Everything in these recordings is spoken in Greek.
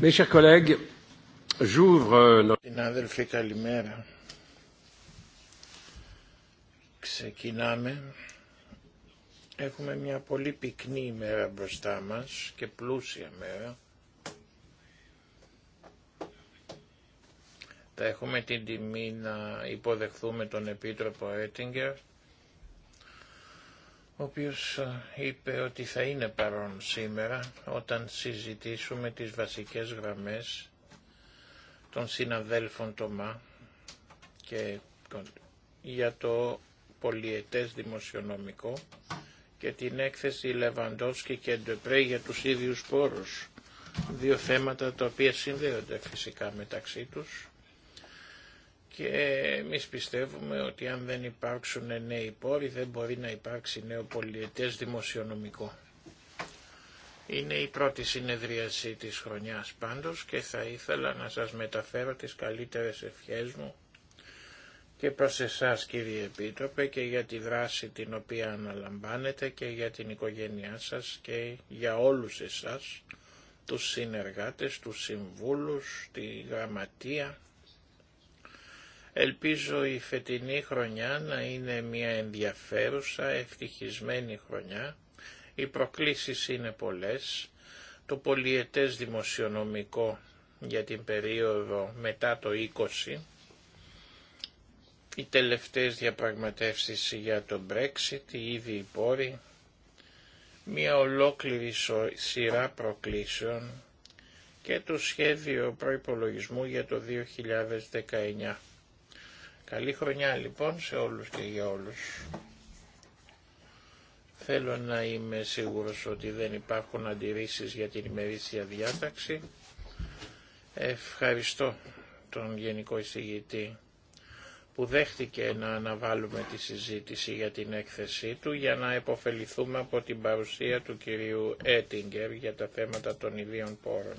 Mes chers collègues, j'ouvre. Euh, Συνάδελφοι, καλημέρα. Ξεκινάμε. Έχουμε μια πολύ πυκνή ημέρα μπροστά μας και πλούσια μέρα. Θα έχουμε την τιμή να υποδεχθούμε τον Επίτροπο Έτιγκερ ο οποίος ε, είπε ότι θα είναι παρόν σήμερα όταν συζητήσουμε τις βασικές γραμμές των συναδέλφων Τομά και για το πολιετές δημοσιονομικό και την έκθεση Λεβαντόσκη και Ντεπρέ για τους ίδιους πόρους. Δύο θέματα τα οποία συνδέονται φυσικά μεταξύ τους και εμείς πιστεύουμε ότι αν δεν υπάρξουν νέοι πόροι δεν μπορεί να υπάρξει νέο πολιετές δημοσιονομικό. Είναι η πρώτη συνεδρίαση της χρονιάς πάντως και θα ήθελα να σας μεταφέρω τις καλύτερες ευχές μου και προς εσάς κύριε Επίτροπε και για τη δράση την οποία αναλαμβάνετε και για την οικογένειά σας και για όλους εσάς, τους συνεργάτες, τους συμβούλους, τη γραμματεία Ελπίζω η φετινή χρονιά να είναι μια ενδιαφέρουσα, ευτυχισμένη χρονιά. Οι προκλήσεις είναι πολλές. Το πολιετές δημοσιονομικό για την περίοδο μετά το 20, οι τελευταίες διαπραγματεύσεις για το Brexit, οι ήδη οι πόροι, μια ολόκληρη σειρά προκλήσεων και το σχέδιο προϋπολογισμού για το 2019. Καλή χρονιά λοιπόν σε όλους και για όλους. Θέλω να είμαι σίγουρος ότι δεν υπάρχουν αντιρρήσεις για την ημερήσια διάταξη. Ευχαριστώ τον Γενικό Εισηγητή που δέχτηκε να αναβάλουμε τη συζήτηση για την έκθεσή του για να επωφεληθούμε από την παρουσία του κυρίου Έτιγκερ για τα θέματα των ιδίων πόρων.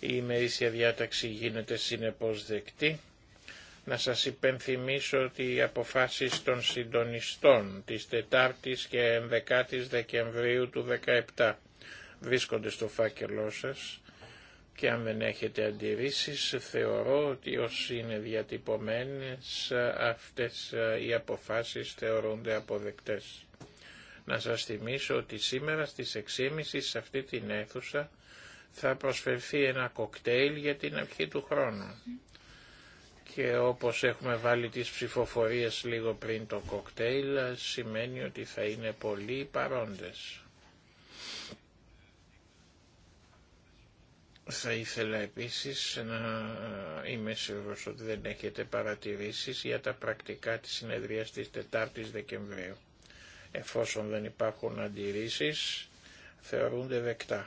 Η ημερήσια διάταξη γίνεται συνεπώς δεκτή. Να σας υπενθυμίσω ότι οι αποφάσεις των συντονιστών της 4ης και 11ης Δεκεμβρίου του 2017 βρίσκονται στο φάκελό σας και αν δεν έχετε αντιρρήσεις θεωρώ ότι όσοι είναι διατυπωμένες αυτές οι αποφάσεις θεωρούνται αποδεκτές. Να σας θυμίσω ότι σήμερα στις 6.30 σε αυτή την αίθουσα θα προσφερθεί ένα κοκτέιλ για την αρχή του χρόνου και όπως έχουμε βάλει τις ψηφοφορίες λίγο πριν το κοκτέιλ σημαίνει ότι θα είναι πολλοί παρόντες. Θα ήθελα επίσης να είμαι σίγουρος ότι δεν έχετε παρατηρήσεις για τα πρακτικά της συνεδρίας της 4ης Δεκεμβρίου. Εφόσον δεν υπάρχουν αντιρρήσεις, θεωρούνται δεκτά.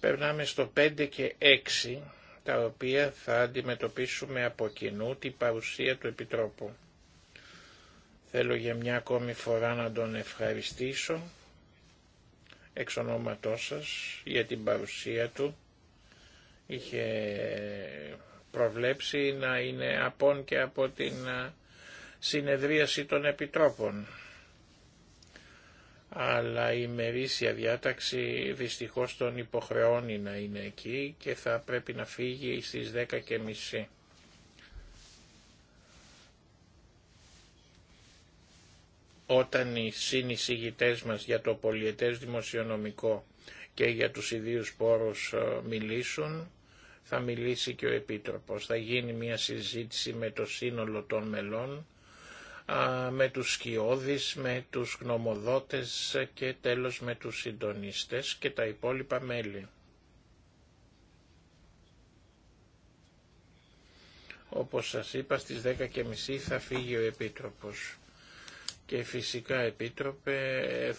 Περνάμε στο 5 και 6 τα οποία θα αντιμετωπίσουμε από κοινού την παρουσία του Επιτρόπου. Θέλω για μια ακόμη φορά να τον ευχαριστήσω εξ ονόματός σας για την παρουσία του. Είχε προβλέψει να είναι απόν και από την συνεδρίαση των Επιτρόπων αλλά η μερίσια διάταξη δυστυχώς τον υποχρεώνει να είναι εκεί και θα πρέπει να φύγει στις 10.30. Όταν οι συνεισηγητές μας για το πολιετές δημοσιονομικό και για τους ιδίους πόρους ε, μιλήσουν, θα μιλήσει και ο Επίτροπος. Θα γίνει μια συζήτηση με το σύνολο των μελών με τους σκιώδεις, με τους γνωμοδότες και τέλος με τους συντονίστες και τα υπόλοιπα μέλη. Όπως σας είπα στις 10.30 θα φύγει ο Επίτροπος. Και φυσικά Επίτροπε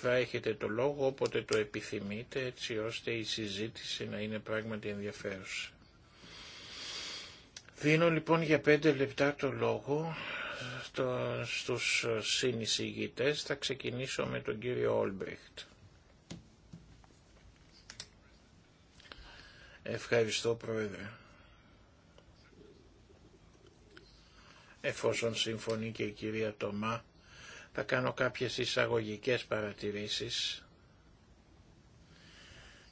θα έχετε το λόγο όποτε το επιθυμείτε έτσι ώστε η συζήτηση να είναι πράγματι ενδιαφέρουσα. Δίνω λοιπόν για πέντε λεπτά το λόγο στο, στους συνεισηγητές. Θα ξεκινήσω με τον κύριο Όλμπριχτ. Ευχαριστώ Πρόεδρε. Εφόσον συμφωνεί και η κυρία Τομά, θα κάνω κάποιες εισαγωγικές παρατηρήσεις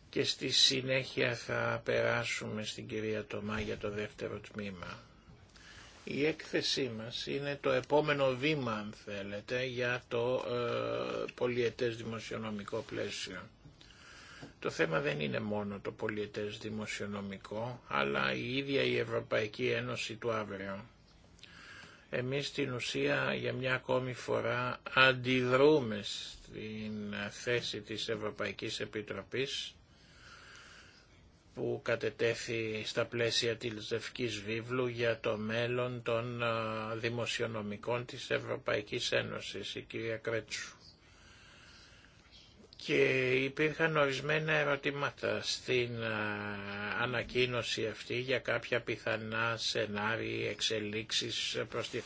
και στη συνέχεια θα περάσουμε στην κυρία Τομά για το δεύτερο τμήμα. Η έκθεσή μας είναι το επόμενο βήμα, αν θέλετε, για το ε, πολιετές δημοσιονομικό πλαίσιο. Το θέμα δεν είναι μόνο το πολιετές δημοσιονομικό, αλλά η ίδια η Ευρωπαϊκή Ένωση του αύριο. Εμείς στην ουσία για μια ακόμη φορά αντιδρούμε στην θέση της Ευρωπαϊκής Επιτροπής που κατετέθη στα πλαίσια της Δευκής Βίβλου για το μέλλον των δημοσιονομικών της Ευρωπαϊκής Ένωσης, η κυρία Κρέτσου. Και υπήρχαν ορισμένα ερωτήματα στην ανακοίνωση αυτή για κάποια πιθανά σενάρια, εξελίξεις,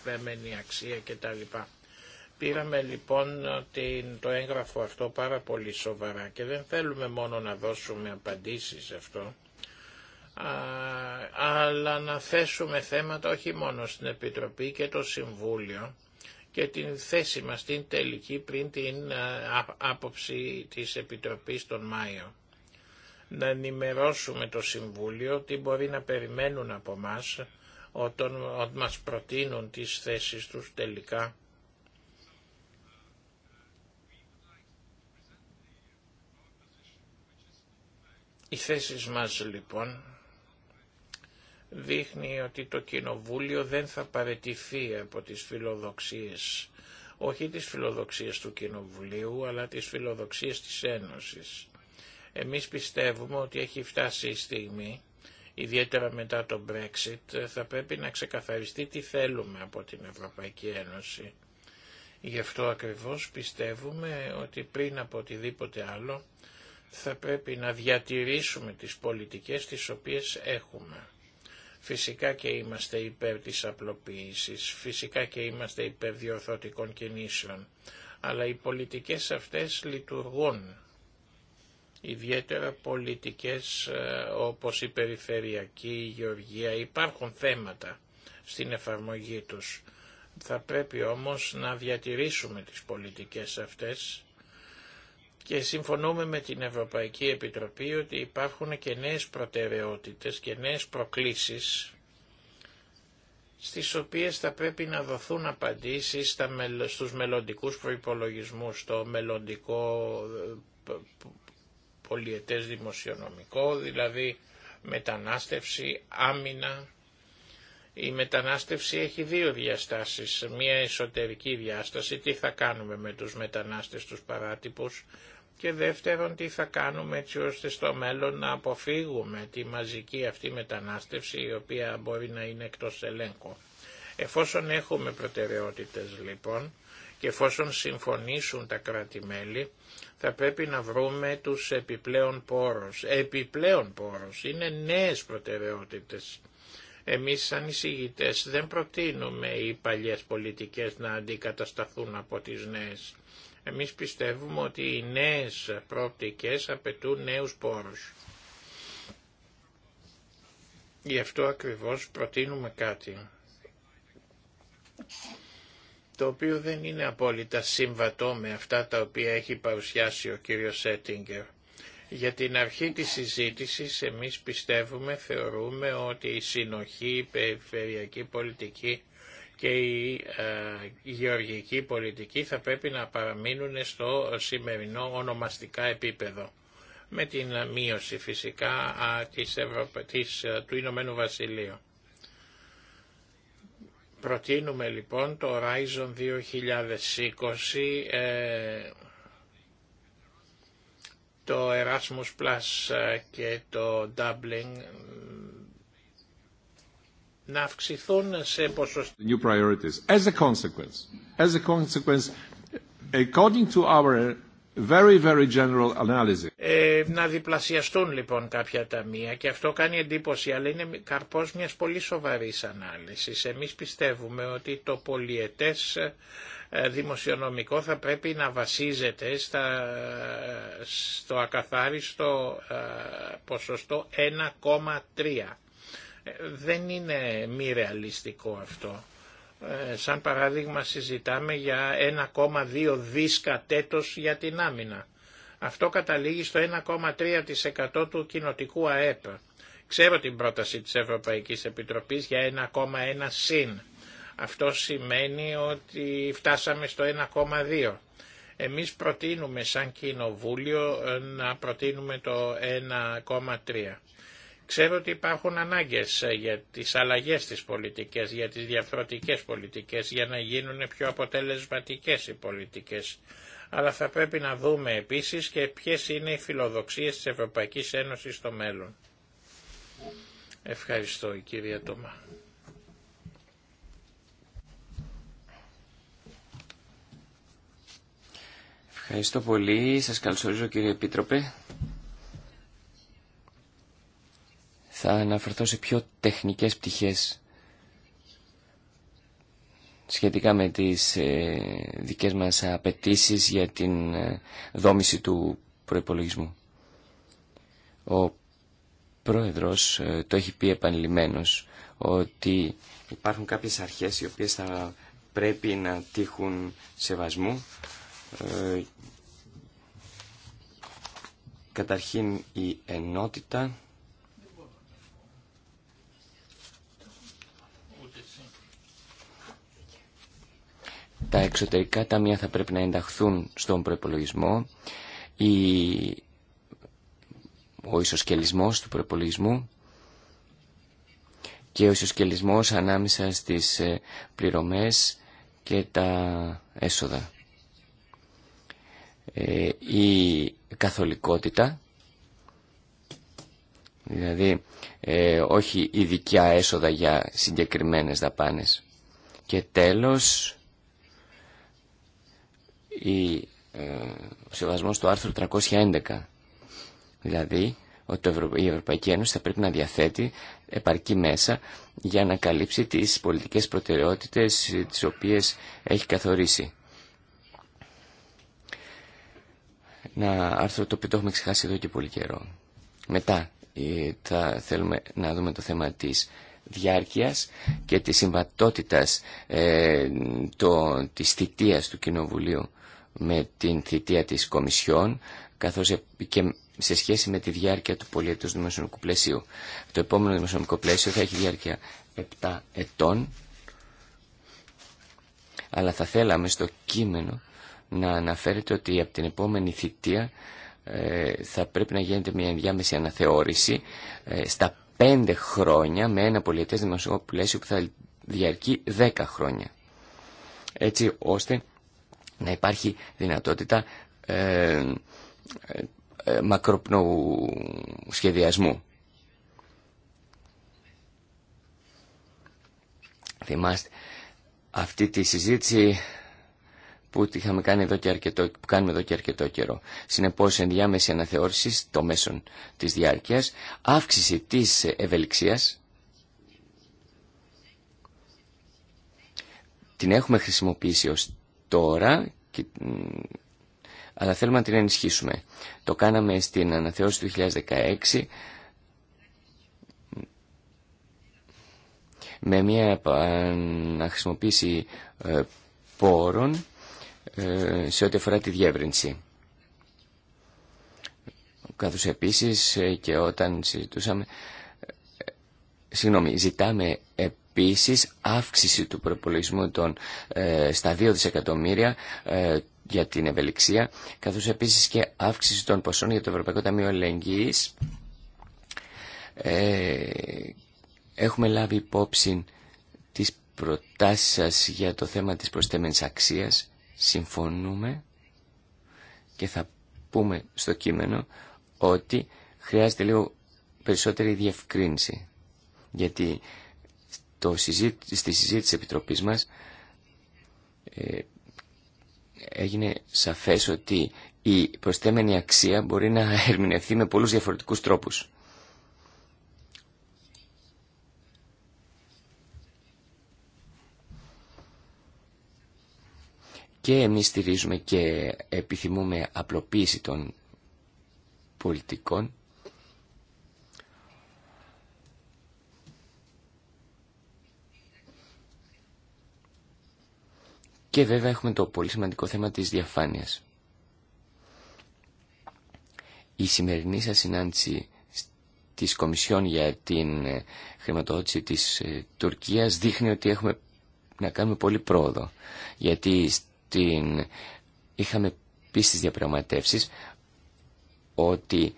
θεμένη αξία κτλ. Πήραμε λοιπόν το έγγραφο αυτό πάρα πολύ σοβαρά και δεν θέλουμε μόνο να δώσουμε απαντήσεις σε αυτό, αλλά να θέσουμε θέματα όχι μόνο στην Επιτροπή και το Συμβούλιο και την θέση μας την τελική πριν την άποψη της Επιτροπής τον Μάιο. Να ενημερώσουμε το Συμβούλιο τι μπορεί να περιμένουν από μας όταν μας προτείνουν τις θέσεις τους τελικά Οι θέσεις μας λοιπόν δείχνει ότι το Κοινοβούλιο δεν θα παρετηθεί από τις φιλοδοξίες, όχι τις φιλοδοξίες του Κοινοβουλίου, αλλά τις φιλοδοξίες της Ένωσης. Εμείς πιστεύουμε ότι έχει φτάσει η στιγμή, ιδιαίτερα μετά το Brexit, θα πρέπει να ξεκαθαριστεί τι θέλουμε από την Ευρωπαϊκή Ένωση. Γι' αυτό ακριβώς πιστεύουμε ότι πριν από οτιδήποτε άλλο θα πρέπει να διατηρήσουμε τις πολιτικές τις οποίες έχουμε. Φυσικά και είμαστε υπέρ της απλοποίησης, φυσικά και είμαστε υπέρ διορθωτικών κινήσεων, αλλά οι πολιτικές αυτές λειτουργούν. Ιδιαίτερα πολιτικές ε, όπως η περιφερειακή, η γεωργία, υπάρχουν θέματα στην εφαρμογή τους. Θα πρέπει όμως να διατηρήσουμε τις πολιτικές αυτές και συμφωνούμε με την Ευρωπαϊκή Επιτροπή ότι υπάρχουν και νέες προτεραιότητες και νέες προκλήσεις στις οποίες θα πρέπει να δοθούν απαντήσεις στου στους μελλοντικούς προϋπολογισμούς, στο μελλοντικό ε, πολιετές δημοσιονομικό, δηλαδή μετανάστευση, άμυνα, η μετανάστευση έχει δύο διαστάσεις. Μία εσωτερική διάσταση, τι θα κάνουμε με τους μετανάστες τους παράτυπους και δεύτερον τι θα κάνουμε έτσι ώστε στο μέλλον να αποφύγουμε τη μαζική αυτή μετανάστευση η οποία μπορεί να είναι εκτός ελέγχου. Εφόσον έχουμε προτεραιότητες λοιπόν και εφόσον συμφωνήσουν τα κράτη-μέλη θα πρέπει να βρούμε τους επιπλέον πόρους. Επιπλέον πόρους είναι νέες προτεραιότητες εμείς σαν εισηγητές δεν προτείνουμε οι παλιές πολιτικές να αντικατασταθούν από τις νέες. Εμείς πιστεύουμε ότι οι νέες προοπτικές απαιτούν νέους πόρους. Γι' αυτό ακριβώς προτείνουμε κάτι το οποίο δεν είναι απόλυτα συμβατό με αυτά τα οποία έχει παρουσιάσει ο κύριος Σέτιγκερ. Για την αρχή της συζήτησης εμείς πιστεύουμε, θεωρούμε ότι η συνοχή, η περιφερειακή πολιτική και η ε, γεωργική πολιτική θα πρέπει να παραμείνουν στο σημερινό ονομαστικά επίπεδο. Με την μείωση φυσικά της, Ευρωπα... Ε, του Ηνωμένου Βασιλείου. Προτείνουμε λοιπόν το Horizon 2020 το Erasmus Plus ε, και το Doubling ε, να αυξηθούν σε ποσοστό. New priorities. As a consequence, as a consequence, according to our very, very general analysis. Ε, να διπλασιαστούν λοιπόν κάποια ταμεία και αυτό κάνει εντύπωση, αλλά είναι καρπός μιας πολύ σοβαρής ανάλυσης. Εμείς πιστεύουμε ότι το πολιετές ε, δημοσιονομικό θα πρέπει να βασίζεται στα, στο ακαθάριστο ε, ποσοστό 1,3. Ε, δεν είναι μη ρεαλιστικό αυτό. Σαν παράδειγμα συζητάμε για 1,2 δίσκα τέτος για την άμυνα. Αυτό καταλήγει στο 1,3% του κοινοτικού ΑΕΠ. Ξέρω την πρόταση της Ευρωπαϊκής Επιτροπής για 1,1 συν. Αυτό σημαίνει ότι φτάσαμε στο 1,2. Εμείς προτείνουμε σαν κοινοβούλιο ε, να προτείνουμε το 1,3. Ξέρω ότι υπάρχουν ανάγκες ε, για τις αλλαγές της πολιτικές, για τις διαφορετικές πολιτικές, για να γίνουν πιο αποτελεσματικές οι πολιτικές. Αλλά θα πρέπει να δούμε επίσης και ποιες είναι οι φιλοδοξίες της Ευρωπαϊκής Ένωσης στο μέλλον. Ευχαριστώ η κυρία Τωμά. Ευχαριστώ πολύ. Σας καλωσορίζω κύριε Επίτροπε. Θα αναφερθώ σε πιο τεχνικές πτυχές σχετικά με τις ε, δικές μας απαιτήσεις για την ε, δόμηση του προϋπολογισμού. Ο πρόεδρος ε, το έχει πει επανειλημμένος ότι υπάρχουν κάποιες αρχές οι οποίες θα πρέπει να τύχουν σεβασμού ε, καταρχήν η ενότητα Τα εξωτερικά ταμεία θα πρέπει να ενταχθούν στον προπολογισμό. Η... Ο ισοσκελισμός του προπολογισμού και ο ισοσκελισμός ανάμεσα στις ε, πληρωμές και τα έσοδα. Ε, η καθολικότητα, δηλαδή ε, όχι δικιά έσοδα για συγκεκριμένες δαπάνες. Και τέλος, η, ε, ο σεβασμός του άρθρου 311, δηλαδή ότι η Ευρωπαϊκή Ένωση θα πρέπει να διαθέτει επαρκή μέσα για να καλύψει τις πολιτικές προτεραιότητες τις οποίες έχει καθορίσει. ένα άρθρο το οποίο το έχουμε ξεχάσει εδώ και πολύ καιρό. Μετά ε, θα θέλουμε να δούμε το θέμα της διάρκειας και της συμβατότητας ε, το, της θητείας του Κοινοβουλίου με την θητεία της Κομισιόν καθώς και σε σχέση με τη διάρκεια του πολιετούς δημοσιονομικού πλαισίου. Το επόμενο δημοσιονομικό πλαίσιο θα έχει διάρκεια 7 ετών αλλά θα θέλαμε στο κείμενο να αναφέρεται ότι από την επόμενη θητεία ε, θα πρέπει να γίνεται μια ενδιάμεση αναθεώρηση ε, στα πέντε χρόνια με ένα πολιετές δημοσιογραφικό πλαίσιο που θα διαρκεί δέκα χρόνια. Έτσι ώστε να υπάρχει δυνατότητα ε, ε μακροπνοού σχεδιασμού. Θυμάστε αυτή τη συζήτηση που είχαμε κάνει εδώ και αρκετό, κάνουμε εδώ και αρκετό καιρό. Συνεπώς ενδιάμεση αναθεώρηση το μέσον της διάρκεια. αύξηση τη ευελιξίας, την έχουμε χρησιμοποιήσει ως τώρα, αλλά θέλουμε να την ενισχύσουμε. Το κάναμε στην αναθεώρηση του 2016, με μια χρησιμοποίηση ε, πόρων ε, σε ό,τι αφορά τη διεύρυνση. Καθώς επίσης ε, και όταν συζητούσαμε, ε, συγγνώμη, ζητάμε επίσης αύξηση του προπολογισμού των, ε, στα 2 δισεκατομμύρια για την ευελιξία, καθώς επίσης και αύξηση των ποσών για το Ευρωπαϊκό Ταμείο Ελεγγύης. έχουμε λάβει υπόψη τις προτάσεις σας για το θέμα της προσθέμενης αξίας συμφωνούμε και θα πούμε στο κείμενο ότι χρειάζεται λίγο περισσότερη διευκρίνηση. Γιατί το στη συζήτηση της Επιτροπής μας ε, έγινε σαφές ότι η προσθέμενη αξία μπορεί να ερμηνευθεί με πολλούς διαφορετικούς τρόπους. Και εμείς στηρίζουμε και επιθυμούμε απλοποίηση των πολιτικών. Και βέβαια έχουμε το πολύ σημαντικό θέμα της διαφάνειας. Η σημερινή σας συνάντηση της Κομισιόν για την ε, χρηματοδότηση της ε, Τουρκίας δείχνει ότι έχουμε να κάνουμε πολύ πρόοδο. Γιατί την... είχαμε πει στις διαπραγματεύσεις ότι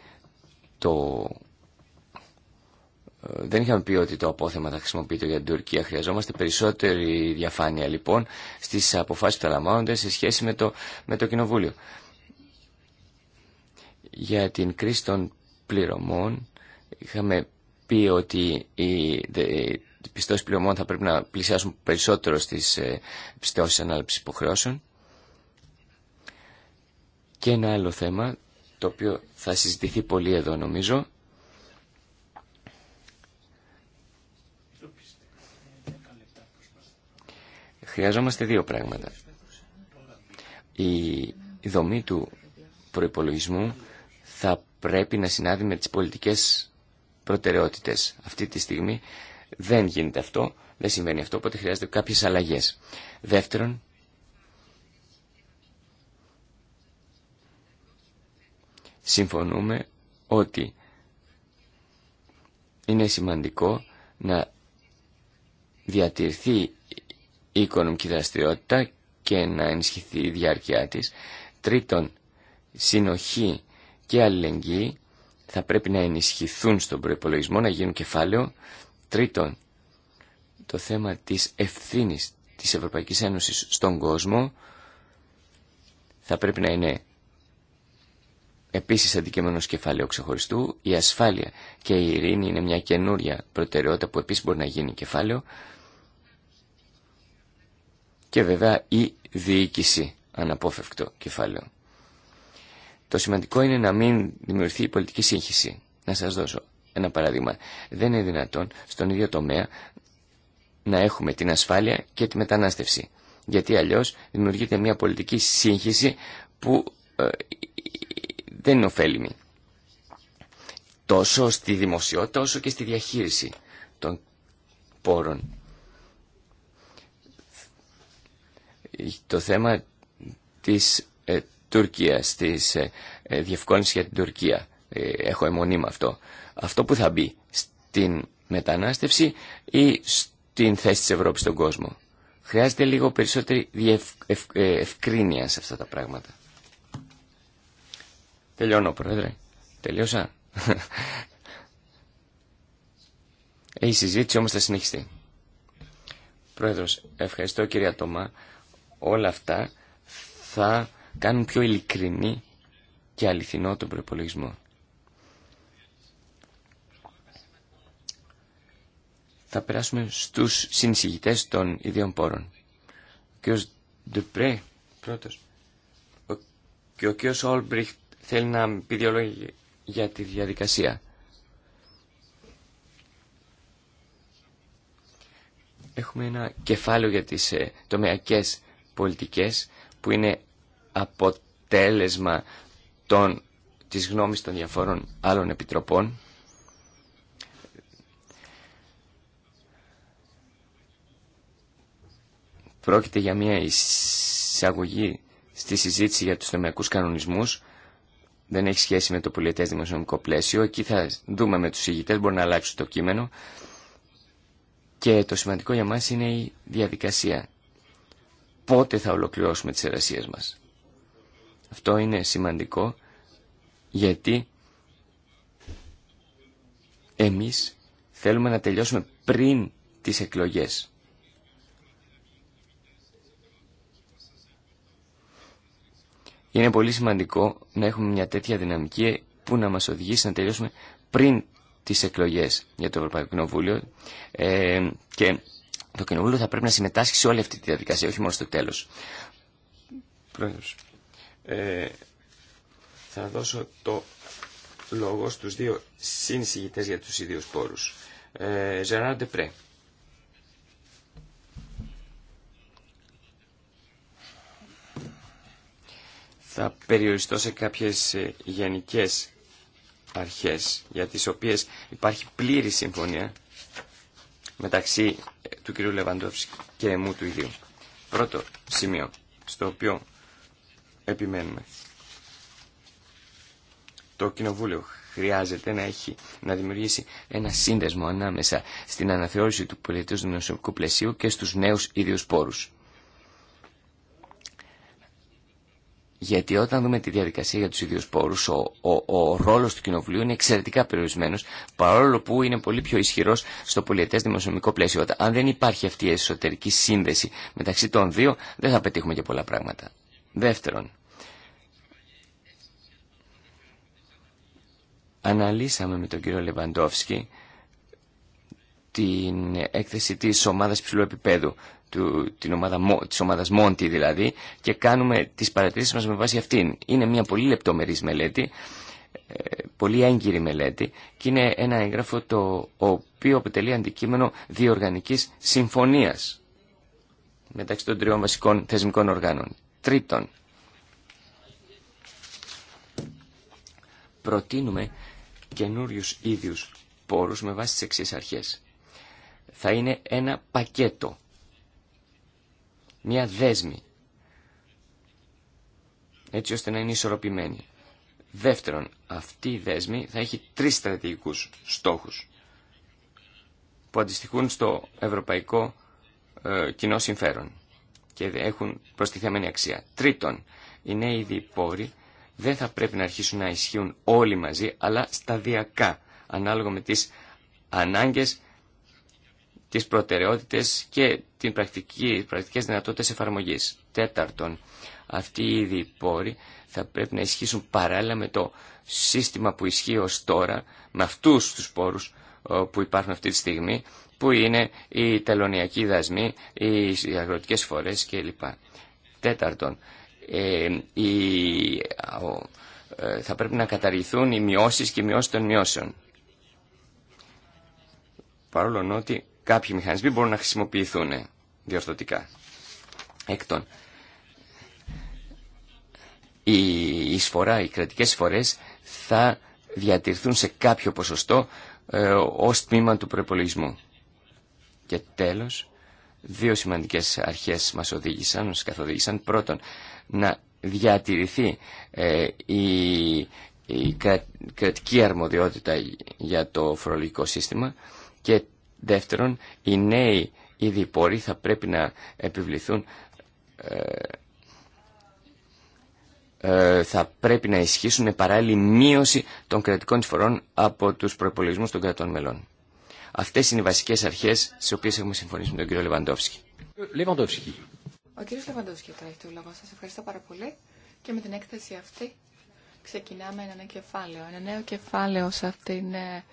το... Ε, δεν είχαμε πει ότι το απόθεμα θα χρησιμοποιείται για την Τουρκία. Χρειαζόμαστε περισσότερη διαφάνεια λοιπόν στις αποφάσεις που θα λαμβάνονται σε σχέση με το, με το Κοινοβούλιο. Για την κρίση των πληρωμών είχαμε πει ότι η, οι πιστώσει πληρωμών θα πρέπει να πλησιάσουν περισσότερο στις ε, πιστώσει ανάληψης υποχρεώσεων. Και ένα άλλο θέμα, το οποίο θα συζητηθεί πολύ εδώ νομίζω, χρειαζόμαστε δύο πράγματα. Η δομή του προϋπολογισμού θα πρέπει να συνάδει με τις πολιτικές προτεραιότητες. Αυτή τη στιγμή δεν γίνεται αυτό, δεν συμβαίνει αυτό, οπότε χρειάζεται κάποιες αλλαγές. Δεύτερον, συμφωνούμε ότι είναι σημαντικό να διατηρηθεί η οικονομική δραστηριότητα και να ενισχυθεί η διάρκεια της. Τρίτον, συνοχή και αλληλεγγύη θα πρέπει να ενισχυθούν στον προϋπολογισμό, να γίνουν κεφάλαιο Τρίτον, το θέμα της ευθύνης της Ευρωπαϊκής Ένωσης στον κόσμο θα πρέπει να είναι επίσης αντικείμενο κεφάλαιο ξεχωριστού. Η ασφάλεια και η ειρήνη είναι μια καινούρια προτεραιότητα που επίσης μπορεί να γίνει κεφάλαιο. Και βέβαια η διοίκηση αναπόφευκτο κεφάλαιο. Το σημαντικό είναι να μην δημιουργηθεί η πολιτική σύγχυση. Να σας δώσω ένα παράδειγμα, δεν είναι δυνατόν στον ίδιο τομέα να έχουμε την ασφάλεια και τη μετανάστευση. Γιατί αλλιώς δημιουργείται μια πολιτική σύγχυση που ε, δεν είναι ωφέλιμη. Τόσο στη δημοσιότητα όσο και στη διαχείριση των πόρων. Το θέμα της ε, Τουρκίας, της ε, ε διευκόλυνσης για την Τουρκία. Ε, έχω αιμονή με αυτό αυτό που θα μπει στην μετανάστευση ή στην θέση της Ευρώπης στον κόσμο. Χρειάζεται λίγο περισσότερη ε, ευκρίνεια σε αυτά τα πράγματα. Τελειώνω, Πρόεδρε. Τελειώσα. Ε, η συζήτηση όμως θα συνεχιστεί. Πρόεδρος, ευχαριστώ κυρία Τωμά. Όλα αυτά θα κάνουν πιο ειλικρινή και αληθινό τον προπολογισμό. θα περάσουμε στους συνεισηγητές των ιδίων πόρων. Ο κ. Ντεπρέ, πρώτος, ο, και ο κ. Όλμπριχτ θέλει να πει δύο λόγια για τη διαδικασία. Έχουμε ένα κεφάλαιο για τις ε, τομεακές πολιτικές που είναι αποτέλεσμα των, της γνώμης των διαφόρων άλλων επιτροπών Πρόκειται για μια εισαγωγή στη συζήτηση για τους νομιακούς κανονισμούς. Δεν έχει σχέση με το πολιτέ δημοσιονομικό πλαίσιο. Εκεί θα δούμε με τους ηγητές, μπορεί να αλλάξει το κείμενο. Και το σημαντικό για μας είναι η διαδικασία. Πότε θα ολοκληρώσουμε τις εργασίες μας. Αυτό είναι σημαντικό γιατί εμείς θέλουμε να τελειώσουμε πριν τις εκλογές. Είναι πολύ σημαντικό να έχουμε μια τέτοια δυναμική που να μας οδηγήσει να τελειώσουμε πριν τις εκλογές για το Ευρωπαϊκό Κοινοβούλιο ε, και το Κοινοβούλιο θα πρέπει να συμμετάσχει σε όλη αυτή τη διαδικασία, όχι μόνο στο τέλος. Πρόεδρος, ε, θα δώσω το λόγο στους δύο συνσηγητές για τους ίδιους πόρους. Ε, Ζεράν Ντεπρέ. θα περιοριστώ σε κάποιες ε, γενικές αρχές για τις οποίες υπάρχει πλήρη συμφωνία μεταξύ ε, του κυρίου Λεβαντόφσκη και μου του ιδίου. Πρώτο σημείο στο οποίο επιμένουμε. Το Κοινοβούλιο χρειάζεται να, έχει, να δημιουργήσει ένα σύνδεσμο ανάμεσα στην αναθεώρηση του πολιτικού δημοσιονομικού πλαισίου και στους νέους ίδιους πόρους. Γιατί όταν δούμε τη διαδικασία για τους ίδιους πόρους, ο, ο, ρόλος του Κοινοβουλίου είναι εξαιρετικά περιορισμένος, παρόλο που είναι πολύ πιο ισχυρός στο πολιετές δημοσιονομικό πλαίσιο. Αν δεν υπάρχει αυτή η εσωτερική σύνδεση μεταξύ των δύο, δεν θα πετύχουμε και πολλά πράγματα. Δεύτερον, αναλύσαμε με τον κύριο Λεβαντόφσκι την έκθεση της ομάδας ψηλού επίπεδου του, την ομάδα, της ομάδας Μόντι δηλαδή και κάνουμε τις παρατηρήσεις μας με βάση αυτήν. Είναι μια πολύ λεπτομερής μελέτη, ε, πολύ έγκυρη μελέτη και είναι ένα έγγραφο το οποίο αποτελεί αντικείμενο διοργανικής συμφωνίας μεταξύ των τριών βασικών θεσμικών οργάνων. Τρίτον, προτείνουμε καινούριους ίδιους πόρους με βάση τις εξής αρχές. Θα είναι ένα πακέτο μια δέσμη, έτσι ώστε να είναι ισορροπημένη. Δεύτερον, αυτή η δέσμη θα έχει τρεις στρατηγικούς στόχους που αντιστοιχούν στο ευρωπαϊκό ε, κοινό συμφέρον και έχουν προστιθέμενη αξία. Τρίτον, οι νέοι διπόροι δεν θα πρέπει να αρχίσουν να ισχύουν όλοι μαζί, αλλά σταδιακά, ανάλογα με τις ανάγκες τι προτεραιότητες και τι πρακτικέ δυνατότητε εφαρμογή. δυνατότητες Τέταρτον, αυτοί οι ίδιοι πόροι θα πρέπει να ισχύσουν παράλληλα με το σύστημα που ισχύει ως τώρα, με αυτούς τους πόρους ε, που υπάρχουν αυτή τη στιγμή, που είναι οι τελωνιακοί δασμοί, οι αγροτικέ φορές κλπ. Τέταρτον, ε, ε, θα πρέπει να καταργηθούν οι μειώσει και οι μειώσει των μειώσεων. Παρόλο ότι κάποιοι μηχανισμοί μπορούν να χρησιμοποιηθούν διορθωτικά. Έκτον, η σφορά, οι κρατικές σφορές θα διατηρηθούν σε κάποιο ποσοστό ε, ως τμήμα του προπολογισμού. Και τέλος, δύο σημαντικές αρχές μας οδήγησαν, μας καθοδήγησαν. Πρώτον, να διατηρηθεί ε, η, η κρατική αρμοδιότητα για το φορολογικό σύστημα και Δεύτερον, οι νέοι ήδη πορεί θα πρέπει να επιβληθούν ε, ε, θα πρέπει να ισχύσουν με παράλληλη μείωση των κρατικών εισφορών από τους προπολογισμού των κρατών μελών. Αυτές είναι οι βασικές αρχές σε οποίες έχουμε συμφωνήσει με τον κύριο Λεβαντόφσκι. Λεβαντόφσκι. Ο κύριος Λεβαντόφσκι τώρα έχει το λόγο. Σας ευχαριστώ πάρα πολύ και με την έκθεση αυτή ξεκινάμε ένα νέο κεφάλαιο. Ένα νέο κεφάλαιο σε αυτήν ε,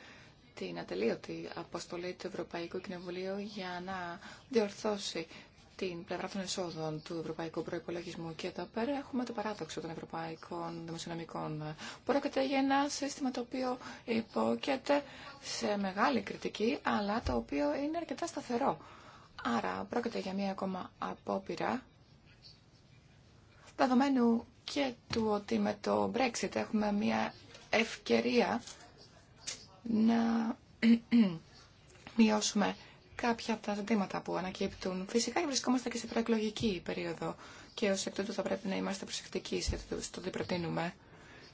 την ατελείωτη αποστολή του Ευρωπαϊκού Κοινοβουλίου για να διορθώσει την πλευρά των εσόδων του Ευρωπαϊκού Προπολογισμού. Και εδώ πέρα έχουμε το παράδοξο των Ευρωπαϊκών Δημοσιονομικών. Πρόκειται για ένα σύστημα το οποίο υπόκειται σε μεγάλη κριτική, αλλά το οποίο είναι αρκετά σταθερό. Άρα πρόκειται για μία ακόμα απόπειρα, δεδομένου και του ότι με το Brexit έχουμε μία ευκαιρία να μειώσουμε κάποια από τα ζητήματα που ανακύπτουν. Φυσικά βρισκόμαστε και σε προεκλογική περίοδο και ως εκ τούτου θα πρέπει να είμαστε προσεκτικοί σε το τι προτείνουμε.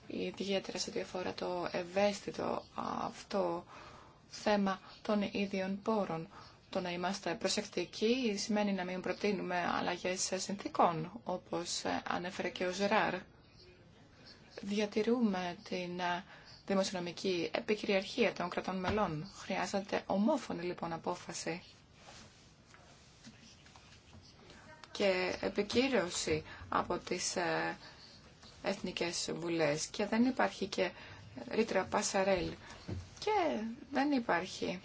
Ιδιαίτερα σε ό,τι αφορά το ευαίσθητο αυτό θέμα των ίδιων πόρων. Το να είμαστε προσεκτικοί σημαίνει να μην προτείνουμε αλλαγέ συνθήκων, όπως ανέφερε και ο Ζεράρ. Διατηρούμε την δημοσιονομική επικυριαρχία των κρατών μελών. Χρειάζεται ομόφωνη λοιπόν απόφαση και επικύρωση από τις ε, εθνικές βουλές και δεν υπάρχει και ρήτρα πασαρέλ και δεν υπάρχει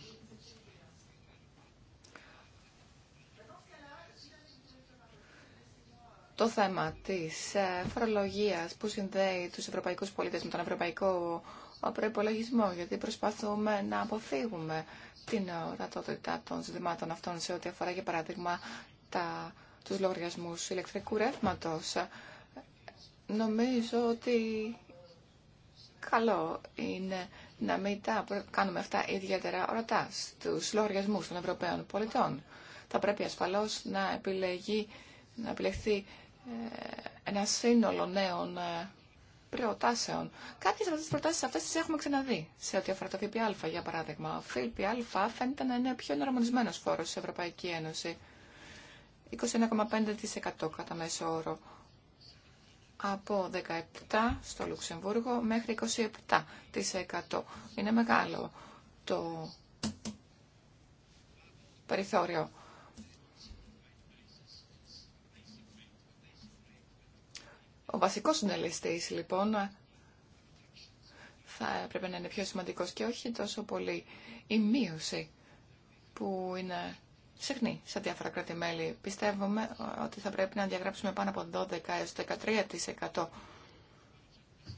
το θέμα της ε, φορολογίας που συνδέει τους ευρωπαϊκούς πολίτες με τον ευρωπαϊκό προπολογισμό, γιατί προσπαθούμε να αποφύγουμε την ορατότητα των ζητημάτων αυτών σε ό,τι αφορά, για παράδειγμα, τα, τους λογαριασμούς ηλεκτρικού ρεύματος. Νομίζω ότι καλό είναι να μην τα κάνουμε αυτά ιδιαίτερα ορατά στους λογαριασμούς των Ευρωπαίων πολιτών. Θα πρέπει ασφαλώς να επιλεγεί, να επιλεχθεί ε, ένα σύνολο νέων ε, προτάσεων. Κάποιε από τι προτάσει αυτέ τι έχουμε ξαναδεί σε ό,τι αφορά το ΦΠΑ, για παράδειγμα. Ο ΦΠΑ φαίνεται να είναι πιο εναρμονισμένο φόρο στην Ευρωπαϊκή Ένωση. 21,5% κατά μέσο όρο. Από 17% στο Λουξεμβούργο μέχρι 27%. Είναι μεγάλο το περιθώριο. Ο βασικός συνελιστής λοιπόν θα έπρεπε να είναι πιο σημαντικός και όχι τόσο πολύ η μείωση που είναι συχνή σε διάφορα κράτη-μέλη. Πιστεύουμε ότι θα πρέπει να διαγράψουμε πάνω από 12 έως 13%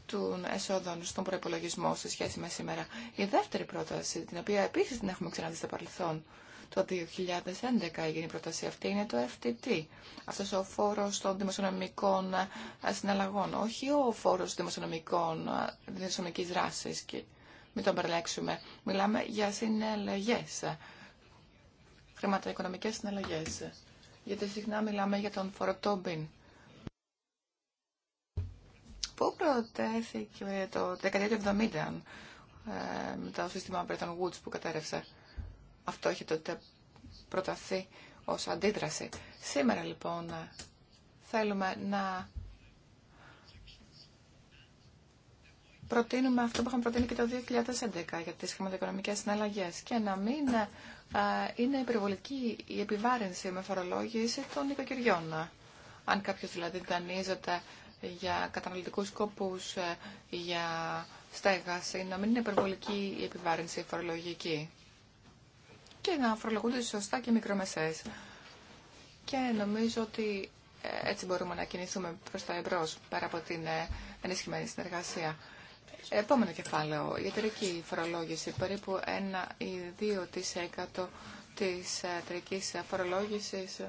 των εσόδων στον προπολογισμό σε σχέση με σήμερα. Η δεύτερη πρόταση, την οποία επίσης την έχουμε ξαναδεί στο παρελθόν, το 2011 έγινε η πρόταση αυτή, είναι το FTT. Αυτός ο φόρος των δημοσιονομικών ε, συναλλαγών, όχι ο φόρος δημοσιονομικών, ε, δημοσιονομικής δράσης. Και μην τον παρελέξουμε. Μιλάμε για συναλλαγές, χρηματοοικονομικές συναλλαγές. Γιατί συχνά μιλάμε για τον φόρο Πού προτέθηκε το 1970 ε, με το σύστημα Bretton Woods που κατέρευσε. Αυτό έχει τότε προταθεί ως αντίδραση. Σήμερα λοιπόν θέλουμε να προτείνουμε αυτό που είχαμε προτείνει και το 2011 για τις χρηματοοικονομικές συναλλαγές και να μην ε, είναι υπερβολική η επιβάρυνση με φορολόγηση των οικοκυριών. Αν κάποιος δηλαδή δανείζεται για καταναλωτικούς σκοπούς, ε, για στέγαση, να μην είναι υπερβολική η επιβάρυνση φορολογική και να φορολογούνται σωστά και μικρομεσαίες. Και νομίζω ότι ε, έτσι μπορούμε να κινηθούμε προς τα εμπρός, πέρα από την ε, ενισχυμένη συνεργασία. Επόμενο κεφάλαιο, η εταιρική φορολόγηση, περίπου 1 ή 2% της ε, εταιρικής φορολόγησης.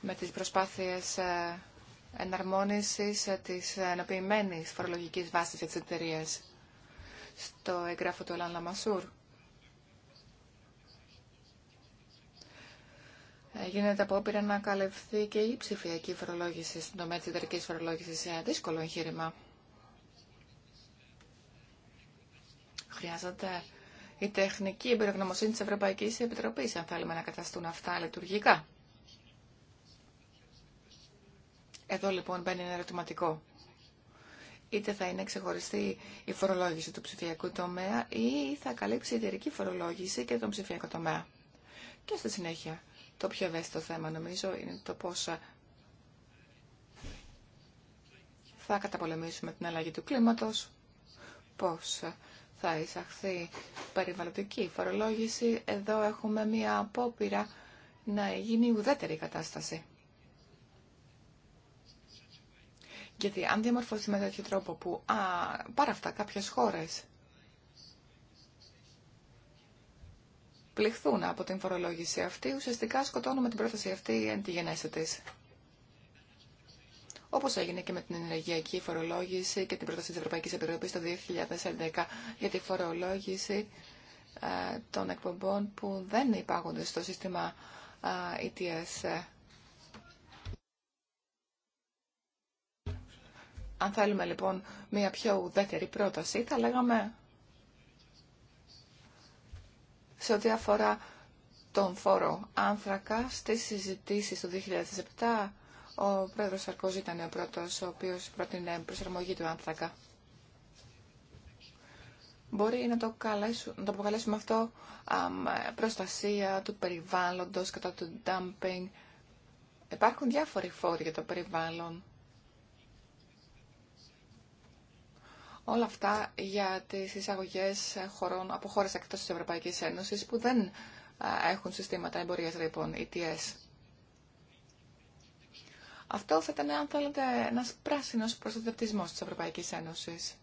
Με τις προσπάθειες εναρμόνισης ε, της ενοποιημένης φορολογικής βάσης για εταιρεία στο εγγράφο του Ελάν Λαμασούρ. Γίνεται απόπειρα να καλευθεί και η ψηφιακή φορολόγηση στον τομέα της εταιρικής φορολόγησης. Δύσκολο εγχείρημα. Χρειάζεται η τεχνική εμπειρογνωμοσύνη της Ευρωπαϊκής Επιτροπής, αν θέλουμε να καταστούν αυτά λειτουργικά. Εδώ λοιπόν μπαίνει ένα ερωτηματικό. Είτε θα είναι ξεχωριστή η φορολόγηση του ψηφιακού τομέα ή θα καλύψει η εταιρική φορολόγηση και τον ψηφιακό τομέα. Και στη συνέχεια, το πιο ευαίσθητο θέμα νομίζω είναι το πώς θα καταπολεμήσουμε την αλλαγή του κλίματος, πώς θα εισαχθεί περιβαλλοντική φορολόγηση. Εδώ έχουμε μία απόπειρα να γίνει ουδέτερη κατάσταση. Γιατί αν διαμορφωθεί με τέτοιο τρόπο που α, πάρα αυτά κάποιες χώρες πληχθούν από την φορολόγηση αυτή, ουσιαστικά σκοτώνουμε την πρόταση αυτή εν τη γενέση της. Όπως έγινε και με την ενεργειακή φορολόγηση και την πρόταση της Ευρωπαϊκής Επιτροπής το 2011 για τη φορολόγηση ε, των εκπομπών που δεν υπάγονται στο σύστημα ETS ε, ε Αν θέλουμε λοιπόν μια πιο ουδέτερη πρόταση, θα λέγαμε σε ό,τι αφορά τον φόρο άνθρακα στι συζητήσει του 2007 ο πρόεδρο Σαρκόζη ήταν ο πρώτος ο οποίος πρότεινε προσαρμογή του άνθρακα. Μπορεί να το, καλέσουμε να το αποκαλέσουμε αυτό προστασία του περιβάλλοντος κατά του dumping. Υπάρχουν διάφοροι φόροι για το περιβάλλον Όλα αυτά για τις εισαγωγές χωρών, από χώρες εκτός της Ευρωπαϊκής Ένωσης που δεν έχουν συστήματα εμπορίας ρήπων, ETS. Αυτό θα ήταν, αν θέλετε, ένας πράσινος προστατευτισμός της Ευρωπαϊκής Ένωσης.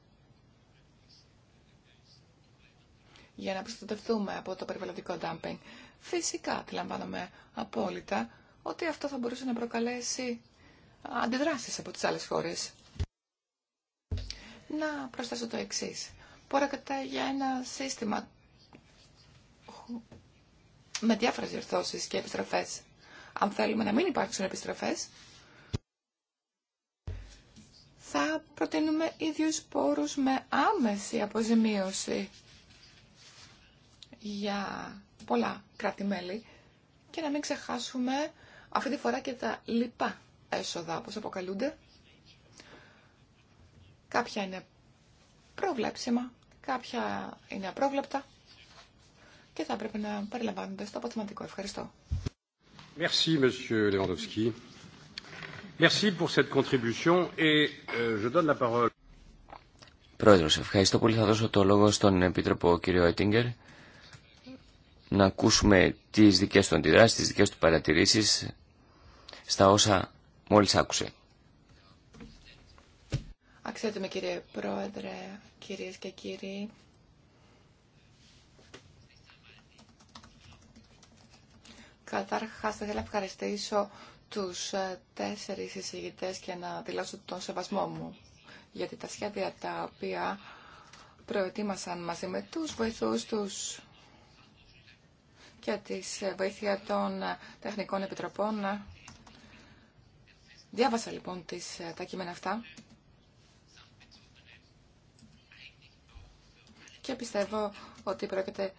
Για να προστατευτούμε από το περιβαλλοντικό dumping. Φυσικά, αντιλαμβάνομαι απόλυτα, ότι αυτό θα μπορούσε να προκαλέσει αντιδράσεις από τις άλλες χώρες να προσθέσω το εξή. Πρόκειται για ένα σύστημα με διάφορε διορθώσει και επιστροφέ. Αν θέλουμε να μην υπάρξουν επιστροφές, θα προτείνουμε ίδιους πόρους με άμεση αποζημίωση για πολλά κράτη-μέλη και να μην ξεχάσουμε αυτή τη φορά και τα λοιπά έσοδα, όπως αποκαλούνται, Κάποια είναι προβλέψιμα, κάποια είναι απρόβλεπτα και θα πρέπει να περιλαμβάνονται στο αποθηματικό. Ευχαριστώ. Merci, Monsieur Lewandowski. Merci pour cette contribution et euh, je donne la parole. Πρόεδρος, ευχαριστώ πολύ. Θα δώσω το λόγο στον Επίτροπο κύριο Έτιγκερ να ακούσουμε τις δικές του αντιδράσεις, τις δικές του παρατηρήσεις στα όσα μόλις άκουσε. Αξιότιμη κύριε Πρόεδρε, κυρίες και κύριοι, Καταρχάς, θα ήθελα να ευχαριστήσω τους ε, τέσσερις εισηγητές και να δηλώσω τον σεβασμό μου. Γιατί τα σχέδια τα οποία προετοίμασαν μαζί με τους βοηθούς τους και τη ε, βοήθεια των ε, τεχνικών επιτροπών. Διάβασα λοιπόν τις, τα κείμενα αυτά και πιστεύω ότι πρόκειται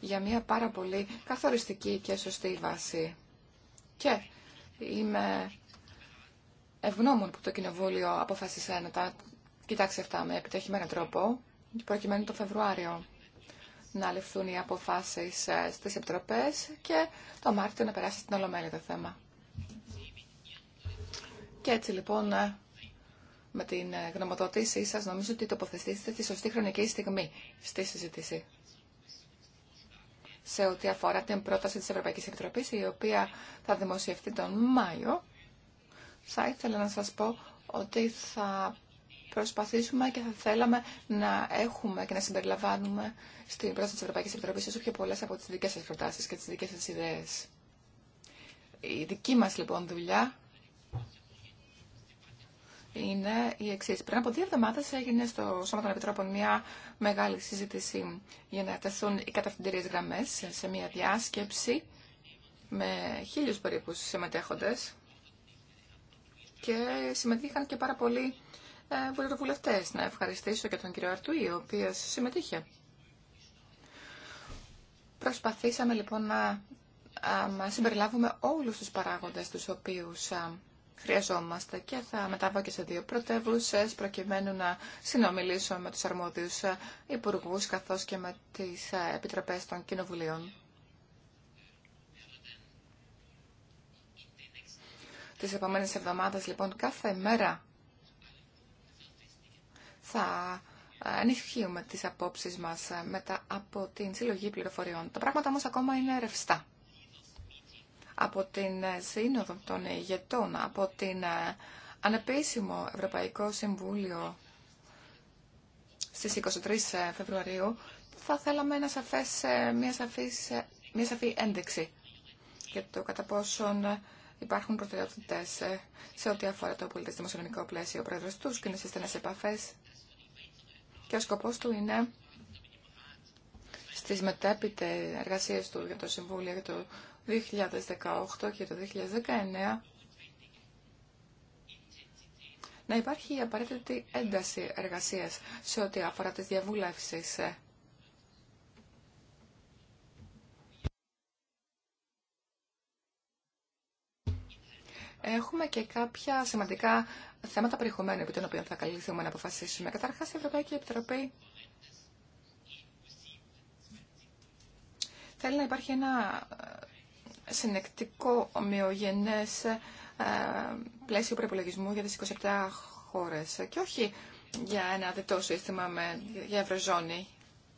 για μια πάρα πολύ καθοριστική και σωστή βάση. Και είμαι ευγνώμων που το Κοινοβούλιο αποφάσισε να τα κοιτάξει αυτά με επιτυχημένο τρόπο, προκειμένου το Φεβρουάριο να ληφθούν οι αποφάσεις ε, στις επιτροπές και το Μάρτιο να περάσει στην Ολομέλεια το θέμα. Και έτσι λοιπόν ε, με την ε, γνωμοδότησή σας νομίζω ότι τοποθετήσετε τη σωστή χρονική στιγμή στη συζήτηση. Σε ό,τι αφορά την πρόταση τη Ευρωπαϊκή Επιτροπή, η οποία θα δημοσιευτεί τον Μάιο, θα ήθελα να σα πω ότι θα προσπαθήσουμε και θα θέλαμε να έχουμε και να συμπεριλαμβάνουμε στην πρόταση τη Ευρωπαϊκή Επιτροπή όσο πιο πολλέ από τι δικέ σα προτάσει και τι δικέ σα ιδέε. Η δική μα λοιπόν δουλειά είναι η εξή. Πριν από δύο εβδομάδε έγινε στο Σώμα των Επιτρόπων μια μεγάλη συζήτηση για να τεθούν οι κατευθυντήριε γραμμέ σε μια διάσκεψη με χίλιου περίπου συμμετέχοντε και συμμετείχαν και πάρα πολλοί ε, βουλευτέ. Να ευχαριστήσω και τον κύριο Αρτουή, ο οποίο συμμετείχε. Προσπαθήσαμε λοιπόν να, να συμπεριλάβουμε όλους τους παράγοντες τους οποίους χρειαζόμαστε και θα μεταβώ και σε δύο πρωτεύουσε προκειμένου να συνομιλήσω με τους αρμόδιους υπουργούς καθώς και με τις επιτροπές των κοινοβουλίων. Τις επόμενες εβδομάδες λοιπόν κάθε μέρα θα ενισχύουμε τις απόψεις μας μετά από την συλλογή πληροφοριών. Τα πράγματα όμως ακόμα είναι ρευστά από την ε, Σύνοδο των Ηγετών, από την ε, Ανεπίσημο Ευρωπαϊκό Συμβούλιο στις 23 ε, Φεβρουαρίου, θα θέλαμε ένα σαφές, μια, σαφής, μια σαφή ένδειξη για το κατά πόσον υπάρχουν προτεραιότητες σε ό,τι αφορά το πολιτικό δημοσιονομικό πλαίσιο. Ο πρόεδρος τους και είναι στενές επαφές και ο σκοπός του είναι στις μετέπειτε εργασίες του για το Συμβούλιο για το 2018 και το 2019 να υπάρχει η απαραίτητη ένταση εργασίας σε ό,τι αφορά τις διαβούλευσεις. Έχουμε και κάποια σημαντικά θέματα περιεχομένου επί των οποίων θα καλυφθούμε να αποφασίσουμε. Καταρχάς, η Ευρωπαϊκή Επιτροπή Θέλει να υπάρχει ένα ε, συνεκτικό, ομοιογενές ε, πλαίσιο προπολογισμού για τις 27 χώρες και όχι για ένα διτό σύστημα με, για ευρωζώνη.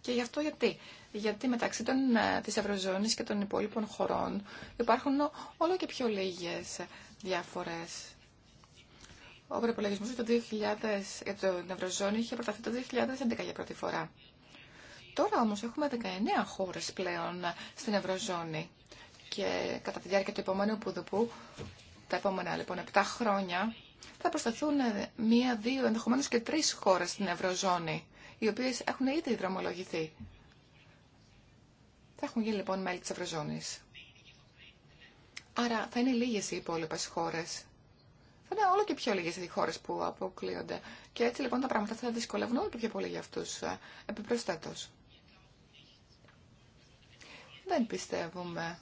Και γι' αυτό γιατί. Γιατί μεταξύ των, ε, της Ευρωζώνης και των υπόλοιπων χωρών υπάρχουν όλο και πιο λίγες διάφορες. Ο προπολογισμό για, το 2000, για την Ευρωζώνη είχε προταθεί το 2011 για πρώτη φορά. Τώρα όμως έχουμε 19 χώρες πλέον στην Ευρωζώνη και κατά τη διάρκεια του επόμενου πουδουπού, τα επόμενα λοιπόν 7 χρόνια, θα προσταθούν μία, δύο, ενδεχομένως και τρεις χώρες στην Ευρωζώνη, οι οποίες έχουν ήδη δρομολογηθεί. Θα έχουν γίνει λοιπόν μέλη της Ευρωζώνης. Άρα θα είναι λίγες οι υπόλοιπε χώρες. Θα είναι όλο και πιο λίγε οι χώρε που αποκλείονται. Και έτσι λοιπόν τα πράγματα θα δυσκολεύουν όλο και πιο πολύ για αυτούς ε, επιπροσθέτω δεν πιστεύουμε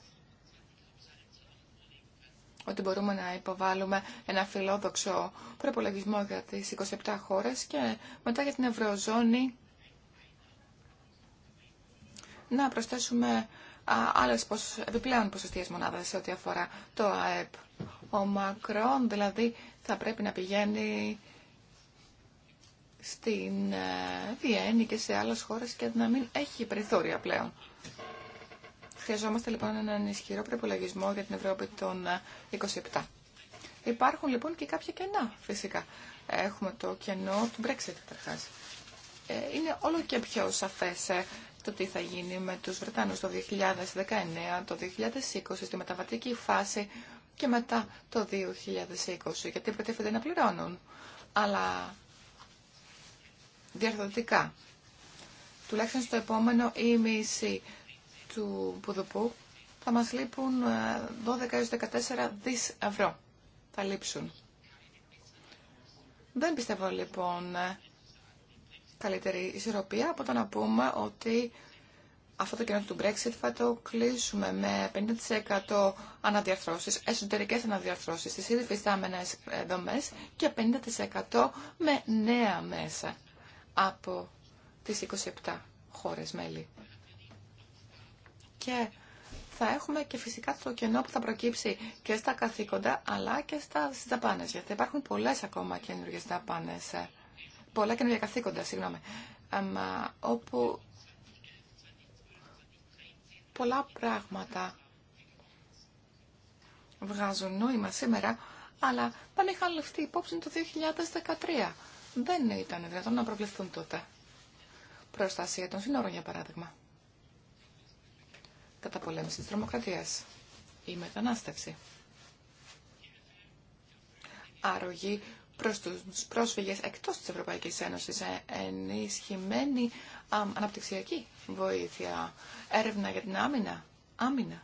ότι μπορούμε να υποβάλουμε ένα φιλόδοξο προπολογισμό για τις 27 χώρες και μετά για την Ευρωζώνη να προσθέσουμε άλλες επιπλέον ποσοστίες μονάδες σε ό,τι αφορά το ΑΕΠ. Ο Μακρόν δηλαδή θα πρέπει να πηγαίνει στην ε, Βιέννη και σε άλλες χώρες και να μην έχει περιθώρια πλέον. Χρειαζόμαστε λοιπόν έναν ισχυρό προπολογισμό για την Ευρώπη των 27. Ε, Υπάρχουν λοιπόν και κάποια κενά φυσικά. Έχουμε το κενό του Brexit καταρχά. Ε, είναι όλο και πιο σαφέ ε, το τι θα γίνει με τους Βρετάνους το 2019, το 2020, στη μεταβατική φάση και μετά το 2020, γιατί προτίθεται να πληρώνουν. Αλλά διαρθωτικά, τουλάχιστον στο επόμενο μισή του Πουδουπού θα μας λείπουν 12 ε, έως 14 δις ευρώ. Θα λείψουν. Δεν πιστεύω λοιπόν ε, καλύτερη ισορροπία από το να πούμε ότι αυτό το κοινό του Brexit θα το κλείσουμε με 50% αναδιαρθρώσεις, εσωτερικές αναδιαρθρώσεις στις ήδη φυστάμενες ε, δομές και 50% με νέα μέσα από τις 27 χώρες μέλη και θα έχουμε και φυσικά το κενό που θα προκύψει και στα καθήκοντα αλλά και στα, στις Γιατί θα υπάρχουν πολλές ακόμα καινούργιε δαπάνες, ε, πολλά καινούργια καθήκοντα, συγγνώμη, αμα, όπου πολλά πράγματα βγάζουν νόημα σήμερα, αλλά δεν είχαν ληφθεί υπόψη το 2013. Δεν ήταν δυνατόν να προβληθούν τότε. Προστασία των σύνορων, για παράδειγμα πολέμηση της τρομοκρατίας, η μετανάστευση, αρρωγή προς τους πρόσφυγες εκτός της Ευρωπαϊκής Ένωσης, ε, ενισχυμένη α, αναπτυξιακή βοήθεια, έρευνα για την άμυνα, άμυνα.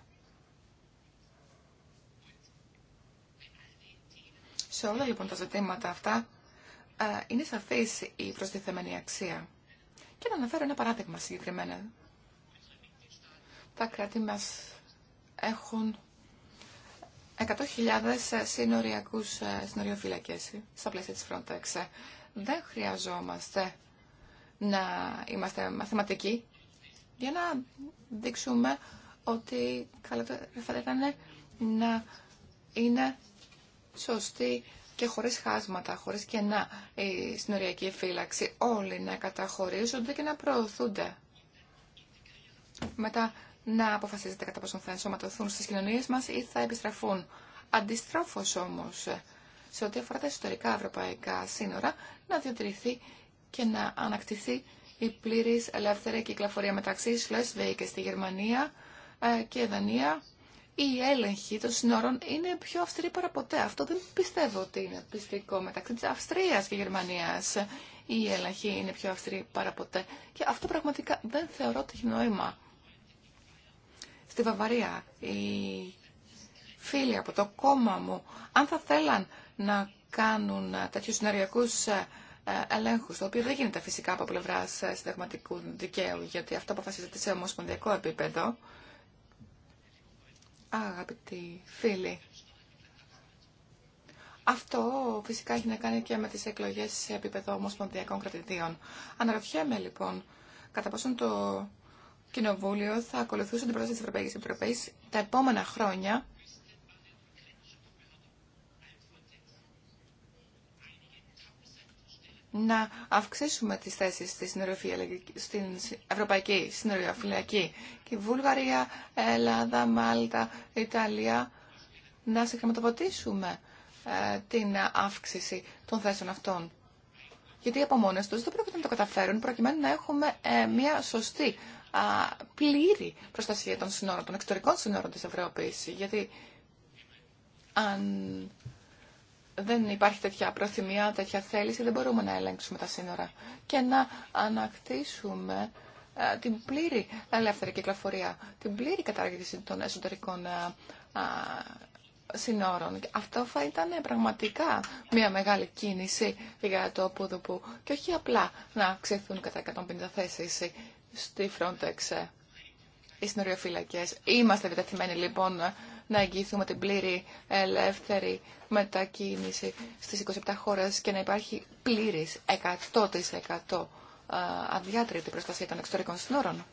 Σε όλα λοιπόν τα ζητήματα αυτά ε, είναι σαφής η προστιθεμένη αξία. Και να αναφέρω ένα παράδειγμα συγκεκριμένα τα κράτη μας έχουν 100.000 ε, συνοριακούς ε, συνοριοφυλακές στα πλαίσια της Frontex. Δεν χρειαζόμαστε να είμαστε μαθηματικοί για να δείξουμε ότι καλύτερα θα ήταν να είναι σωστή και χωρίς χάσματα, χωρίς κενά η συνοριακή φύλαξη, όλοι να καταχωρίζονται και να προωθούνται. Μετά να αποφασίζεται κατά πόσο θα ενσωματωθούν στι κοινωνίε μας ή θα επιστραφούν. Αντιστρόφως όμως, σε ό,τι αφορά τα ιστορικά ευρωπαϊκά σύνορα, να διατηρηθεί και να ανακτηθεί η πλήρης ελεύθερη κυκλοφορία μεταξύ και στη Γερμανία ε, και Δανία. Η έλεγχη των σύνορων είναι πιο αυστηρή παρά ποτέ. Αυτό δεν πιστεύω ότι είναι πιστικό μεταξύ της Αυστρίας και Γερμανίας. Η έλεγχη είναι πιο αυστηρή παρά ποτέ. Και αυτό πραγματικά δεν θεωρώ ότι έχει νόημα στη Βαβαρία, οι φίλοι από το κόμμα μου, αν θα θέλαν να κάνουν τέτοιου συναριακούς ελέγχου, ε, το οποίο δεν γίνεται φυσικά από πλευρά ε, συνταγματικού δικαίου, γιατί αυτό αποφασίζεται σε ομοσπονδιακό επίπεδο. Αγαπητοί φίλοι, αυτό φυσικά έχει να κάνει και με τις εκλογές σε επίπεδο ομοσπονδιακών κρατηδίων. Αναρωτιέμαι λοιπόν κατά πόσον το Κοινοβούλιο θα ακολουθούσε την πρόταση της Ευρωπαϊκής Επιτροπής τα επόμενα χρόνια να αυξήσουμε τις θέσεις στη στην Ευρωπαϊκή Συνοριοφυλακή και Βούλγαρια, Ελλάδα, Μάλτα, Ιταλία να συγχρηματοποτήσουμε ε, την αύξηση των θέσεων αυτών. Γιατί από μόνες τους δεν πρόκειται να το καταφέρουν προκειμένου να έχουμε ε, μια σωστή πλήρη προστασία των συνόρων, των εξωτερικών συνόρων της Ευρώπης. Γιατί αν δεν υπάρχει τέτοια προθυμία, τέτοια θέληση, δεν μπορούμε να ελέγξουμε τα σύνορα και να ανακτήσουμε την πλήρη ελεύθερη κυκλοφορία, την πλήρη κατάργηση των εσωτερικών συνόρων. Αυτό θα ήταν πραγματικά μια μεγάλη κίνηση για το που και όχι απλά να αυξηθούν κατά 150 θέσεις στη Frontex ε, οι συνοριοφυλακέ. Είμαστε επιτεθειμένοι λοιπόν να εγγυηθούμε την πλήρη ελεύθερη μετακίνηση στις 27 χώρες και να υπάρχει πλήρης 100% ε, αδιάτρητη προστασία των εξωτερικών συνόρων.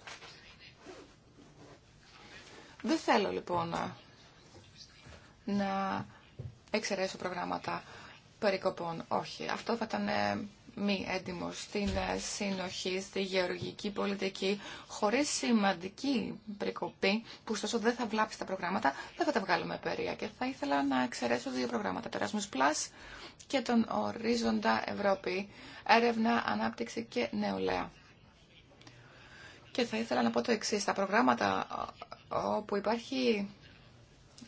Δεν θέλω λοιπόν να εξαιρέσω προγράμματα περικοπών. Όχι. Αυτό θα ήταν ε, μη έντιμο στην ε, συνοχή, στη γεωργική πολιτική, χωρίς σημαντική πρικοπή, που ωστόσο δεν θα βλάψει τα προγράμματα, δεν θα τα βγάλουμε πέρια. Και θα ήθελα να εξαιρέσω δύο προγράμματα, Erasmus Plus και τον Ορίζοντα Ευρώπη, έρευνα, ανάπτυξη και νεολαία. Και θα ήθελα να πω το εξή. Τα προγράμματα όπου υπάρχει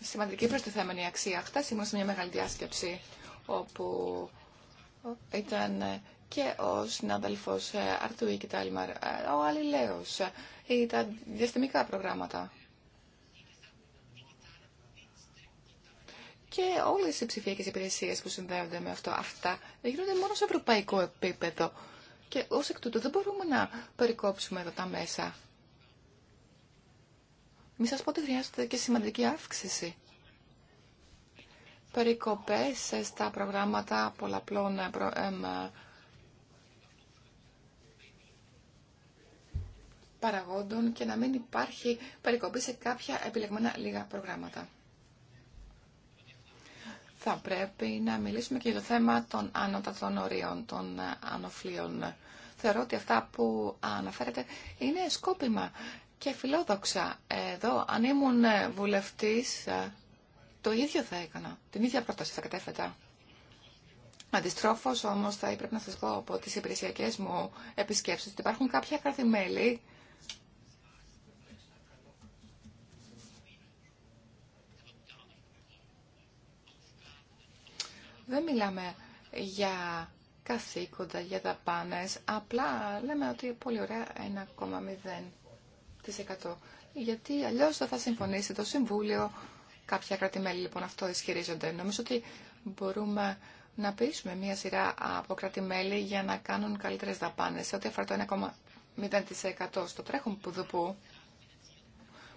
σημαντική προστιθέμενη αξία. Χθε ήμουν σε μια μεγάλη διάσκεψη όπου ήταν και ο συνάδελφος ε, Αρτουή και τα ε, ο Αλληλέος ε, ή τα διαστημικά προγράμματα. Και όλες οι ψηφιακές υπηρεσίες που συνδέονται με αυτό, αυτά γίνονται μόνο σε ευρωπαϊκό επίπεδο. Και ως εκ τούτου δεν μπορούμε να περικόψουμε εδώ τα μέσα. Μη σας πω ότι χρειάζεται και σημαντική αύξηση. Περικοπές στα προγράμματα πολλαπλών προ, παραγόντων και να μην υπάρχει περικοπή σε κάποια επιλεγμένα λίγα προγράμματα. Θα πρέπει να μιλήσουμε και για το θέμα των ανώτατων ορίων, των ανοφλίων. Θεωρώ ότι αυτά που αναφέρετε είναι σκόπιμα και φιλόδοξα. Εδώ, αν ήμουν βουλευτής, το ίδιο θα έκανα. Την ίδια πρόταση θα κατέφετα. Αντιστρόφως όμως θα πρέπει να σα πω από τι υπηρεσιακές μου επισκέψει ότι υπάρχουν κάποια κρατημέλη Δεν μιλάμε για καθήκοντα, για δαπάνες, απλά λέμε ότι πολύ ωραία 1,0%. Γιατί αλλιώς δεν θα συμφωνήσει το Συμβούλιο. Κάποια κρατημέλη λοιπόν αυτό ισχυρίζονται. Νομίζω ότι μπορούμε να πείσουμε μία σειρά από κρατημέλη για να κάνουν καλύτερες δαπάνες σε ό,τι αφορά το 1,0% στο τρέχον που δουπού.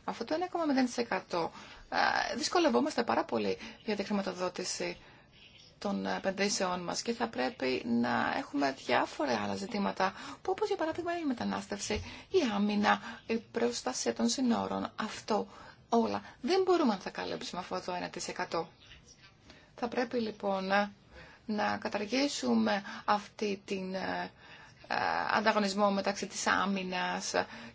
Αυτό το 1,0% ε, δυσκολευόμαστε πάρα πολύ για τη χρηματοδότηση των επενδύσεών μας και θα πρέπει να έχουμε διάφορα άλλα ζητήματα που όπως για παράδειγμα η μετανάστευση, η άμυνα, η προστασία των συνόρων, αυτό όλα δεν μπορούμε να τα καλύψουμε αυτό το 1%. Θα πρέπει λοιπόν να καταργήσουμε αυτή την ε, ε, ανταγωνισμό μεταξύ της άμυνας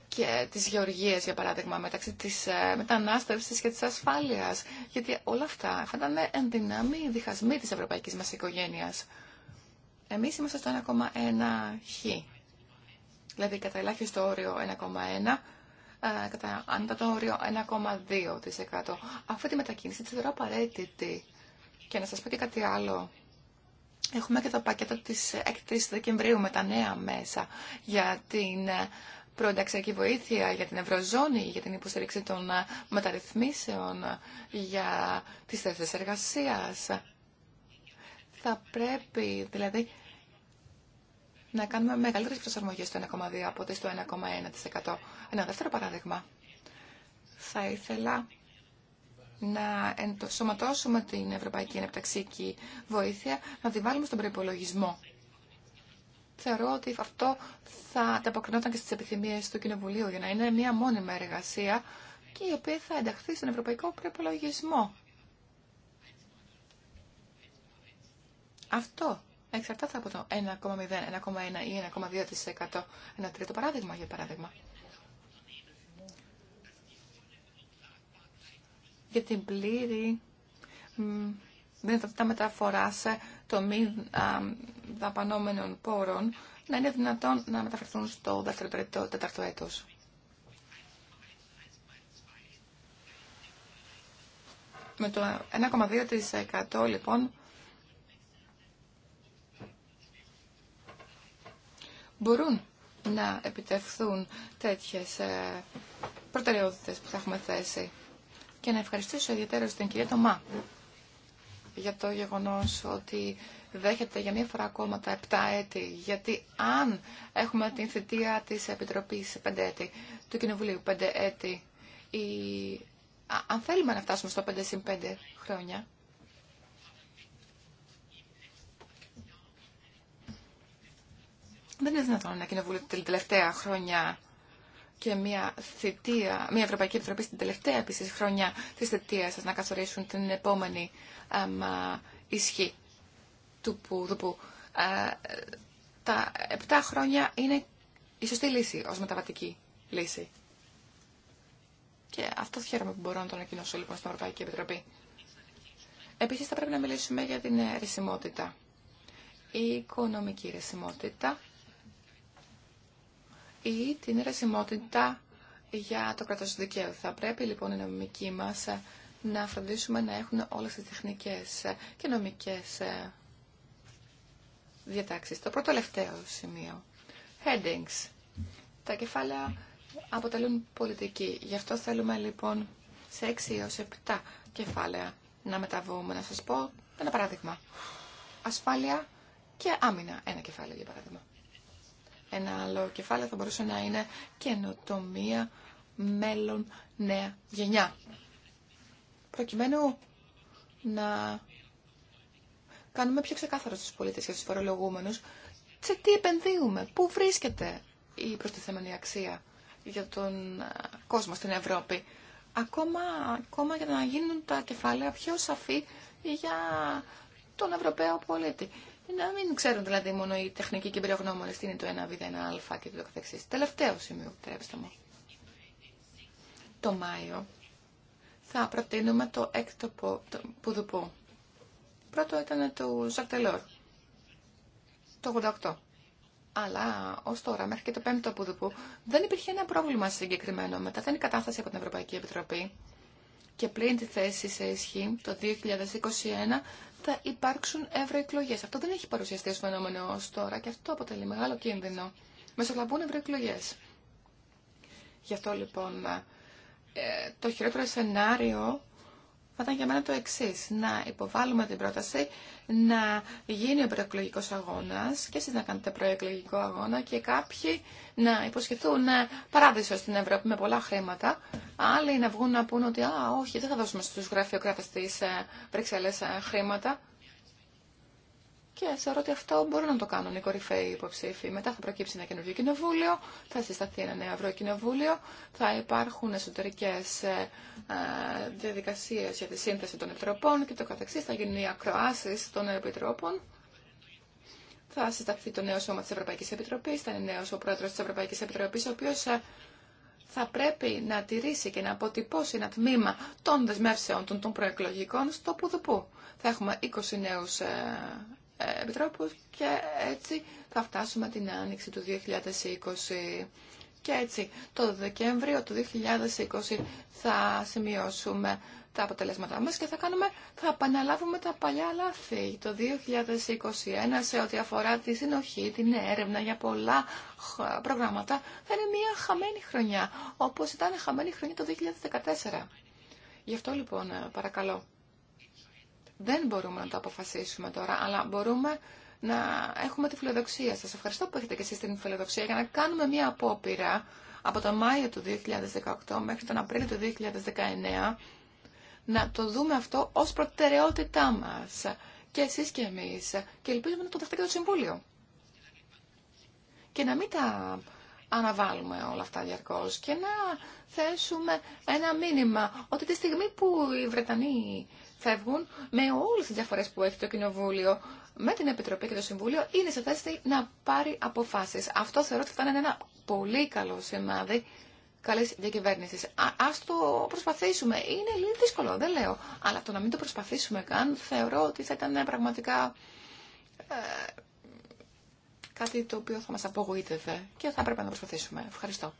και της γεωργίας, για παράδειγμα, μεταξύ της ε, μετανάστευσης και της ασφάλειας. Γιατί όλα αυτά θα ήταν ενδυνάμει διχασμοί της ευρωπαϊκής μας οικογένειας. Εμείς είμαστε στο 1,1 χ. Δηλαδή κατά ελάχιστο όριο 1,1 ε, κατά ανώτατο όριο 1,2%. Αυτή τη μετακίνηση τη θεωρώ απαραίτητη. Και να σας πω και κάτι άλλο Έχουμε και το πακέτο της 6ης Δεκεμβρίου με τα νέα μέσα για την προενταξιακή βοήθεια για την Ευρωζώνη, για την υποστήριξη των μεταρρυθμίσεων, για τις θέσεις εργασίας. Θα πρέπει δηλαδή να κάνουμε μεγαλύτερες προσαρμογές στο 1,2 από ότι στο 1,1%. Ένα δεύτερο παράδειγμα. Θα ήθελα να ενσωματώσουμε την Ευρωπαϊκή Ενεπταξική Βοήθεια, να τη βάλουμε στον προπολογισμό. Θεωρώ ότι αυτό θα ανταποκρινόταν και στις επιθυμίες του Κοινοβουλίου για να είναι μια μόνιμη εργασία και η οποία θα ενταχθεί στον Ευρωπαϊκό Προπολογισμό. Αυτό εξαρτάται από το 1,0, 1,1 ή 1,2%. Ένα τρίτο παράδειγμα, για παράδειγμα. Και την πλήρη δυνατότητα μεταφορά των μη δαπανόμενων πόρων να είναι δυνατόν να μεταφερθούν στο δεύτερο τέταρτο έτος. Με το 1,2% λοιπόν μπορούν να επιτευχθούν τέτοιες ε, προτεραιότητες που θα έχουμε θέσει και να ευχαριστήσω ιδιαίτερα στην κυρία Τωμά για το γεγονός ότι δέχεται για μία φορά ακόμα τα 7 έτη, γιατί αν έχουμε την θητεία της Επιτροπής 5 έτη, του Κοινοβουλίου 5 έτη, η... αν θέλουμε να φτάσουμε στο 5 συν 5 χρόνια, δεν είναι δυνατόν να κοινοβούλιο την τελευταία χρονιά και μια θητεία, μια Ευρωπαϊκή Επιτροπή στην τελευταία επίση χρονιά τη θητεία σα να καθορίσουν την επόμενη αμα, ισχύ του που, τα επτά χρόνια είναι η σωστή λύση ω μεταβατική λύση. Και αυτό χαίρομαι που μπορώ να το ανακοινώσω λοιπόν στην Ευρωπαϊκή Επιτροπή. Επίσης θα πρέπει να μιλήσουμε για την ρεσιμότητα. Η οικονομική ρεσιμότητα ή την ρεσιμότητα για το κράτος δικαίου. Θα πρέπει λοιπόν οι νομικοί μας ε, να φροντίσουμε να έχουν όλες τις τεχνικές ε, και νομικές ε, διατάξεις. Το πρώτο τελευταίο σημείο. Headings. Τα κεφάλαια αποτελούν πολιτική. Γι' αυτό θέλουμε λοιπόν σε ή σε 7 κεφάλαια να μεταβούμε. Να σας πω ένα παράδειγμα. Ασφάλεια και άμυνα. Ένα κεφάλαιο για παράδειγμα. Ένα άλλο κεφάλαιο θα μπορούσε να είναι καινοτομία, μέλλον, νέα γενιά. Προκειμένου να κάνουμε πιο ξεκάθαρο στους πολίτες και στους φορολογούμενους σε τι επενδύουμε, πού βρίσκεται η προστιθέμενη αξία για τον κόσμο στην Ευρώπη. Ακόμα, ακόμα για να γίνουν τα κεφάλαια πιο σαφή για τον Ευρωπαίο πολίτη. Να μην ξέρουν δηλαδή μόνο οι τεχνικοί και περιογνώμονε τι είναι το 1β1α και το καθεξή. Τελευταίο σημείο, επιτρέψτε μου. Το Μάιο θα προτείνουμε το έκτο πουδουπού. Πρώτο ήταν το Ζακτελόρ, το 88. Αλλά ω τώρα, μέχρι και το πέμπτο πουδουπού, δεν υπήρχε ένα πρόβλημα συγκεκριμένο. Μετά Δεν η κατάσταση από την Ευρωπαϊκή Επιτροπή και πλην τη θέση σε ισχύ το 2021 θα υπάρξουν ευρωεκλογέ. Αυτό δεν έχει παρουσιαστεί ως φαινόμενο ω τώρα και αυτό αποτελεί μεγάλο κίνδυνο. μεσολαβούν ευρωεκλογέ. Γι' αυτό λοιπόν ε, το χειρότερο σενάριο θα ήταν για μένα το εξή. Να υποβάλουμε την πρόταση να γίνει ο προεκλογικό αγώνα και εσεί να κάνετε προεκλογικό αγώνα και κάποιοι να υποσχεθούν ναι, παράδεισο στην Ευρώπη με πολλά χρήματα. Άλλοι να βγουν να πούν ότι α, όχι, δεν θα δώσουμε στου γραφειοκράτε τη ε, Βρυξέλλε ε, χρήματα. Και θεωρώ ότι αυτό μπορούν να το κάνουν οι κορυφαίοι υποψήφοι. Μετά θα προκύψει ένα καινούργιο κοινοβούλιο, θα συσταθεί ένα νέο ευρωκοινοβούλιο, θα υπάρχουν εσωτερικέ ε, ε, διαδικασίε για τη σύνθεση των επιτροπών και το καθεξή. Θα γίνουν οι ακροάσει των επιτροπών. Θα συσταθεί το νέο σώμα τη Ευρωπαϊκή Επιτροπή, θα είναι νέο ο πρόεδρο τη Ευρωπαϊκή Επιτροπή, ο οποίο ε, θα πρέπει να τηρήσει και να αποτυπώσει ένα τμήμα των δεσμεύσεων των, προεκλογικών στο πουδουπού. Θα έχουμε 20 νέου επιτρόπους και έτσι θα φτάσουμε την άνοιξη του 2020. Και έτσι το Δεκέμβριο του 2020 θα σημειώσουμε τα αποτελέσματά μας και θα, κάνουμε, θα επαναλάβουμε τα παλιά λάθη. Το 2021 σε ό,τι αφορά τη συνοχή, την έρευνα για πολλά προγράμματα θα είναι μια χαμένη χρονιά, όπως ήταν χαμένη χρονιά το 2014. Γι' αυτό λοιπόν παρακαλώ δεν μπορούμε να το αποφασίσουμε τώρα, αλλά μπορούμε να έχουμε τη φιλοδοξία. Σας ευχαριστώ που έχετε και εσείς την φιλοδοξία για να κάνουμε μια απόπειρα από τον Μάιο του 2018 μέχρι τον Απρίλιο του 2019 να το δούμε αυτό ως προτεραιότητά μας και εσείς και εμείς και ελπίζουμε να το δεχτείτε και το Συμβούλιο. Και να μην τα αναβάλουμε όλα αυτά διαρκώς και να θέσουμε ένα μήνυμα ότι τη στιγμή που οι Βρετανοί φεύγουν με όλες τι διαφορέ που έχει το Κοινοβούλιο με την Επιτροπή και το Συμβούλιο είναι σε θέση να πάρει αποφάσεις. Αυτό θεωρώ ότι θα είναι ένα πολύ καλό σημάδι καλή διακυβέρνηση. Α το προσπαθήσουμε. Είναι λίγο δύσκολο, δεν λέω. Αλλά το να μην το προσπαθήσουμε καν θεωρώ ότι θα ήταν πραγματικά ε, κάτι το οποίο θα μα απογοήτευε και θα έπρεπε να προσπαθήσουμε. Ευχαριστώ.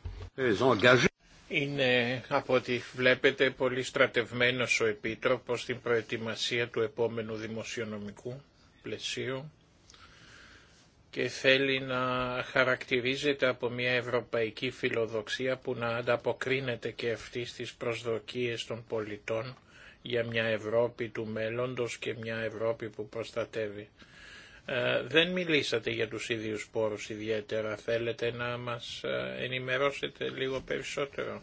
Είναι από ό,τι βλέπετε πολύ στρατευμένος ο Επίτροπος στην προετοιμασία του επόμενου δημοσιονομικού πλαισίου και θέλει να χαρακτηρίζεται από μια ευρωπαϊκή φιλοδοξία που να ανταποκρίνεται και αυτή στις προσδοκίες των πολιτών για μια Ευρώπη του μέλλοντος και μια Ευρώπη που προστατεύει. Ε, δεν μιλήσατε για τους ίδιους πόρους ιδιαίτερα. Θέλετε να μας ε, ενημερώσετε λίγο περισσότερο.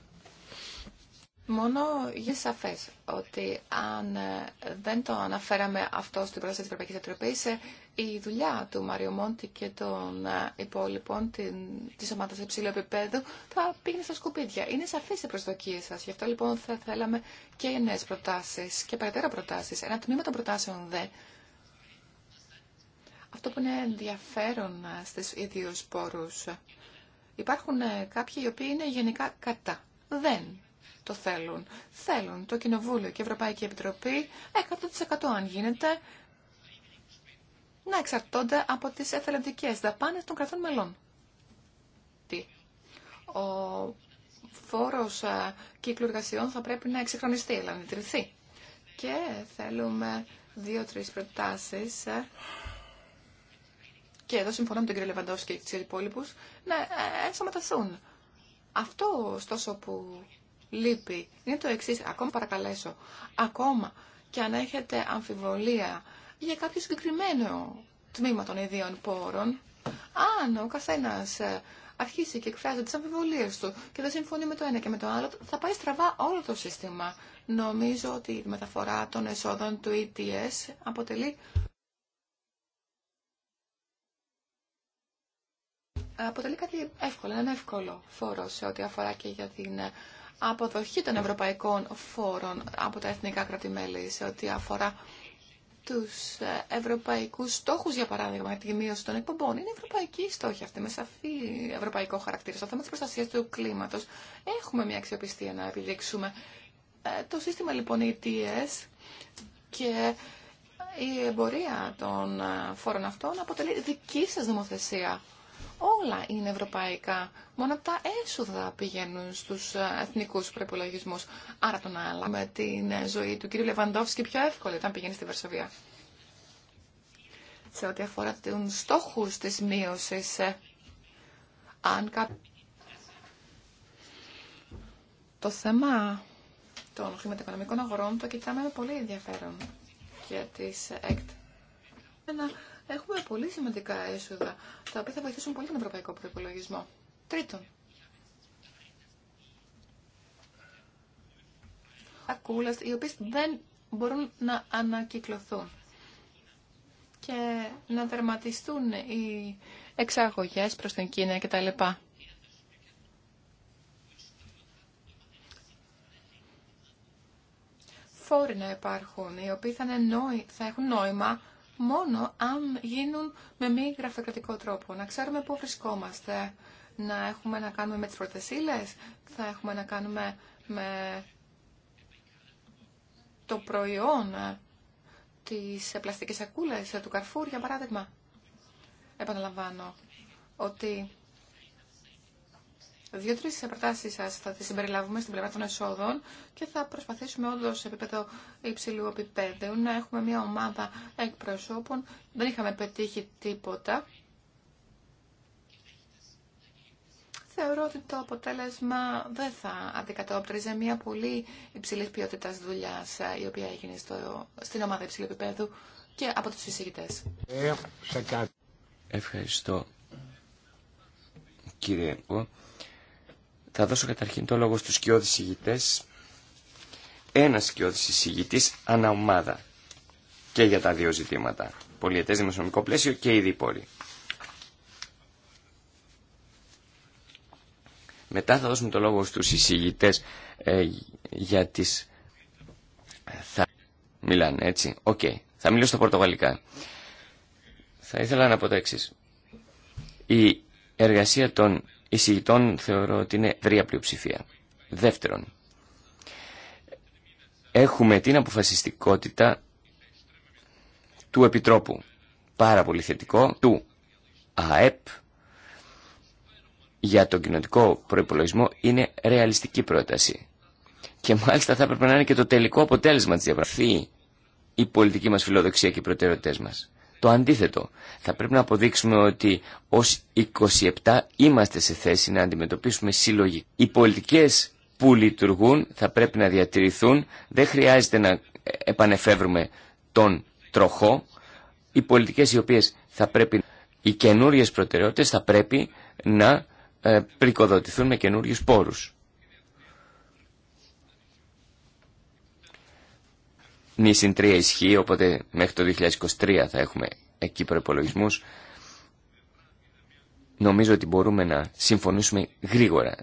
Μόνο για σαφέ ότι αν ε, δεν το αναφέραμε αυτό στην πρόταση τη Ευρωπαϊκή Επιτροπή, η δουλειά του Μάριο Μόντι και των υπόλοιπων τη ομάδα υψηλού επίπεδου θα πήγαινε στα σκουπίδια. Είναι σαφέ οι προσδοκίε σα. Γι' αυτό λοιπόν θα θέλαμε και νέε προτάσει και περαιτέρω προτάσει. Ένα τμήμα των προτάσεων δε αυτό που είναι ενδιαφέρον ε, στις ίδιου πόρους. Υπάρχουν ε, κάποιοι οι οποίοι είναι γενικά κατά. Δεν το θέλουν. Θέλουν το Κοινοβούλιο και η Ευρωπαϊκή Επιτροπή 100% αν γίνεται να εξαρτώνται από τις εθελοντικές δαπάνες των κρατών μελών. Τι. Ο φόρος ε, κύκλου εργασιών θα πρέπει να εξυγχρονιστεί, να να Και θέλουμε δύο-τρεις προτάσεις και εδώ συμφωνώ με τον κύριο Λεβαντόφσκι και του υπόλοιπου, να ε, ε, ενσωματωθούν. Αυτό ωστόσο που λείπει είναι το εξή. Ακόμα παρακαλέσω, ακόμα και αν έχετε αμφιβολία για κάποιο συγκεκριμένο τμήμα των ιδίων πόρων, αν ο καθένα ε, αρχίσει και εκφράζει τι αμφιβολίε του και δεν συμφωνεί με το ένα και με το άλλο, θα πάει στραβά όλο το σύστημα. Νομίζω ότι η μεταφορά των εσόδων του ETS αποτελεί αποτελεί κάτι εύκολο, ένα εύκολο φόρο σε ό,τι αφορά και για την ε, αποδοχή των ευρωπαϊκών φόρων από τα εθνικά κρατημέλη, σε ό,τι αφορά τους ε, ευρωπαϊκούς στόχους, για παράδειγμα, για τη μείωση των εκπομπών. Είναι ευρωπαϊκή στόχη αυτή, με σαφή ευρωπαϊκό χαρακτήρα. Στο θέμα της προστασίας του κλίματος έχουμε μια αξιοπιστία να επιδείξουμε. Ε, το σύστημα λοιπόν ETS και η εμπορία των φόρων αυτών αποτελεί δική σας νομοθεσία όλα είναι ευρωπαϊκά. Μόνο από τα έσοδα πηγαίνουν στους ε, εθνικού προπολογισμού. Άρα τον να με την ε, ζωή του κύριου Λεβαντόφσκη πιο εύκολη όταν πηγαίνει στη Βαρσοβία. Σε ό,τι αφορά του στόχους της μείωσης, ε, αν Το θέμα των χρηματοοικονομικών αγορών το κοιτάμε με πολύ ενδιαφέρον για τις ΕΚΤ να έχουμε πολύ σημαντικά έσοδα, τα οποία θα βοηθήσουν πολύ τον ευρωπαϊκό προπολογισμό. Τρίτον, Ακούλε οι οποίες δεν μπορούν να ανακυκλωθούν και να τερματιστούν οι εξαγωγές προς την Κίνα κτλ. Φόροι να υπάρχουν, οι οποίοι θα, είναι νόη, θα έχουν νόημα μόνο αν γίνουν με μη γραφειοκρατικό τρόπο. Να ξέρουμε πού βρισκόμαστε, να έχουμε να κάνουμε με τις πρώτες θα έχουμε να κάνουμε με το προϊόν της πλαστικής σακούλας του Καρφούρ, για παράδειγμα. Επαναλαμβάνω ότι Δύο-τρει προτάσει σα θα τι συμπεριλάβουμε στην πλευρά των εσόδων και θα προσπαθήσουμε όντω σε επίπεδο υψηλού επίπεδου να έχουμε μια ομάδα εκπροσώπων. Δεν είχαμε πετύχει τίποτα. Θεωρώ ότι το αποτέλεσμα δεν θα αντικατόπτριζε μια πολύ υψηλή ποιότητα δουλειά ε, η οποία έγινε στο, στην ομάδα υψηλού επίπεδου και από του συζητητέ. Ε, Ευχαριστώ κύριε θα δώσω καταρχήν το λόγο στους σκιώδεις ηγητές. Ένας σκιώδης εισηγητής ανά ομάδα. Και για τα δύο ζητήματα. Πολιετές δημοσιονομικό πλαίσιο και ήδη Μετά θα δώσουμε το λόγο στους εισηγητές ε, για τις... Ε, θα μιλάνε έτσι. Οκ. Θα μιλήσω στα πορτογαλικά. Θα ήθελα να πω Η εργασία των εισηγητών θεωρώ ότι είναι ευρία πλειοψηφία. Δεύτερον, έχουμε την αποφασιστικότητα του Επιτρόπου. Πάρα πολύ θετικό, του ΑΕΠ για τον κοινοτικό προϋπολογισμό είναι ρεαλιστική πρόταση. Και μάλιστα θα έπρεπε να είναι και το τελικό αποτέλεσμα της διαπραχθή η πολιτική μας φιλοδοξία και οι προτεραιότητες μας το αντίθετο. Θα πρέπει να αποδείξουμε ότι ως 27 είμαστε σε θέση να αντιμετωπίσουμε σύλλογοι. Οι πολιτικές που λειτουργούν θα πρέπει να διατηρηθούν. Δεν χρειάζεται να επανεφεύρουμε τον τροχό. Οι πολιτικές οι οποίες θα πρέπει, οι καινούριες προτεραιότητες θα πρέπει να ε, πρικοδοτηθούν με καινούριου πόρους. νησιν 3 ισχύει, οπότε μέχρι το 2023 θα έχουμε εκεί προπολογισμού. Νομίζω ότι μπορούμε να συμφωνήσουμε γρήγορα.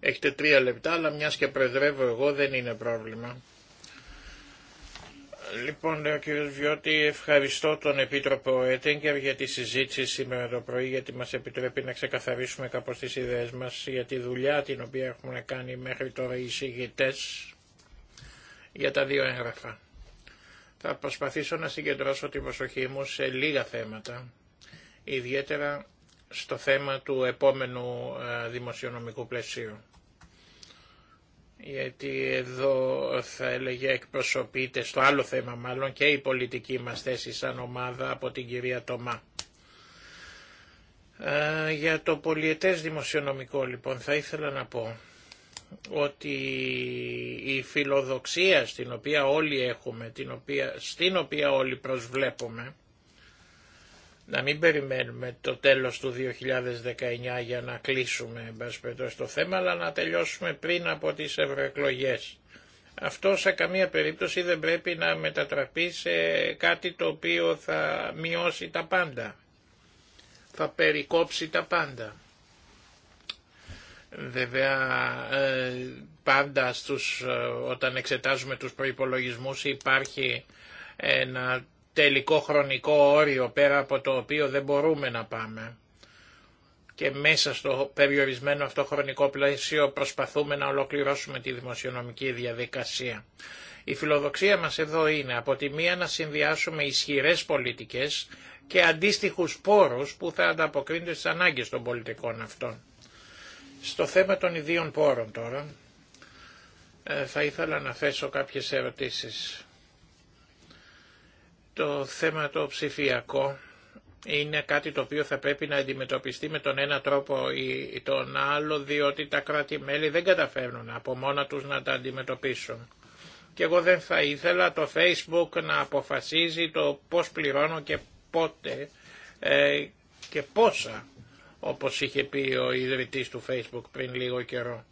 Έχετε τρία λεπτά, αλλά μιας και προεδρεύω εγώ δεν είναι πρόβλημα. Λοιπόν, λέω κύριο Βιώτη, ευχαριστώ τον Επίτροπο Έτεγκερ για τη συζήτηση σήμερα το πρωί, γιατί μα επιτρέπει να ξεκαθαρίσουμε κάπω τι ιδέες μας για τη δουλειά την οποία έχουν κάνει μέχρι τώρα οι εισηγητέ για τα δύο έγγραφα. Θα προσπαθήσω να συγκεντρώσω την προσοχή μου σε λίγα θέματα, ιδιαίτερα στο θέμα του επόμενου ε, δημοσιονομικού πλαισίου γιατί εδώ θα έλεγε εκπροσωπείται στο άλλο θέμα μάλλον και η πολιτική μας θέση σαν ομάδα από την κυρία Τομά. Ε, για το πολιετές δημοσιονομικό λοιπόν θα ήθελα να πω ότι η φιλοδοξία στην οποία όλοι έχουμε, την οποία, στην οποία όλοι προσβλέπουμε, να μην περιμένουμε το τέλος του 2019 για να κλείσουμε εμπασπετός το θέμα, αλλά να τελειώσουμε πριν από τις ευρωεκλογέ. Αυτό σε καμία περίπτωση δεν πρέπει να μετατραπεί σε κάτι το οποίο θα μειώσει τα πάντα, θα περικόψει τα πάντα. Βέβαια ε, πάντα στους, ε, όταν εξετάζουμε τους προϋπολογισμούς υπάρχει ένα τελικό χρονικό όριο πέρα από το οποίο δεν μπορούμε να πάμε και μέσα στο περιορισμένο αυτό χρονικό πλαίσιο προσπαθούμε να ολοκληρώσουμε τη δημοσιονομική διαδικασία. Η φιλοδοξία μας εδώ είναι από τη μία να συνδυάσουμε ισχυρές πολιτικές και αντίστοιχους πόρους που θα ανταποκρίνονται στις ανάγκες των πολιτικών αυτών. Στο θέμα των ιδίων πόρων τώρα ε, θα ήθελα να θέσω κάποιες ερωτήσεις. Το θέμα το ψηφιακό είναι κάτι το οποίο θα πρέπει να αντιμετωπιστεί με τον ένα τρόπο ή τον άλλο, διότι τα κράτη-μέλη δεν καταφέρνουν από μόνα τους να τα αντιμετωπίσουν. Και εγώ δεν θα ήθελα το Facebook να αποφασίζει το πώς πληρώνω και πότε ε, και πόσα, όπως είχε πει ο ιδρυτής του Facebook πριν λίγο καιρό.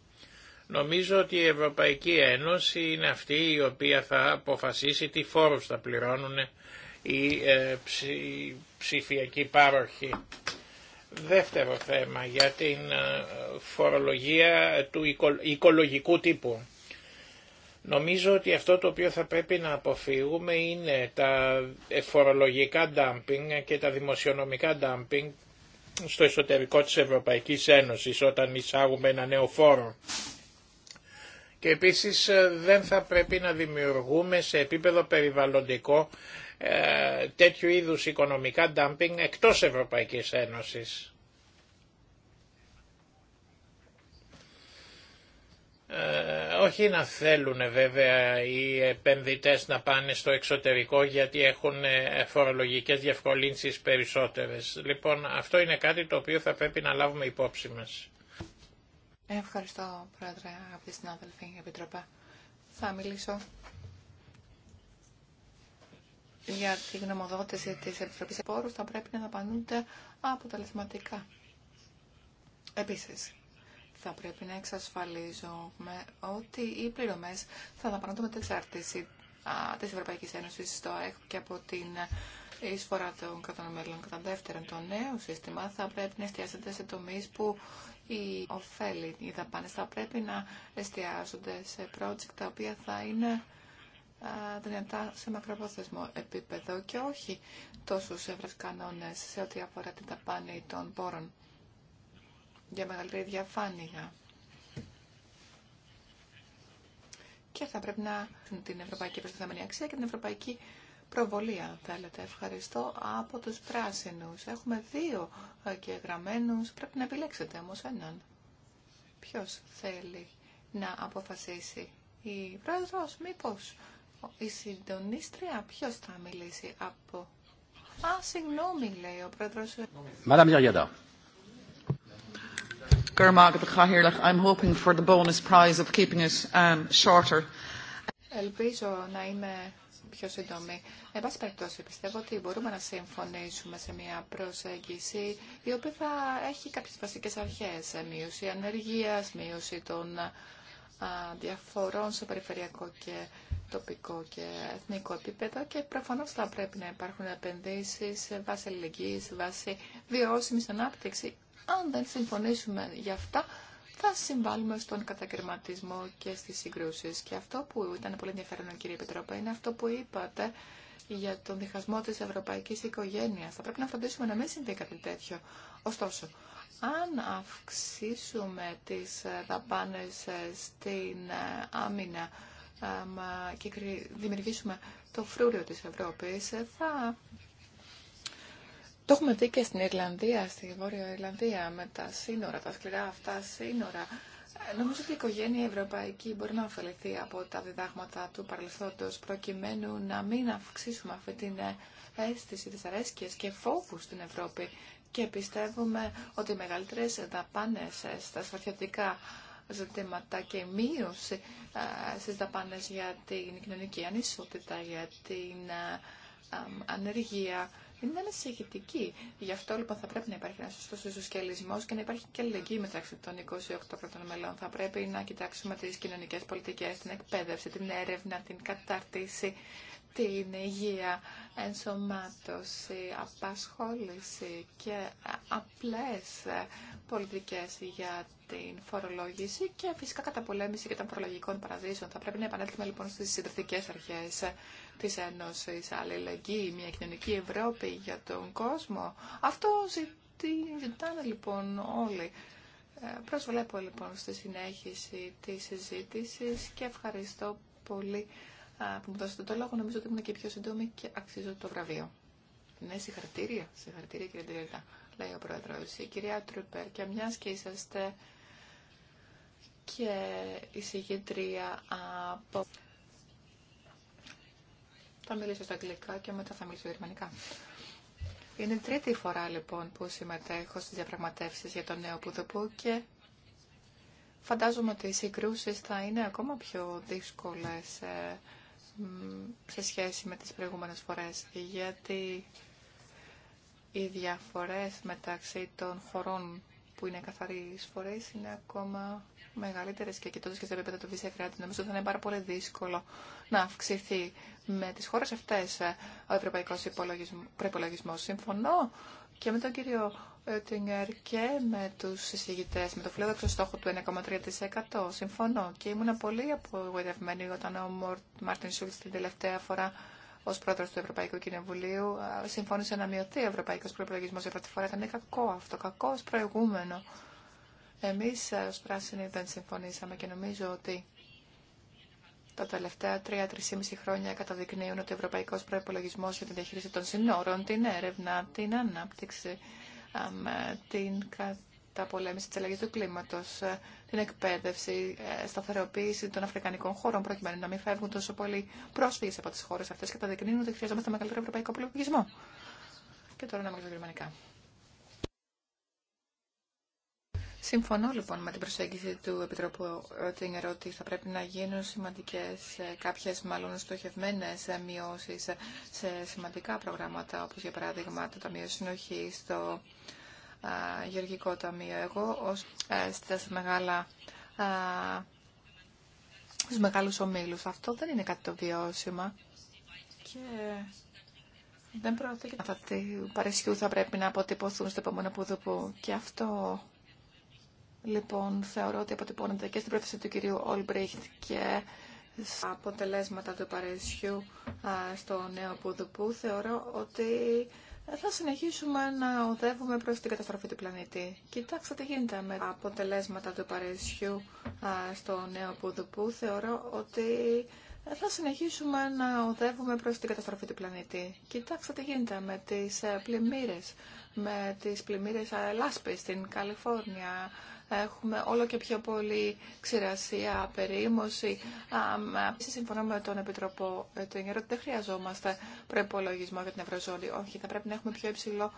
Νομίζω ότι η Ευρωπαϊκή Ένωση είναι αυτή η οποία θα αποφασίσει τι φόρους θα πληρώνουν ή ε, ψηφιακή πάροχη. Δεύτερο θέμα για την ε, φορολογία του οικολογικού τύπου. Νομίζω ότι αυτό το οποίο θα πρέπει να αποφύγουμε είναι τα ε, φορολογικά dumping και τα δημοσιονομικά dumping στο εσωτερικό της Ευρωπαϊκής Ένωσης όταν εισάγουμε ένα νέο φόρο. Και επίσης δεν θα πρέπει να δημιουργούμε σε επίπεδο περιβαλλοντικό ε, τέτοιου είδους οικονομικά ντάμπινγκ εκτός Ευρωπαϊκής Ένωσης. Ε, όχι να θέλουν βέβαια οι επενδυτές να πάνε στο εξωτερικό γιατί έχουν ε, φορολογικές διευκολύνσεις περισσότερες. Λοιπόν, αυτό είναι κάτι το οποίο θα πρέπει να λάβουμε υπόψη μας. Ευχαριστώ, Πρόεδρε, αγαπητοί συνάδελφοι, Επιτροπέ. Θα μιλήσω για τη γνωμοδότηση της Επιτροπής Πόρους θα πρέπει να δαπανούνται αποτελεσματικά. Επίσης, θα πρέπει να εξασφαλίζουμε ότι οι πληρωμές θα δαπανούνται με εξάρτηση της Ευρωπαϊκής Ένωσης στο ΕΚ και από την εισφορά των κατανομέλων. Κατά δεύτερον, το νέο σύστημα θα πρέπει να εστιάζεται σε τομείς που οι ωφέλη, οι δαπάνες θα πρέπει να εστιάζονται σε project τα οποία θα είναι ε, δυνατά σε μακροπρόθεσμο επίπεδο και όχι τόσο σε κανόνες σε ό,τι αφορά την ταπάνη των πόρων για μεγαλύτερη διαφάνεια. Και θα πρέπει να την ευρωπαϊκή προστιθέμενη αξία και την ευρωπαϊκή προβολή, αν θέλετε. Ευχαριστώ από τους πράσινους. Έχουμε δύο και γραμμένους. Πρέπει να επιλέξετε όμως έναν. Ποιος θέλει να αποφασίσει η πρόεδρος, μήπως η συντονίστρια ποιο θα μιλήσει από... Α, συγγνώμη, λέει ο προεδρό Μαδάμ Ελπίζω να είμαι πιο σύντομη. Εν πάση περιπτώσει, πιστεύω ότι μπορούμε να συμφωνήσουμε σε μια προσέγγιση η οποία θα έχει κάποιες βασικές αρχές. Μείωση ανεργίας, μείωση των διαφορών σε περιφερειακό και τοπικό και εθνικό επίπεδο και προφανώς θα πρέπει να υπάρχουν επενδύσεις σε βάση αλληλεγγύη, σε βάση βιώσιμης ανάπτυξη. Αν δεν συμφωνήσουμε γι' αυτά, θα συμβάλλουμε στον κατακαιρματισμό και στις συγκρούσεις. Και αυτό που ήταν πολύ ενδιαφέρον, κύριε Πετρόπε, είναι αυτό που είπατε για τον διχασμό της ευρωπαϊκής οικογένειας. Θα πρέπει να φροντίσουμε να μην συμβεί κάτι τέτοιο. Ωστόσο, αν αυξήσουμε τις ε, δαπάνες ε, στην ε, άμυνα και δημιουργήσουμε το φρούριο της Ευρώπης, θα... Το έχουμε δει και στην Ιρλανδία, στη Βόρεια Ιρλανδία, με τα σύνορα, τα σκληρά αυτά σύνορα. Νομίζω ότι η οικογένεια ευρωπαϊκή μπορεί να ωφεληθεί από τα διδάγματα του παρελθόντος, προκειμένου να μην αυξήσουμε αυτή την αίσθηση της αρέσκειας και φόβου στην Ευρώπη και πιστεύουμε ότι οι μεγαλύτερες δαπάνες στα στρατιωτικά ζητήματα και η μείωση ε, στις δαπάνες για την κοινωνική ανισότητα, για την ε, ανεργία είναι ανησυχητική. Γι' αυτό λοιπόν θα πρέπει να υπάρχει ένα σωστό ισοσκελισμό και να υπάρχει και αλληλεγγύη μεταξύ των 28 κρατών μελών. Θα πρέπει να κοιτάξουμε τι κοινωνικέ πολιτικέ, την εκπαίδευση, την έρευνα, την κατάρτιση, την υγεία, ενσωμάτωση, απασχόληση και απλές πολιτικές για την φορολόγηση και φυσικά καταπολέμηση και των φορολογικών παραδείσων. Θα πρέπει να επανέλθουμε λοιπόν στις συντριπτικές αρχές της Ένωσης, αλληλεγγύη, μια κοινωνική Ευρώπη για τον κόσμο. Αυτό ζητάνε λοιπόν όλοι. Ε, προσβλέπω λοιπόν στη συνέχιση της συζήτησης και ευχαριστώ πολύ που μου δώσατε το λόγο. Νομίζω ότι ήμουν και πιο σύντομη και αξίζω το βραβείο. Ναι, συγχαρητήρια. Συγχαρητήρια, κύριε Τριέτα, λέει ο πρόεδρο. Η κυρία Τρούπερ, και μια και είσαστε και εισηγήτρια από. Θα μιλήσω στα αγγλικά και μετά θα μιλήσω γερμανικά. Είναι η τρίτη φορά λοιπόν που συμμετέχω στις διαπραγματεύσεις για το νέο Πουδοπού και φαντάζομαι ότι οι συγκρούσεις θα είναι ακόμα πιο δύσκολε. Ε, σε σχέση με τις προηγούμενες φορές, γιατί οι διαφορές μεταξύ των χωρών που είναι καθαροί φορές είναι ακόμα μεγαλύτερες και κοιτώντα και σε επίπεδο του Βυσσιακράτη νομίζω θα είναι πάρα πολύ δύσκολο να αυξηθεί με τις χώρες αυτές ο ευρωπαϊκός Προπολογισμό. Συμφωνώ και με τον κύριο και με του συζητητές με το φιλόδοξο στόχο του 1,3%. Συμφωνώ και ήμουν πολύ απογοητευμένη όταν ο Μάρτιν Σούλτ την τελευταία φορά ω πρόεδρο του Ευρωπαϊκού Κοινοβουλίου συμφώνησε να μειωθεί ο ευρωπαϊκό προπολογισμό για πρώτη φορά. Ήταν κακό αυτό, κακό ω προηγούμενο. Εμεί ω πράσινοι δεν συμφωνήσαμε και νομίζω ότι τα τελευταία 3-3,5 χρόνια καταδεικνύουν ότι ο ευρωπαϊκό προπολογισμό για την διαχείριση των συνόρων, την έρευνα, την ανάπτυξη, την καταπολέμηση της αλλαγής του κλίματος, ε, την εκπαίδευση, ε, σταθεροποίηση των αφρικανικών χώρων, προκειμένου να μην φεύγουν τόσο πολλοί πρόσφυγες από τις χώρες αυτές και τα δεικνύουν ότι χρειαζόμαστε μεγαλύτερο ευρωπαϊκό πολιτισμό. Και τώρα να μιλήσω γερμανικά. Συμφωνώ λοιπόν με την προσέγγιση του Επιτροπού Ρότινγκερ ότι θα πρέπει να γίνουν σημαντικές, ε, κάποιες μάλλον στοχευμένε ε, μειώσει σε σημαντικά προγράμματα, όπως για παράδειγμα το Ταμείο Συνοχή, το Γεωργικό Ταμείο. Εγώ ω στα μεγάλα στους ομίλους. Αυτό δεν είναι κάτι το βιώσιμα. Και δεν πρόκειται. Αυτά τι παρεσίου θα πρέπει να αποτυπωθούν στο επόμενο που Και αυτό Λοιπόν, θεωρώ ότι αποτυπώνεται και στην πρόταση του κυρίου Όλμπριχτ και στα αποτελέσματα του Παρισιού στο νέο Πουδουπού, θεωρώ ότι θα συνεχίσουμε να οδεύουμε προς την καταστροφή του πλανήτη. Κοιτάξτε τι γίνεται με τα αποτελέσματα του Παρισιού στο νέο Πουδουπού, θεωρώ ότι θα συνεχίσουμε να οδεύουμε προς την καταστροφή του πλανήτη. Κοιτάξτε τι γίνεται με τις ε, πλημμύρες, με τις πλημμύρες ε, λάσπη στην Καλιφόρνια, έχουμε όλο και πιο πολύ ξηρασία, περίμωση. Επίση, συμφωνώ με τον Επιτροπό του Έτογκερ ότι δεν χρειαζόμαστε προπολογισμό για την Ευρωζώνη. Όχι, θα πρέπει να έχουμε πιο υψηλό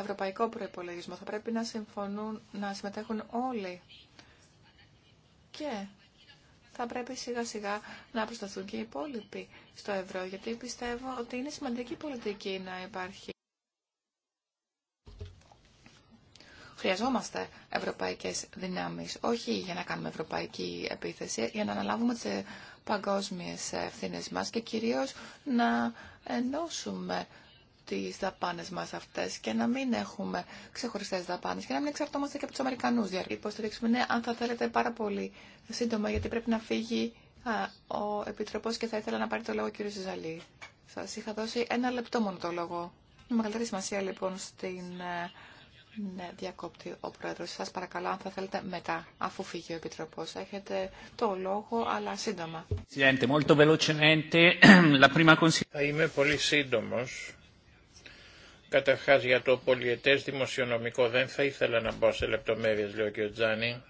ευρωπαϊκό προπολογισμό. Θα πρέπει να συμφωνούν, να συμμετέχουν όλοι. Και θα πρέπει σιγά σιγά να προσταθούν και οι υπόλοιποι στο ευρώ, γιατί πιστεύω ότι είναι σημαντική πολιτική να υπάρχει. Χρειαζόμαστε ευρωπαϊκέ δυνάμει, όχι για να κάνουμε ευρωπαϊκή επίθεση, για να αναλάβουμε τι παγκόσμιε ευθύνε μα και κυρίω να ενώσουμε τι δαπάνε μα αυτέ και να μην έχουμε ξεχωριστέ δαπάνε και να μην εξαρτώμαστε και από τους Αμερικανούς. Υποστηρίξουμε, ναι, αν θα θέλετε πάρα πολύ σύντομα, γιατί πρέπει να φύγει ο επίτροπο και θα ήθελα να πάρει το λόγο ο κ. Ζαλή. Σα είχα δώσει ένα λεπτό μόνο το λόγο. μεγαλύτερη σημασία λοιπόν στην ε, ναι, διακόπτει ο πρόεδρο. Σα παρακαλώ, αν θα θέλετε μετά, αφού φύγει ο επιτροπό, έχετε το λόγο, αλλά σύντομα. Θα είμαι πολύ σύντομο. Καταρχά, για το πολιετέ δημοσιονομικό δεν θα ήθελα να μπω σε λεπτομέρειε, και ο κ. Τζάνι.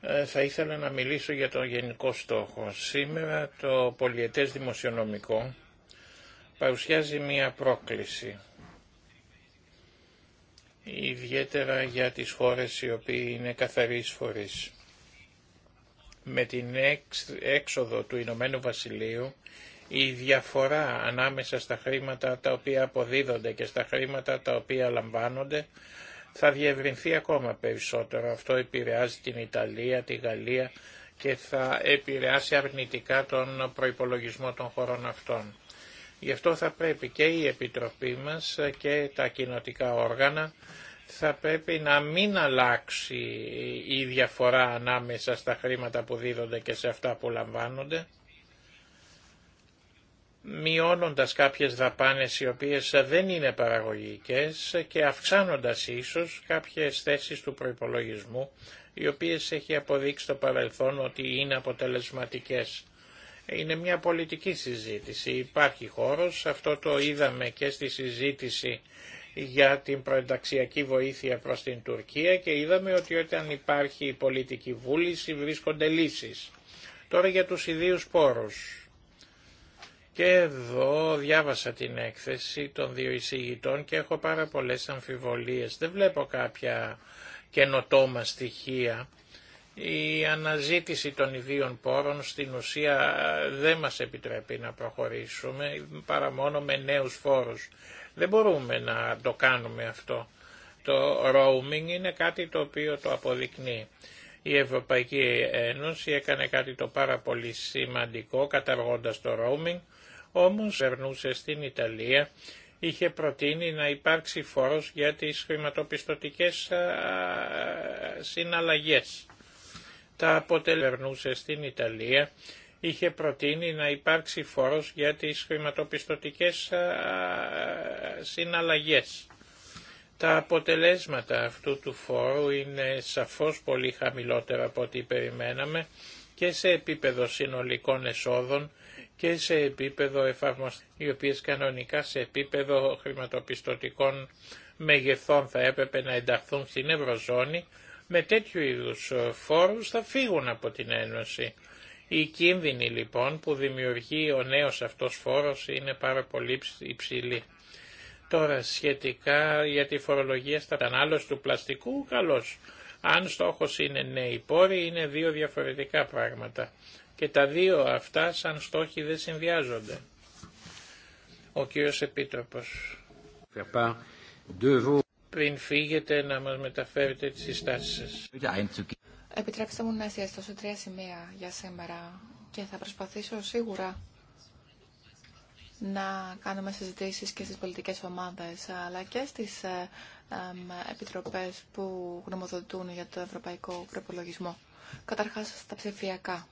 Ε, θα ήθελα να μιλήσω για τον γενικό στόχο. Σήμερα το πολιετέ δημοσιονομικό παρουσιάζει μία πρόκληση ιδιαίτερα για τις χώρες οι οποίοι είναι καθαρείς φορείς. Με την έξοδο του Ηνωμένου Βασιλείου, η διαφορά ανάμεσα στα χρήματα τα οποία αποδίδονται και στα χρήματα τα οποία λαμβάνονται θα διευρυνθεί ακόμα περισσότερο. Αυτό επηρεάζει την Ιταλία, τη Γαλλία και θα επηρεάσει αρνητικά τον προϋπολογισμό των χωρών αυτών. Γι' αυτό θα πρέπει και η Επιτροπή μας και τα κοινοτικά όργανα θα πρέπει να μην αλλάξει η διαφορά ανάμεσα στα χρήματα που δίδονται και σε αυτά που λαμβάνονται, μειώνοντας κάποιες δαπάνες οι οποίες δεν είναι παραγωγικές και αυξάνοντας ίσως κάποιες θέσεις του προϋπολογισμού, οι οποίες έχει αποδείξει το παρελθόν ότι είναι αποτελεσματικές. Είναι μια πολιτική συζήτηση. Υπάρχει χώρος, αυτό το είδαμε και στη συζήτηση για την προενταξιακή βοήθεια προς την Τουρκία και είδαμε ότι όταν υπάρχει πολιτική βούληση βρίσκονται λύσεις. Τώρα για τους ιδίους πόρους. Και εδώ διάβασα την έκθεση των δύο εισηγητών και έχω πάρα πολλές αμφιβολίες. Δεν βλέπω κάποια καινοτόμα στοιχεία η αναζήτηση των ιδίων πόρων στην ουσία ε, δεν μας επιτρέπει να προχωρήσουμε παρά μόνο με νέους φόρους. Δεν μπορούμε να το κάνουμε αυτό. Το roaming είναι κάτι το οποίο το αποδεικνύει. Η Ευρωπαϊκή Ένωση έκανε κάτι το πάρα πολύ σημαντικό καταργώντας το roaming, όμως περνούσε στην Ιταλία, είχε προτείνει να υπάρξει φόρος για τις χρηματοπιστωτικές ε, ε, συναλλαγές τα αποτελερνούσε στην Ιταλία, είχε προτείνει να υπάρξει φόρος για τις χρηματοπιστωτικές συναλλαγές. Τα αποτελέσματα αυτού του φόρου είναι σαφώς πολύ χαμηλότερα από ό,τι περιμέναμε και σε επίπεδο συνολικών εσόδων και σε επίπεδο εφαρμοστή, οι οποίες κανονικά σε επίπεδο χρηματοπιστωτικών μεγεθών θα έπρεπε να ενταχθούν στην Ευρωζώνη, με τέτοιου είδους ε, φόρους θα φύγουν από την Ένωση. Οι κίνδυνοι λοιπόν που δημιουργεί ο νέος αυτός φόρος είναι πάρα πολύ υψηλοί. Τώρα σχετικά για τη φορολογία στα κανάλωση του πλαστικού, καλώς. Αν στόχος είναι νέοι πόροι, είναι δύο διαφορετικά πράγματα. Και τα δύο αυτά σαν στόχοι δεν συνδυάζονται. Ο κύριος Επίτροπος πριν φύγετε να μας μεταφέρετε τις συστάσεις σας. Επιτρέψτε μου να σε τρία σημεία για σήμερα και θα προσπαθήσω σίγουρα να κάνουμε συζητήσεις και στις πολιτικές ομάδες αλλά και στις ε, επιτροπές που γνωμοδοτούν για το ευρωπαϊκό προπολογισμό. Καταρχάς στα ψηφιακά.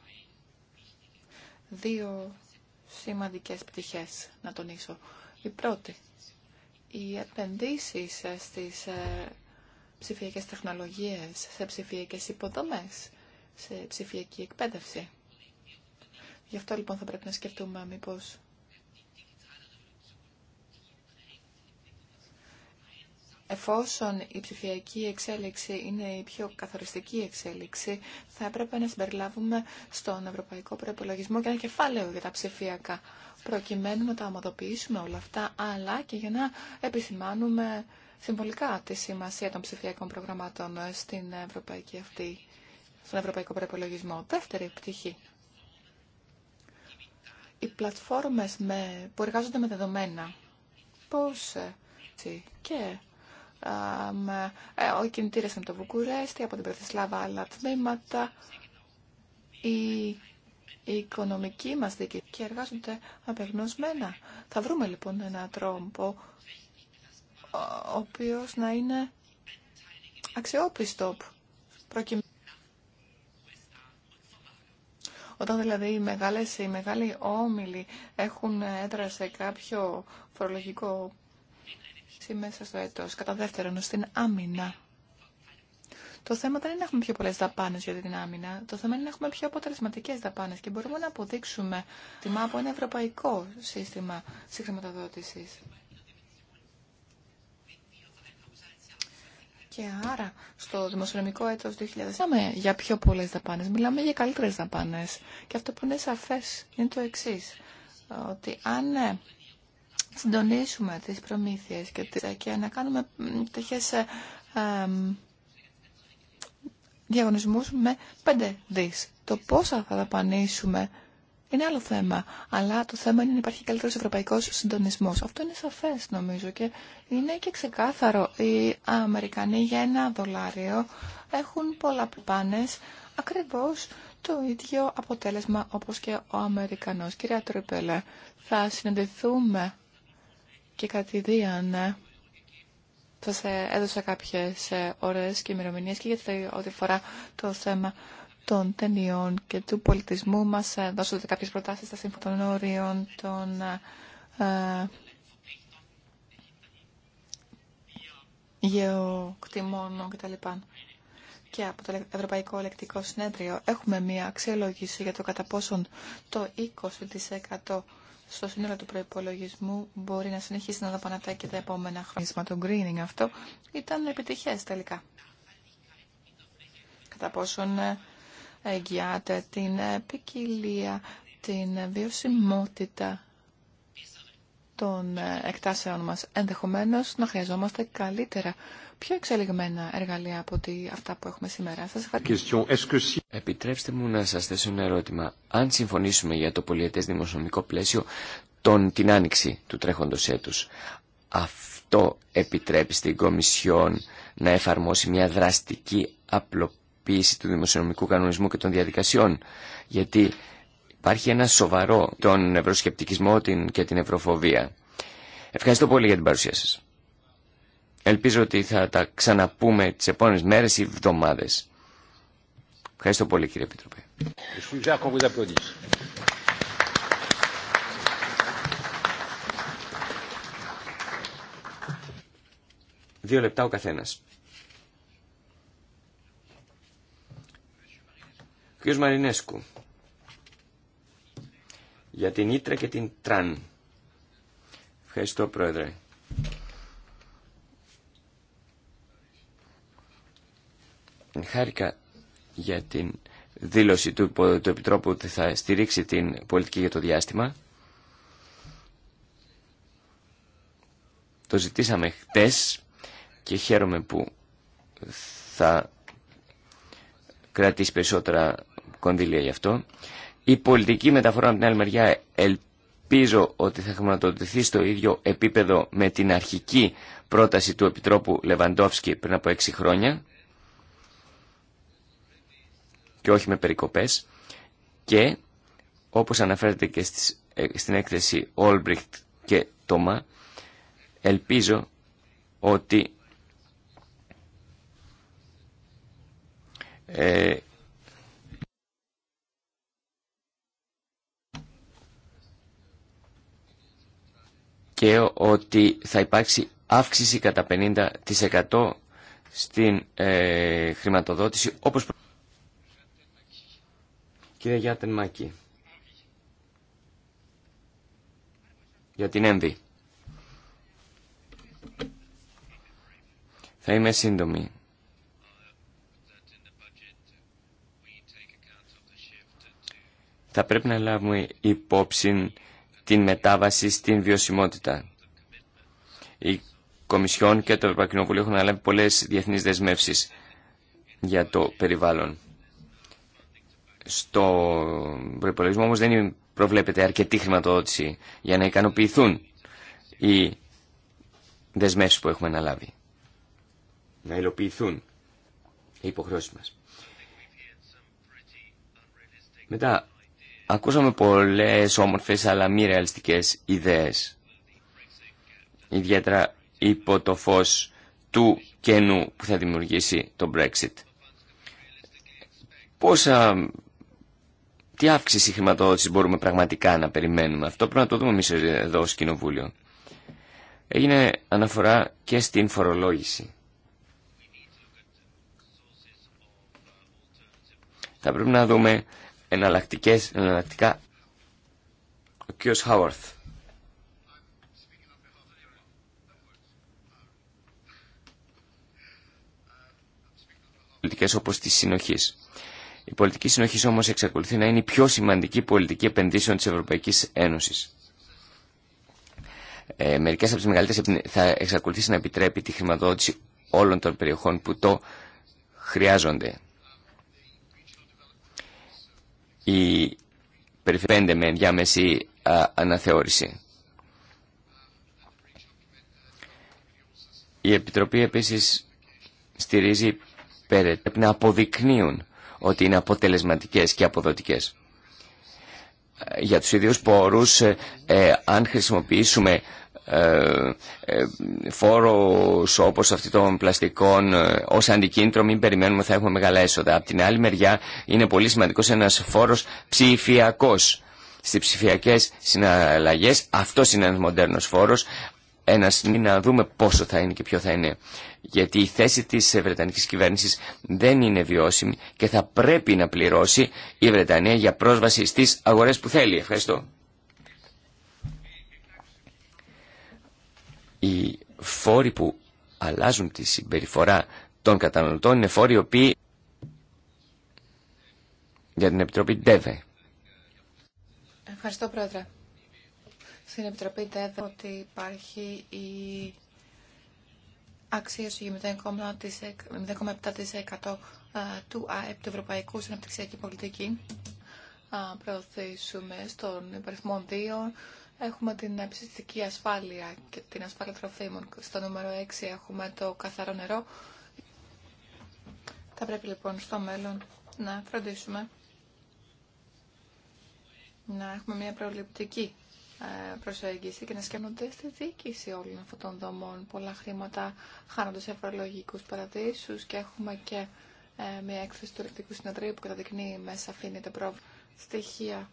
Δύο σημαντικές πτυχές να τονίσω. Η πρώτη οι επενδύσεις στις ε, ψηφιακές τεχνολογίες, σε ψηφιακές υποδομές, σε ψηφιακή εκπαίδευση. Γι' αυτό λοιπόν θα πρέπει να σκεφτούμε μήπως Εφόσον η ψηφιακή εξέλιξη είναι η πιο καθοριστική εξέλιξη, θα έπρεπε να συμπεριλάβουμε στον ευρωπαϊκό προπολογισμό και ένα κεφάλαιο για τα ψηφιακά προκειμένου να τα ομαδοποιήσουμε όλα αυτά, αλλά και για να επισημάνουμε συμβολικά τη σημασία των ψηφιακών προγραμμάτων στην ευρωπαϊκή αυτή, στον ευρωπαϊκό προπολογισμό. Δεύτερη πτυχή. Οι πλατφόρμες με, που εργάζονται με δεδομένα, πώς ε, έτσι, και ε, ο κινητήρας από το Βουκουρέστι, από την Πρωθυσλάβα, άλλα τμήματα, Οι οι οικονομικοί μας δίκαιοι και εργάζονται απεγνωσμένα. Θα βρούμε λοιπόν έναν τρόπο ο οποίος να είναι αξιόπιστο Όταν δηλαδή οι μεγάλες, οι μεγάλοι όμιλοι έχουν έδρα σε κάποιο φορολογικό μέσα στο έτος. Κατά δεύτερον, στην άμυνα. Το θέμα δεν είναι να έχουμε πιο πολλέ δαπάνε για την άμυνα. Το θέμα είναι να έχουμε πιο αποτελεσματικέ δαπάνε και μπορούμε να αποδείξουμε τιμά από ένα ευρωπαϊκό σύστημα συγχρηματοδότηση. Και άρα στο δημοσιονομικό έτος 2000 μιλάμε για πιο πολλέ δαπάνε, μιλάμε για καλύτερε δαπάνε. Και αυτό που είναι σαφέ, είναι το εξή. ότι αν ε, συντονίσουμε τις προμήθειες και, ε, να κάνουμε τέτοιες ε, διαγωνισμούς με 5 δις. Το πόσα θα δαπανίσουμε είναι άλλο θέμα. Αλλά το θέμα είναι να υπάρχει καλύτερος ευρωπαϊκός συντονισμός. Αυτό είναι σαφές νομίζω και είναι και ξεκάθαρο. Οι Αμερικανοί για ένα δολάριο έχουν πολλά πάνε Ακριβώς το ίδιο αποτέλεσμα όπως και ο Αμερικανός. Κυρία Τρίπελε, θα συναντηθούμε και κατηδίαν ε, σε έδωσα κάποιες ώρες ε, και ημερομηνίε και γιατί ό,τι φορά το θέμα των ταινιών και του πολιτισμού μας. Ε, δώσατε κάποιες προτάσεις στα σύμφωνα των όριων, των ε, γεωκτημόνων κτλ. Και από το Ευρωπαϊκό Ελεκτικό Συνέδριο έχουμε μία αξιολόγηση για το κατά πόσον το 20% στο σύνολο του προπολογισμού μπορεί να συνεχίσει να δαπανάται και τα επόμενα χρόνια. Το greening αυτό ήταν επιτυχέ τελικά. Κατά πόσον ε, εγγυάται την ε, ποικιλία, την ε, βιωσιμότητα των ε, εκτάσεων μας. Ενδεχομένως να χρειαζόμαστε καλύτερα, πιο εξελιγμένα εργαλεία από ότι αυτά που έχουμε σήμερα. Σας ευχαριστώ. Επιτρέψτε μου να σας θέσω ένα ερώτημα. Αν συμφωνήσουμε για το πολιετές δημοσιονομικό πλαίσιο τον, την άνοιξη του τρέχοντος έτους, αυτό επιτρέπει στην Κομισιόν να εφαρμόσει μια δραστική απλοποίηση του δημοσιονομικού κανονισμού και των διαδικασιών. Γιατί Υπάρχει ένα σοβαρό τον ευρωσκεπτικισμό και την ευρωφοβία. Ευχαριστώ πολύ για την παρουσία σας. Ελπίζω ότι θα τα ξαναπούμε τις επόμενες μέρες ή εβδομάδες. Ευχαριστώ πολύ κύριε Επιτροπέ. Δύο λεπτά ο καθένας. Ο Μαρινέσκου για την Ήτρα και την Τραν. Ευχαριστώ Πρόεδρε. Χάρηκα για την δήλωση του, του Επιτρόπου ότι θα στηρίξει την πολιτική για το διάστημα. Το ζητήσαμε χτες και χαίρομαι που θα κρατήσει περισσότερα κονδύλια γι' αυτό. Η πολιτική μεταφορά από την άλλη μεριά ελπίζω ότι θα χρηματοδοτηθεί στο ίδιο επίπεδο με την αρχική πρόταση του Επιτρόπου Λεβαντόφσκι πριν από έξι χρόνια και όχι με περικοπές και όπως αναφέρεται και ε, στην έκθεση Όλμπριχτ και Τόμα ελπίζω ότι ε, και ότι θα υπάρξει αύξηση κατά 50% στην ε, χρηματοδότηση όπως Κύριε Γιάτεν Μάκη για την ένδυ. Θα είμαι σύντομη Θα πρέπει να λάβουμε υπόψη την μετάβαση στην βιωσιμότητα. Η Κομισιόν και το Ευρωπαϊκό Κοινοβούλιο έχουν αναλάβει πολλές διεθνεί δεσμεύσει για το περιβάλλον. Στο προπολογισμό όμως δεν προβλέπεται αρκετή χρηματοδότηση για να ικανοποιηθούν οι δεσμεύσει που έχουμε αναλάβει. Να υλοποιηθούν οι υποχρεώσει μας. Μετά Ακούσαμε πολλές όμορφες αλλά μη ρεαλιστικές ιδέες. Ιδιαίτερα υπό το φως του κενού που θα δημιουργήσει το Brexit. Πόσα... Τι αύξηση χρηματοδότηση μπορούμε πραγματικά να περιμένουμε. Αυτό πρέπει να το δούμε εμείς εδώ ως Κοινοβούλιο. Έγινε αναφορά και στην φορολόγηση. Θα πρέπει να δούμε εναλλακτικές, εναλλακτικά ο κ. Χάουαρθ. Πολιτικές όπως τις συνοχής. Η πολιτική συνοχή όμως εξακολουθεί να είναι η πιο σημαντική πολιτική επενδύσεων της Ευρωπαϊκής Ένωσης. Ε, μερικές από τις μεγαλύτερες θα εξακολουθήσει να επιτρέπει τη χρηματοδότηση όλων των περιοχών που το χρειάζονται η περιφέρει με διάμεση αναθεώρηση. Η Επιτροπή επίσης στηρίζει πέρα, να αποδεικνύουν ότι είναι αποτελεσματικές και αποδοτικές. Ε, για τους ίδιους πόρους, ε, ε, αν χρησιμοποιήσουμε ε, ε, φόρος όπως αυτή των πλαστικών ε, ως αντικίνητρο μην περιμένουμε θα έχουμε μεγάλα έσοδα. Από την άλλη μεριά είναι πολύ σημαντικός ένας φόρος ψηφιακός. Στις ψηφιακές συναλλαγές αυτό είναι ένας μοντέρνος φόρος. Ένας, να δούμε πόσο θα είναι και ποιο θα είναι. Γιατί η θέση της Βρετανικής κυβέρνησης δεν είναι βιώσιμη και θα πρέπει να πληρώσει η Βρετανία για πρόσβαση στις αγορές που θέλει. Ευχαριστώ. Οι φόροι που αλλάζουν τη συμπεριφορά των καταναλωτών είναι φόροι οι οποίοι για την Επιτροπή ΔΕΒΕ. Ευχαριστώ Πρόεδρε. Στην Επιτροπή ΔΕΒΕ ότι υπάρχει η αξίωση για 0,7% ε, του ΑΕΠ του Ευρωπαϊκού Συναπτυξιακή Πολιτική. Προωθήσουμε στον υπαριθμό 2 Έχουμε την ψυχική ασφάλεια και την ασφάλεια τροφίμων. Στο νούμερο 6 έχουμε το καθαρό νερό. Θα πρέπει λοιπόν στο μέλλον να φροντίσουμε να έχουμε μια προληπτική ε, προσέγγιση και να σκέφτονται στη διοίκηση όλων αυτών των δομών. Πολλά χρήματα χάνονται σε φορολογικού παραδείσου και έχουμε και ε, μια έκθεση του Ρεκτικού συνεδρίου που καταδεικνύει μέσα αφήνεται στοιχεία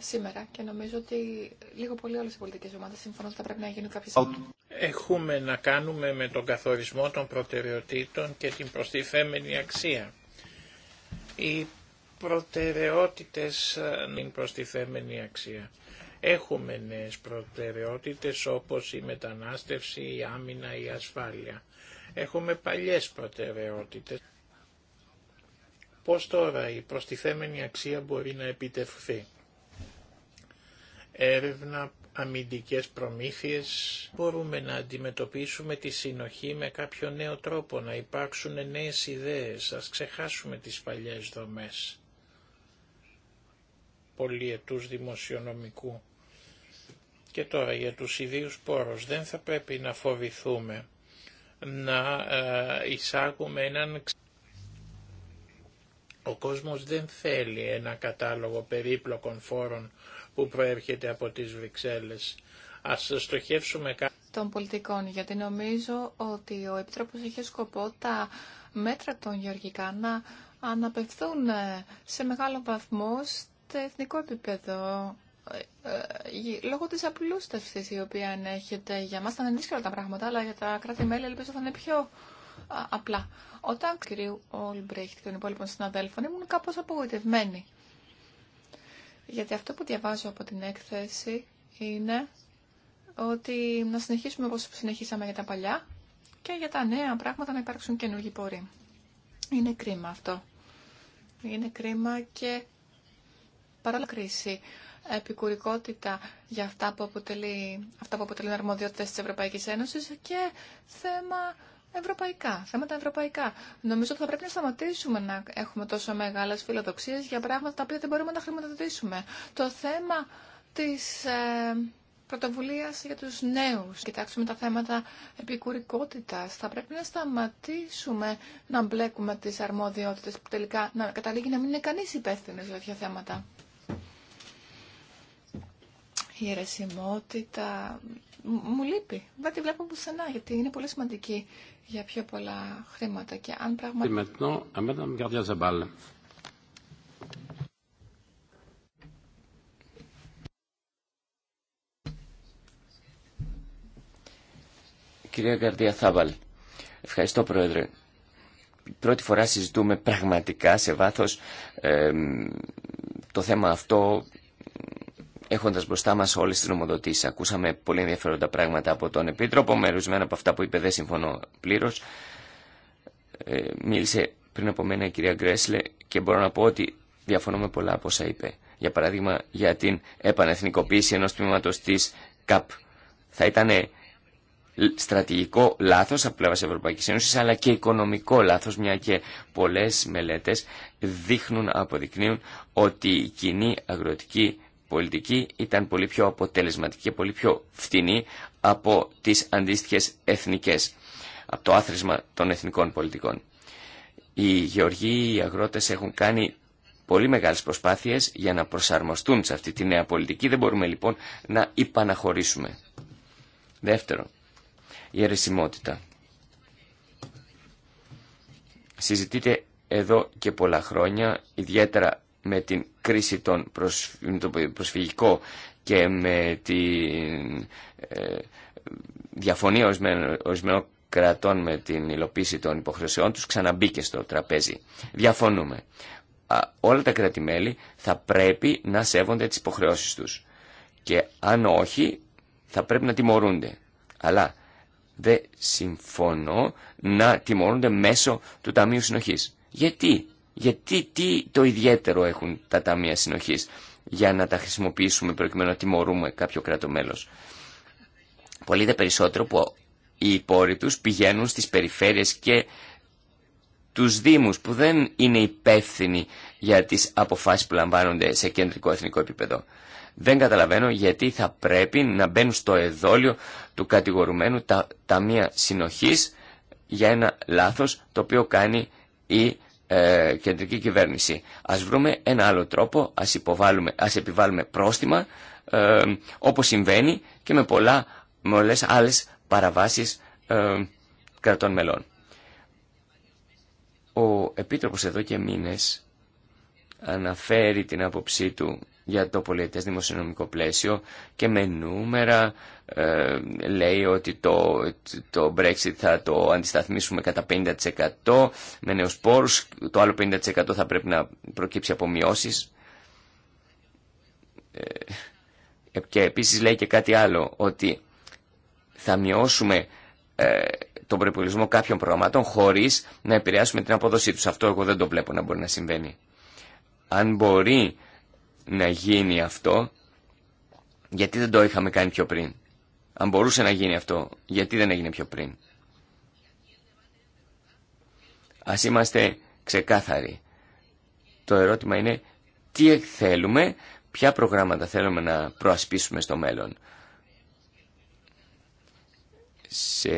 σήμερα και νομίζω ότι λίγο πολύ όλες οι πολιτικές ομάδες συμφωνώ ότι θα πρέπει να γίνουν κάποιες... Έχουμε να κάνουμε με τον καθορισμό των προτεραιοτήτων και την προστιθέμενη αξία. Οι προτεραιότητες είναι προστιθέμενη αξία. Έχουμε νέες προτεραιότητες όπως η μετανάστευση, η άμυνα, η ασφάλεια. Έχουμε παλιές προτεραιότητες. Πώς τώρα η προστιθέμενη αξία μπορεί να επιτευχθεί έρευνα, αμυντικές προμήθειες. Μπορούμε να αντιμετωπίσουμε τη συνοχή με κάποιο νέο τρόπο, να υπάρξουν νέες ιδέες, ας ξεχάσουμε τις παλιές δομές πολιετούς δημοσιονομικού. Και τώρα για τους ιδίους πόρους δεν θα πρέπει να φοβηθούμε να ε, εισάγουμε έναν ο κόσμος δεν θέλει ένα κατάλογο περίπλοκων φόρων που προέρχεται από τις Βρυξέλλες. Ας στοχεύσουμε κάτι των πολιτικών, γιατί νομίζω ότι ο Επιτρόπος έχει σκοπό τα μέτρα των γεωργικά να αναπευθούν ε, σε μεγάλο βαθμό στο εθνικό επίπεδο ε, ε, λόγω της απλούστευσης η οποία ενέχεται για μας ήταν δύσκολα τα πράγματα αλλά για τα κράτη-μέλη ελπίζω θα είναι πιο απλά. Όταν κ. Ολμπρέχτη και των υπόλοιπων συναδέλφων ήμουν κάπως απογοητευμένη γιατί αυτό που διαβάζω από την έκθεση είναι ότι να συνεχίσουμε όπως συνεχίσαμε για τα παλιά και για τα νέα πράγματα να υπάρξουν καινούργιοι πορεί. Είναι κρίμα αυτό. Είναι κρίμα και παράλληλα κρίση επικουρικότητα για αυτά που αποτελεί, αυτά που αποτελούν αρμοδιότητες της Ευρωπαϊκής Ένωσης και θέμα ευρωπαϊκά, θέματα ευρωπαϊκά. Νομίζω ότι θα πρέπει να σταματήσουμε να έχουμε τόσο μεγάλε φιλοδοξίες για πράγματα τα οποία δεν μπορούμε να χρηματοδοτήσουμε. Το θέμα της ε, για τους νέους, κοιτάξουμε τα θέματα επικουρικότητα. θα πρέπει να σταματήσουμε να μπλέκουμε τις αρμόδιότητες που τελικά να καταλήγει να μην είναι κανεί υπεύθυνο για τέτοια θέματα. Η αιρεσιμότητα, μου λείπει. Δεν τη βλέπω πουθενά, γιατί είναι πολύ σημαντική για πιο πολλά χρήματα. Και αν πραγματικά... Κυρία Καρδία Θάβαλ, ευχαριστώ Πρόεδρε. Πρώτη φορά συζητούμε πραγματικά σε βάθος το θέμα αυτό Έχοντα μπροστά μα όλε τι νομοδοτήσει, Ακούσαμε πολύ ενδιαφέροντα πράγματα από τον Επίτροπο, με ορισμένα από αυτά που είπε δεν συμφωνώ πλήρω. Ε, μίλησε πριν από μένα η κυρία Γκρέσλε και μπορώ να πω ότι διαφωνώ με πολλά από όσα είπε. Για παράδειγμα για την επανεθνικοποίηση ενό τμήματο τη ΚΑΠ. Θα ήταν στρατηγικό λάθο από πλευρά Ευρωπαϊκής Ένωσης αλλά και οικονομικό λάθο, μια και πολλέ μελέτε δείχνουν, αποδεικνύουν ότι η κοινή αγροτική πολιτική ήταν πολύ πιο αποτελεσματική και πολύ πιο φτηνή από τις αντίστοιχες εθνικές, από το άθροισμα των εθνικών πολιτικών. Οι γεωργοί, οι αγρότες έχουν κάνει πολύ μεγάλες προσπάθειες για να προσαρμοστούν σε αυτή τη νέα πολιτική. Δεν μπορούμε λοιπόν να υπαναχωρήσουμε. Δεύτερο, η αιρεσιμότητα. Συζητείται εδώ και πολλά χρόνια, ιδιαίτερα με την κρίση των προσφυγικό και με τη ε, διαφωνία ορισμένων κρατών με την υλοποίηση των υποχρεωσεών τους ξαναμπήκε στο τραπέζι. Διαφωνούμε. Όλα τα κρατημέλη θα πρέπει να σέβονται τις υποχρεώσεις τους. Και αν όχι, θα πρέπει να τιμωρούνται. Αλλά δεν συμφωνώ να τιμωρούνται μέσω του Ταμείου Συνοχής. Γιατί γιατί τι το ιδιαίτερο έχουν τα ταμεία συνοχής για να τα χρησιμοποιήσουμε προκειμένου να τιμωρούμε κάποιο κράτο μέλο. Πολύ δε περισσότερο που οι πόροι του πηγαίνουν στις περιφέρειες και τους Δήμους που δεν είναι υπεύθυνοι για τις αποφάσεις που λαμβάνονται σε κεντρικό εθνικό επίπεδο. Δεν καταλαβαίνω γιατί θα πρέπει να μπαίνουν στο εδόλιο του κατηγορουμένου τα ταμεία συνοχής για ένα λάθος το οποίο κάνει η ε, κεντρική κυβέρνηση. Ας βρούμε ένα άλλο τρόπο, ας, υποβάλουμε, ας επιβάλλουμε πρόστιμα, ε, όπως συμβαίνει και με, πολλά, με άλλες παραβάσεις ε, κρατών μελών. Ο Επίτροπος εδώ και μήνες αναφέρει την άποψή του για το πολιτικό δημοσιονομικό πλαίσιο και με νούμερα ε, λέει ότι το, το Brexit θα το αντισταθμίσουμε κατά 50% με νέους πόρους, το άλλο 50% θα πρέπει να προκύψει από μειώσεις. Ε, και επίσης λέει και κάτι άλλο, ότι θα μειώσουμε ε, τον προπολογισμό κάποιων προγραμμάτων χωρίς να επηρεάσουμε την απόδοσή τους. Αυτό εγώ δεν το βλέπω να μπορεί να συμβαίνει. Αν μπορεί να γίνει αυτό, γιατί δεν το είχαμε κάνει πιο πριν. Αν μπορούσε να γίνει αυτό, γιατί δεν έγινε πιο πριν. Ας είμαστε ξεκάθαροι. Το ερώτημα είναι τι θέλουμε, ποια προγράμματα θέλουμε να προασπίσουμε στο μέλλον. Σε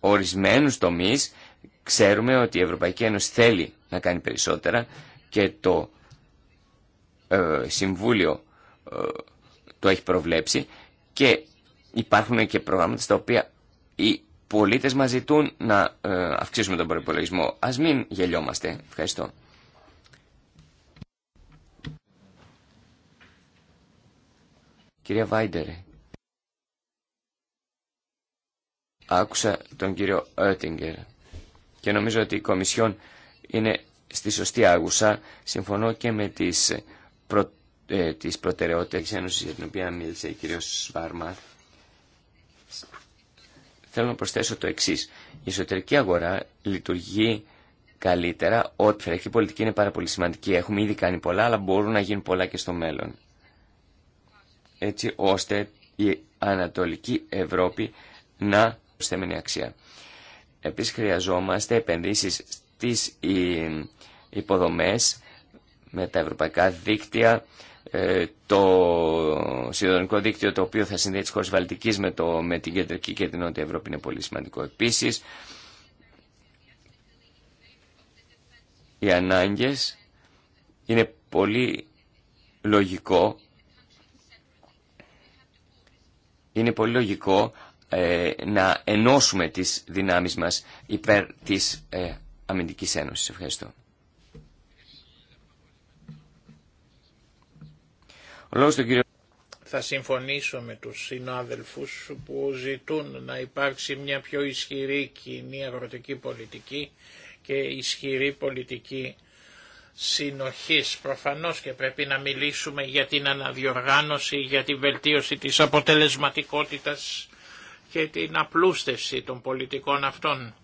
ορισμένους τομείς ξέρουμε ότι η Ευρωπαϊκή Ένωση θέλει να κάνει περισσότερα και το ε, συμβούλιο ε, το έχει προβλέψει και υπάρχουν και προγράμματα στα οποία οι πολίτες μας ζητούν να ε, αυξήσουμε τον προϋπολογισμό. Ας μην γελιόμαστε. Ευχαριστώ. Κυρία Βάιντερε, άκουσα τον κύριο Ότιγκερ και νομίζω ότι η Κομισιόν είναι στη σωστή άγουσα. Συμφωνώ και με τις προ, ε, της προτεραιότητας Ένωσης για την οποία μίλησε η κ. Σβάρμα, θέλω να προσθέσω το εξή. Η εσωτερική αγορά λειτουργεί καλύτερα. Ό,τι εξωτερική πολιτική είναι πάρα πολύ σημαντική. Έχουμε ήδη κάνει πολλά, αλλά μπορούν να γίνουν πολλά και στο μέλλον. Έτσι ώστε η Ανατολική Ευρώπη να προσθέμενη αξία. Επίσης χρειαζόμαστε επενδύσεις στις ε, υποδομές με τα ευρωπαϊκά δίκτυα, ε, το συνδρομικό δίκτυο το οποίο θα συνδέει τις χώρες Βαλτικής με, το, με την κεντρική και την νότια Ευρώπη είναι πολύ σημαντικό επίσης. Οι ανάγκες είναι πολύ λογικό είναι πολύ λογικό ε, να ενώσουμε τις δυνάμεις μας υπέρ της ε, αμυντικής ένωσης. Ευχαριστώ. Θα συμφωνήσω με τους συνάδελφους που ζητούν να υπάρξει μια πιο ισχυρή κοινή αγροτική πολιτική και ισχυρή πολιτική συνοχής. Προφανώς και πρέπει να μιλήσουμε για την αναδιοργάνωση, για τη βελτίωση της αποτελεσματικότητας και την απλούστευση των πολιτικών αυτών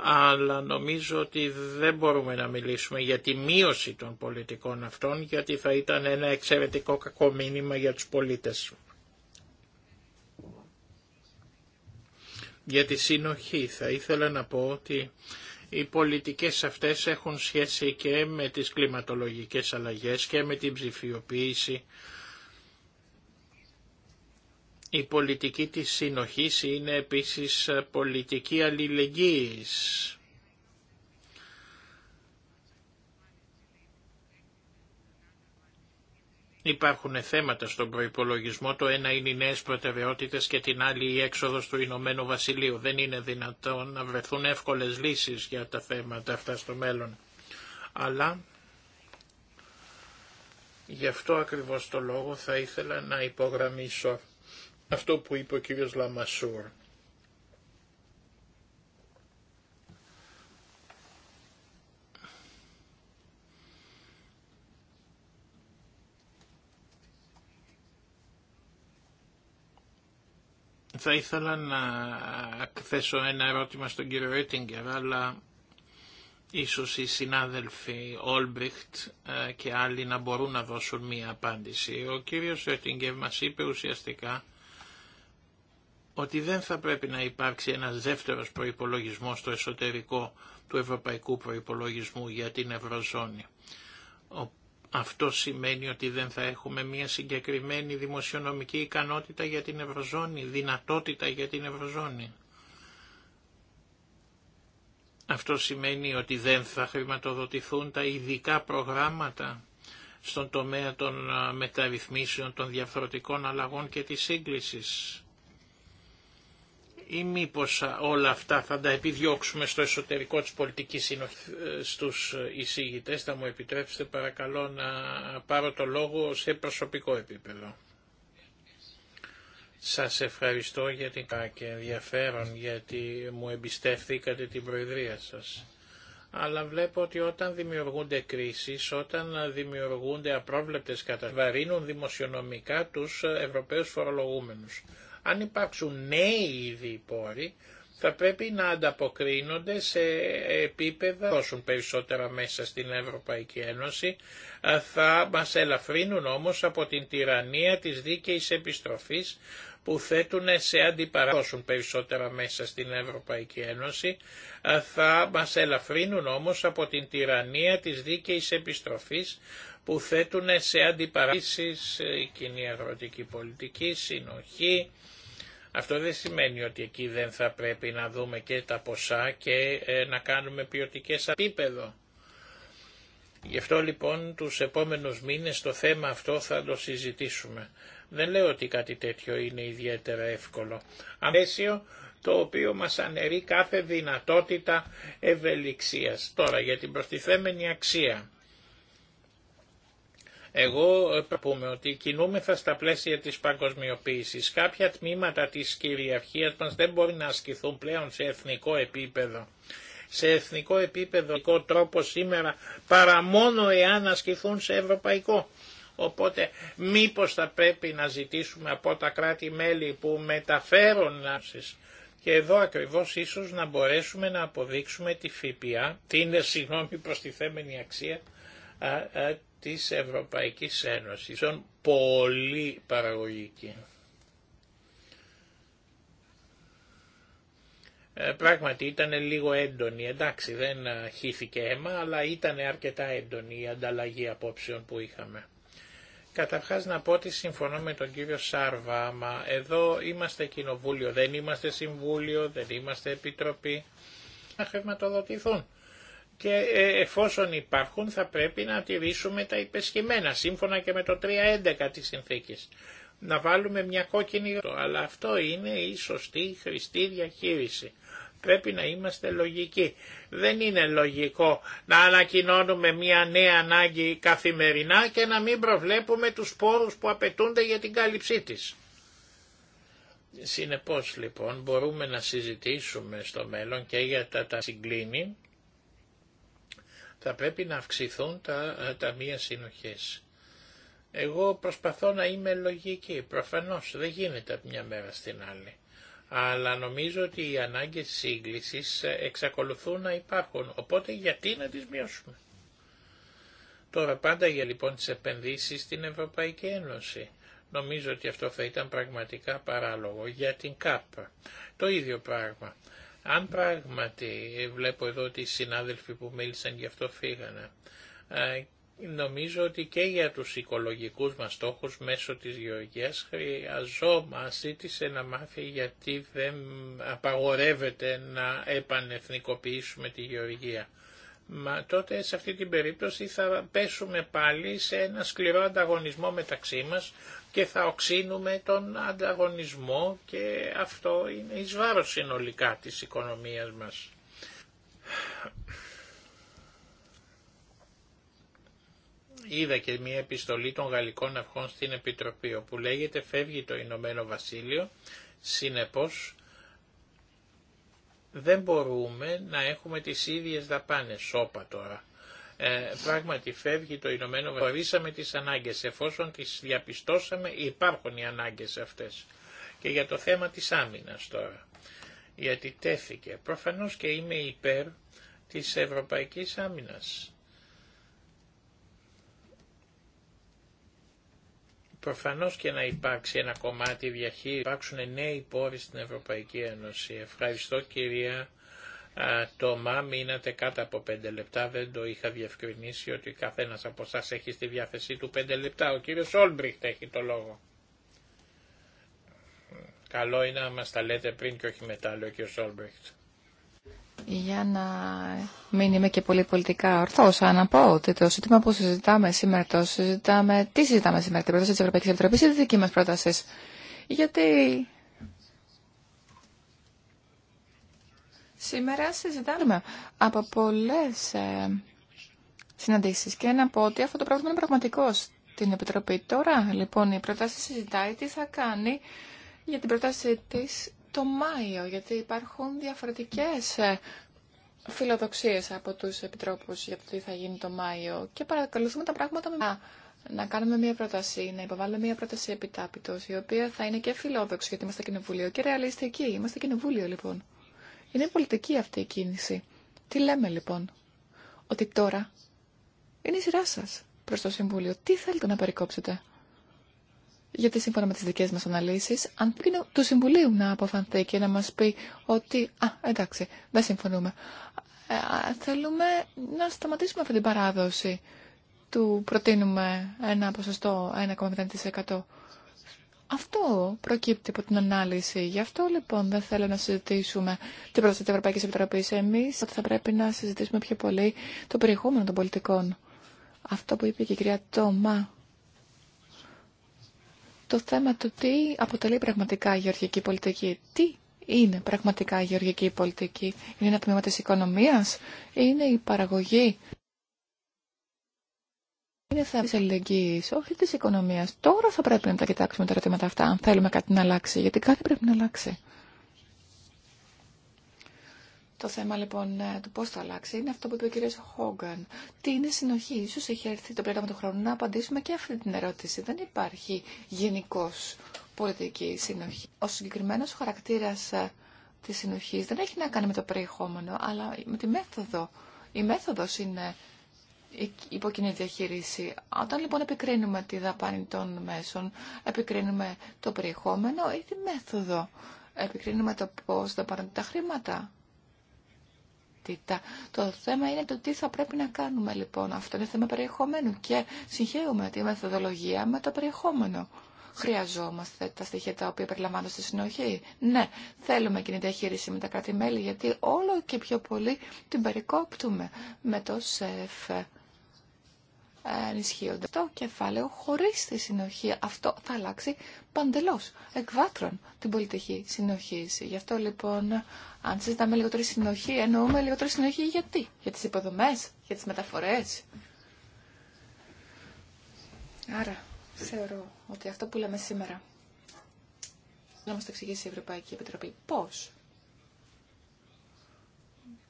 αλλά νομίζω ότι δεν μπορούμε να μιλήσουμε για τη μείωση των πολιτικών αυτών γιατί θα ήταν ένα εξαιρετικό κακό μήνυμα για τους πολίτες. Για τη συνοχή θα ήθελα να πω ότι οι πολιτικές αυτές έχουν σχέση και με τις κλιματολογικές αλλαγές και με την ψηφιοποίηση η πολιτική της συνοχής είναι επίσης πολιτική αλληλεγγύης. Υπάρχουν θέματα στον προϋπολογισμό, το ένα είναι οι νέες προτεραιότητες και την άλλη η έξοδος του Ηνωμένου Βασιλείου. Δεν είναι δυνατόν να βρεθούν εύκολες λύσεις για τα θέματα αυτά στο μέλλον. Αλλά γι' αυτό ακριβώς το λόγο θα ήθελα να υπογραμμίσω αυτό που είπε ο κύριος Λαμασούρ. Θα ήθελα να θέσω ένα ερώτημα στον κύριο Έτιγκερ, αλλά ίσως οι συνάδελφοι Όλμπριχτ ε, και άλλοι να μπορούν να δώσουν μία απάντηση. Ο κύριος Έτιγκερ μας είπε ουσιαστικά ότι δεν θα πρέπει να υπάρξει ένας δεύτερος προϋπολογισμός στο εσωτερικό του ευρωπαϊκού προϋπολογισμού για την Ευρωζώνη. Αυτό σημαίνει ότι δεν θα έχουμε μια συγκεκριμένη δημοσιονομική ικανότητα για την Ευρωζώνη, δυνατότητα για την Ευρωζώνη. Αυτό σημαίνει ότι δεν θα χρηματοδοτηθούν τα ειδικά προγράμματα στον τομέα των μεταρρυθμίσεων, των διαφορετικών αλλαγών και της σύγκλησης ή μήπως όλα αυτά θα τα επιδιώξουμε στο εσωτερικό της πολιτικής συνοχής ε, στους εισηγητές. Θα μου επιτρέψετε παρακαλώ να πάρω το λόγο σε προσωπικό επίπεδο. Σας ευχαριστώ για την και ενδιαφέρον γιατί μου εμπιστεύθηκατε την Προεδρία σας. Αλλά βλέπω ότι όταν δημιουργούνται κρίσεις, όταν δημιουργούνται απρόβλεπτες καταβαρύνουν δημοσιονομικά τους Ευρωπαίους φορολογούμενους. Αν υπάρξουν νέοι ήδη πόροι, θα πρέπει να ανταποκρίνονται σε επίπεδα, δώσουν περισσότερα μέσα στην Ευρωπαϊκή Ένωση, θα μας ελαφρύνουν όμως από την τυραννία της δίκαιης επιστροφής που θέτουν σε αντιπαράδοσουν περισσότερα μέσα στην Ευρωπαϊκή Ένωση, θα μας ελαφρύνουν όμως από την τυραννία της δίκαιης επιστροφής που θέτουν σε αντιπαρίσεις ε, η κοινή αγροτική πολιτική, συνοχή, αυτό δεν σημαίνει ότι εκεί δεν θα πρέπει να δούμε και τα ποσά και ε, να κάνουμε ποιοτικέ επίπεδο. Γι' αυτό λοιπόν τους επόμενους μήνες το θέμα αυτό θα το συζητήσουμε. Δεν λέω ότι κάτι τέτοιο είναι ιδιαίτερα εύκολο. Αμέσιο το οποίο μας αναιρεί κάθε δυνατότητα ευελιξίας. Τώρα για την προστιθέμενη αξία. Εγώ ε, πούμε ότι κινούμεθα στα πλαίσια της παγκοσμιοποίησης. Κάποια τμήματα της κυριαρχίας μας δεν μπορεί να ασκηθούν πλέον σε εθνικό επίπεδο. Σε εθνικό επίπεδο τρόπο σήμερα παρά μόνο εάν ασκηθούν σε ευρωπαϊκό. Οπότε μήπως θα πρέπει να ζητήσουμε από τα κράτη-μέλη που μεταφέρουν λάσεις και εδώ ακριβώς ίσω να μπορέσουμε να αποδείξουμε τη ΦΠΑ, την συγγνώμη προστιθέμενη αξία της Ευρωπαϊκής Ένωσης. Ήταν πολύ παραγωγική. Ε, πράγματι ήταν λίγο έντονη, εντάξει δεν ε, χύθηκε αίμα, αλλά ήταν αρκετά έντονη η ανταλλαγή απόψεων που είχαμε. Καταρχάς να πω ότι συμφωνώ με τον κύριο Σάρβα, μα εδώ είμαστε κοινοβούλιο, δεν είμαστε συμβούλιο, δεν είμαστε επιτροπή, να χρηματοδοτηθούν και ε, εφόσον υπάρχουν θα πρέπει να τηρήσουμε τα υπεσχημένα σύμφωνα και με το 3.11 της συνθήκης. Να βάλουμε μια κόκκινη αλλά αυτό είναι η σωστή χρηστή διαχείριση. Πρέπει να είμαστε λογικοί. Δεν είναι λογικό να ανακοινώνουμε μια νέα ανάγκη καθημερινά και να μην προβλέπουμε τους πόρους που απαιτούνται για την κάλυψή της. Συνεπώς λοιπόν μπορούμε να συζητήσουμε στο μέλλον και για τα, τα συγκλίνη θα πρέπει να αυξηθούν τα μια μέρα στην άλλη. Εγώ προσπαθώ να είμαι λογική, προφανώς δεν γίνεται από μια μέρα στην άλλη. Αλλά νομίζω ότι οι ανάγκες σύγκλησης ε, εξακολουθούν να υπάρχουν, οπότε γιατί να τις μειώσουμε. Τώρα πάντα για λοιπόν τις επενδύσεις στην Ευρωπαϊκή Ένωση. Νομίζω ότι αυτό θα ήταν πραγματικά παράλογο για την ΚΑΠ. Το ίδιο πράγμα. Αν πράγματι, βλέπω εδώ ότι οι συνάδελφοι που μίλησαν γι' αυτό φύγανε, ε, νομίζω ότι και για τους οικολογικούς μας στόχους μέσω της γεωργίας χρειαζόμαστε να μάθει γιατί δεν απαγορεύεται να επανεθνικοποιήσουμε τη γεωργία. Μα τότε σε αυτή την περίπτωση θα πέσουμε πάλι σε ένα σκληρό ανταγωνισμό μεταξύ μας και θα οξύνουμε τον ανταγωνισμό και αυτό είναι εις βάρος συνολικά της οικονομίας μας. Είδα και μία επιστολή των γαλλικών αρχών στην Επιτροπή όπου λέγεται «Φεύγει το Ηνωμένο Βασίλειο, συνεπώς δεν μπορούμε να έχουμε τις ίδιες δαπάνες, σώπα τώρα». Ε, πράγματι φεύγει το Ηνωμένο Βασίλειο. τις ανάγκες, εφόσον τις διαπιστώσαμε υπάρχουν οι ανάγκες αυτές. Και για το θέμα της άμυνας τώρα, γιατί τέθηκε. Προφανώς και είμαι υπέρ της Ευρωπαϊκής Άμυνας. Προφανώς και να υπάρξει ένα κομμάτι διαχείριση, υπάρξουν νέοι πόροι στην Ευρωπαϊκή Ένωση. Ευχαριστώ κυρία το μα μείνατε κάτω από πέντε λεπτά, δεν το είχα διευκρινίσει ότι καθένας από εσά έχει στη διάθεσή του πέντε λεπτά. Ο κύριος Όλμπριχτ έχει το λόγο. Καλό είναι να μας τα λέτε πριν και όχι μετά, λέει ο κύριος Όλμπριχτ. Για να μην είμαι και πολύ πολιτικά ορθό. αν να πω ότι το ζήτημα που συζητάμε σήμερα, το συζητάμε, τι συζητάμε σήμερα, την πρόταση της Ευρωπαϊκής Επιτροπής ή τη δική μας πρόταση. Γιατί Σήμερα συζητάμε από πολλές ε, συναντήσεις και να πω ότι αυτό το πρόβλημα είναι πραγματικό στην Επιτροπή. Τώρα λοιπόν η προτάση συζητάει τι θα κάνει για την προτάση της το Μάιο, γιατί υπάρχουν διαφορετικές ε, φιλοδοξίες από τους επιτρόπους για το τι θα γίνει το Μάιο και παρακολουθούμε τα πράγματα με να κάνουμε μια πρόταση, να υποβάλουμε μια πρόταση επιτάπητος, η οποία θα είναι και φιλόδοξη, γιατί είμαστε κοινοβούλιο, και ρεαλιστική. Είμαστε κοινοβούλιο, λοιπόν. Είναι πολιτική αυτή η κίνηση. Τι λέμε λοιπόν, ότι τώρα είναι η σειρά σα προς το Συμβούλιο. Τι θέλετε να περικόψετε. Γιατί σύμφωνα με τις δικέ μας αναλύσεις, αν πει του Συμβουλίου να αποφανθεί και να μας πει ότι «Α, εντάξει, δεν συμφωνούμε». Ε, θέλουμε να σταματήσουμε αυτή την παράδοση του προτείνουμε ένα ποσοστό 1,5% αυτό προκύπτει από την ανάλυση. Γι' αυτό λοιπόν δεν θέλω να συζητήσουμε την πρόσθετη Ευρωπαϊκή Επιτροπή. Εμεί θα πρέπει να συζητήσουμε πιο πολύ το περιεχόμενο των πολιτικών. Αυτό που είπε και η κυρία Τόμα. Το θέμα του τι αποτελεί πραγματικά η γεωργική πολιτική. Τι είναι πραγματικά η γεωργική πολιτική. Είναι ένα τμήμα της οικονομίας. Είναι η παραγωγή είναι θέμα τη αλληλεγγύη, όχι τη οικονομία. Τώρα θα πρέπει να τα κοιτάξουμε τα ερωτήματα αυτά, αν θέλουμε κάτι να αλλάξει, γιατί κάτι πρέπει να αλλάξει. Το θέμα λοιπόν ε, του πώ θα αλλάξει είναι αυτό που είπε ο κ. Χόγκαν. Τι είναι συνοχή, ίσω έχει έρθει το πλέον του χρόνου να απαντήσουμε και αυτή την ερώτηση. Δεν υπάρχει γενικώ πολιτική συνοχή. Ο συγκεκριμένο χαρακτήρα ε, τη συνοχή δεν έχει να κάνει με το περιεχόμενο, αλλά με τη μέθοδο. Η μέθοδο είναι κοινή διαχείριση. Όταν λοιπόν επικρίνουμε τη δαπάνη των μέσων, επικρίνουμε το περιεχόμενο ή τη μέθοδο. Επικρίνουμε το πώς δαπάνονται τα χρήματα. Το θέμα είναι το τι θα πρέπει να κάνουμε λοιπόν. Αυτό είναι θέμα περιεχομένου και συγχαίουμε τη μεθοδολογία με το περιεχόμενο. Χρειαζόμαστε τα στοιχεία τα οποία περιλαμβάνονται στη συνοχή. Ναι, θέλουμε κοινή διαχείριση με τα κράτη-μέλη γιατί όλο και πιο πολύ την περικόπτουμε με το ΣΕΦ ενισχύονται. Το κεφάλαιο χωρίς τη συνοχή αυτό θα αλλάξει παντελώς Εκβάτρων την πολιτική συνοχή. Γι' αυτό λοιπόν αν συζητάμε λιγότερη συνοχή εννοούμε λιγότερη συνοχή γιατί. Για τις υποδομές, για τις μεταφορές. Άρα θεωρώ ότι αυτό που λέμε σήμερα να μας το εξηγήσει η Ευρωπαϊκή Επιτροπή πώς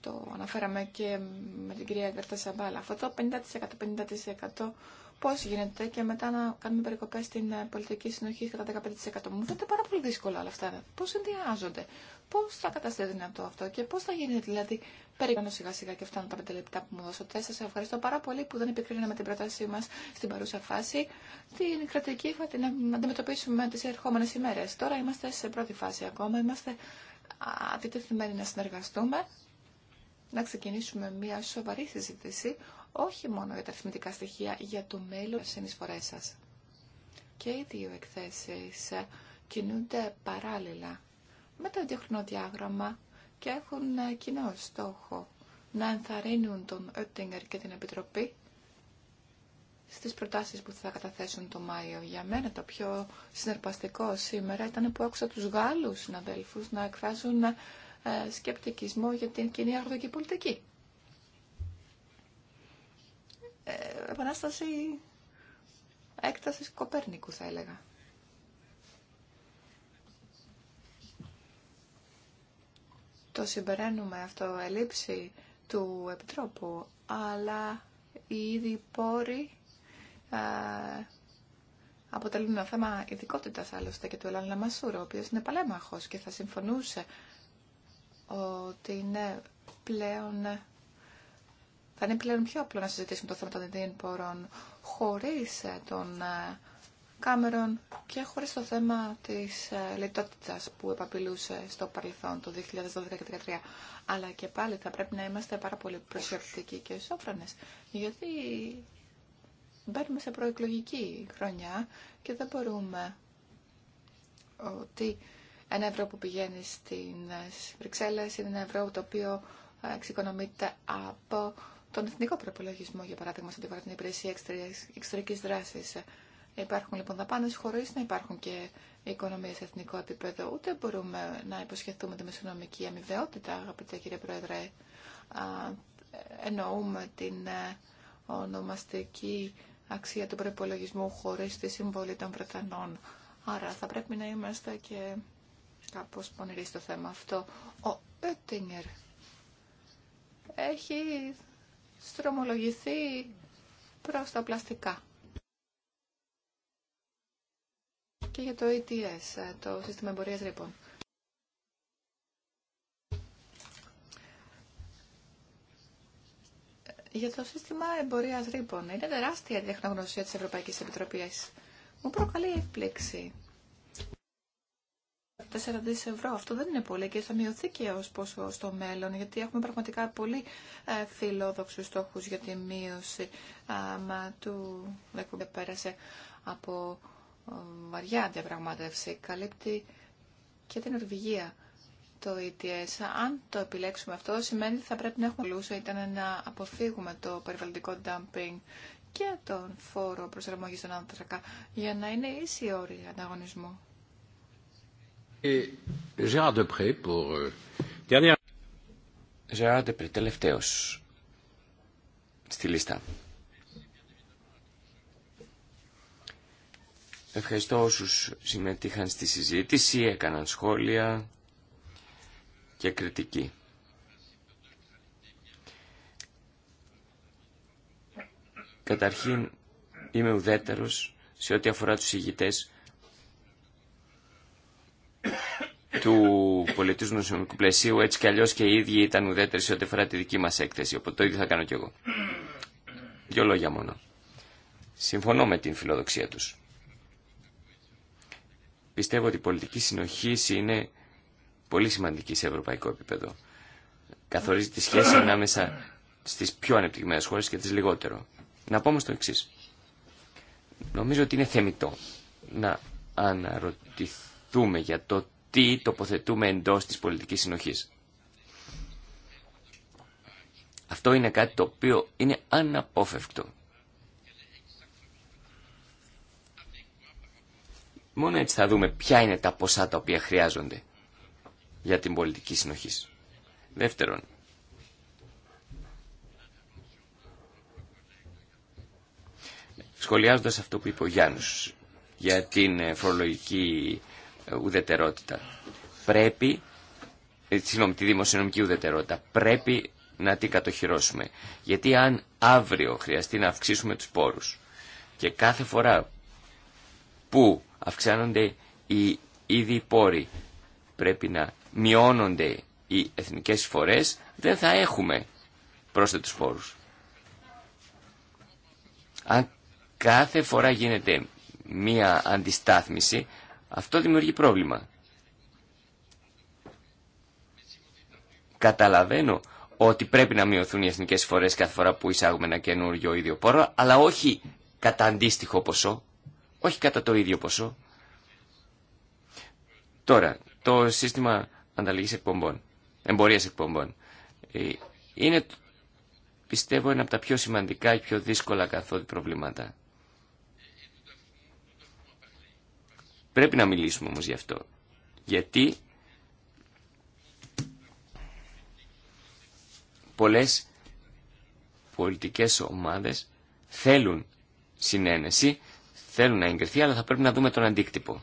το αναφέραμε και με την κυρία Γκαρτά Σαμπάλα. Αυτό το 50%, 50% Πώ γίνεται και μετά να κάνουμε περικοπέ στην πολιτική συνοχή κατά 15%. Μου φαίνεται πάρα πολύ δύσκολο όλα αυτά. Πώ συνδυάζονται, πώ θα καταστεί δυνατό αυτό και πώ θα γινεται δηλαδή περιμένω σιγά σιγά και φτάνω τα πέντε λεπτά που μου δώσατε. Σα ευχαριστώ πάρα πολύ που δεν επικρίναμε την πρότασή μα στην παρούσα φάση. Την κρατική θα την αντιμετωπίσουμε τι ερχόμενε ημέρε. Τώρα είμαστε σε πρώτη φάση ακόμα, είμαστε αντιτεθειμένοι να συνεργαστούμε να ξεκινήσουμε μια σοβαρή συζήτηση, όχι μόνο για τα αριθμητικά στοιχεία, για το μέλλον συνεισφορές σας. Και οι δύο εκθέσεις κινούνται παράλληλα με το διάγραμμα και έχουν κοινό στόχο να ενθαρρύνουν τον Oettinger και την Επιτροπή στις προτάσεις που θα καταθέσουν το Μάιο. Για μένα το πιο συνερπαστικό σήμερα ήταν που άκουσα τους Γάλλους συναδέλφους να εκφράζουν ε, σκεπτικισμό για την κοινή αγροτική πολιτική. Ε, επανάσταση έκτασης Κοπέρνικου θα έλεγα. Το συμπεραίνουμε αυτό ελήψη του Επιτρόπου, αλλά οι ήδη πόροι ε, αποτελούν ένα θέμα ειδικότητα άλλωστε και του Ελλάδα Λαμασούρο, ο οποίος είναι παλέμαχος και θα συμφωνούσε ότι είναι πλέον, θα είναι πλέον πιο απλό να συζητήσουμε το θέμα των ιδιαίτερων πόρων χωρίς ε, τον ε, Κάμερον και χωρίς το θέμα της ε, λιτότητας που επαπειλούσε στο παρελθόν το 2012 και 2013. Αλλά και πάλι θα πρέπει να είμαστε πάρα πολύ προσεκτικοί και σόφρονες, γιατί μπαίνουμε σε προεκλογική χρονιά και δεν μπορούμε ότι ένα ευρώ που πηγαίνει στις Βρυξέλλες είναι ένα ευρώ το οποίο ε, εξοικονομείται από τον εθνικό προπολογισμό, για παράδειγμα, στην αφορά την υπηρεσία εξωτερική δράση. Υπάρχουν λοιπόν δαπάνε χωρί να υπάρχουν και οικονομίε σε εθνικό επίπεδο. Ούτε μπορούμε να υποσχεθούμε τη μεσονομική αμοιβαιότητα, αγαπητέ κύριε Πρόεδρε. εννοούμε την ε, ονομαστική αξία του προπολογισμού χωρί τη συμβολή των Βρετανών. Άρα θα πρέπει να είμαστε και κάπως πονηρή στο θέμα αυτό. Ο Έττιγκερ έχει στρομολογηθεί προς τα πλαστικά. Και για το ETS, το σύστημα εμπορία ρήπων. Για το σύστημα εμπορία ρήπων. Είναι τεράστια η τεχνογνωσία της Ευρωπαϊκής Επιτροπής. Μου προκαλεί έκπληξη δις ευρώ. Αυτό δεν είναι πολύ και θα μειωθεί και ως πόσο στο μέλλον, γιατί έχουμε πραγματικά πολύ ε, φιλόδοξους στόχους για τη μείωση μα του και ε, πέρασε από βαριά διαπραγμάτευση. Καλύπτει και την Ορβηγία το ETS. Αν το επιλέξουμε αυτό, σημαίνει ότι θα πρέπει να έχουμε λούσα ήταν να αποφύγουμε το περιβαλλοντικό dumping και τον φόρο προσαρμογής των άνθρακα για να είναι ίση όρη ανταγωνισμού. Gérard euh, τελευταίος στη λίστα. Ευχαριστώ όσους συμμετείχαν στη συζήτηση, έκαναν σχόλια και κριτική. Καταρχήν είμαι ουδέτερος σε ό,τι αφορά τους ηγητές του πολιτισμού νομικού πλαισίου, έτσι κι αλλιώ και οι ίδιοι ήταν ουδέτεροι σε ό,τι αφορά τη δική μα έκθεση. Οπότε το ίδιο θα κάνω κι εγώ. Δύο λόγια μόνο. Συμφωνώ με την φιλοδοξία του. Πιστεύω ότι η πολιτική συνοχή είναι πολύ σημαντική σε ευρωπαϊκό επίπεδο. Καθορίζει τη σχέση ανάμεσα στι πιο ανεπτυγμένε χώρε και τι λιγότερο. Να πω όμω το εξή. Νομίζω ότι είναι θεμητό να αναρωτηθούμε για το τι τοποθετούμε εντός της πολιτικής συνοχής. Αυτό είναι κάτι το οποίο είναι αναπόφευκτο. Μόνο έτσι θα δούμε ποια είναι τα ποσά τα οποία χρειάζονται για την πολιτική συνοχή. Δεύτερον, σχολιάζοντας αυτό που είπε ο Γιάννους για την φορολογική ουδετερότητα. Πρέπει, ε, συγγνώμη, τη δημοσιονομική ουδετερότητα, πρέπει να την κατοχυρώσουμε. Γιατί αν αύριο χρειαστεί να αυξήσουμε τους πόρους και κάθε φορά που αυξάνονται οι ήδη πόροι πρέπει να μειώνονται οι εθνικές φορές, δεν θα έχουμε πρόσθετους πόρους. Αν κάθε φορά γίνεται μία αντιστάθμιση, αυτό δημιουργεί πρόβλημα. Καταλαβαίνω ότι πρέπει να μειωθούν οι εθνικέ φορέ κάθε φορά που εισάγουμε ένα καινούριο ίδιο πόρο, αλλά όχι κατά αντίστοιχο ποσό. Όχι κατά το ίδιο ποσό. Τώρα, το σύστημα ανταλλαγή εκπομπών, εμπορία εκπομπών, ε, είναι πιστεύω ένα από τα πιο σημαντικά και πιο δύσκολα καθόδη προβλήματα. Πρέπει να μιλήσουμε όμως γι' αυτό. Γιατί πολλές πολιτικές ομάδες θέλουν συνένεση, θέλουν να εγκριθεί, αλλά θα πρέπει να δούμε τον αντίκτυπο.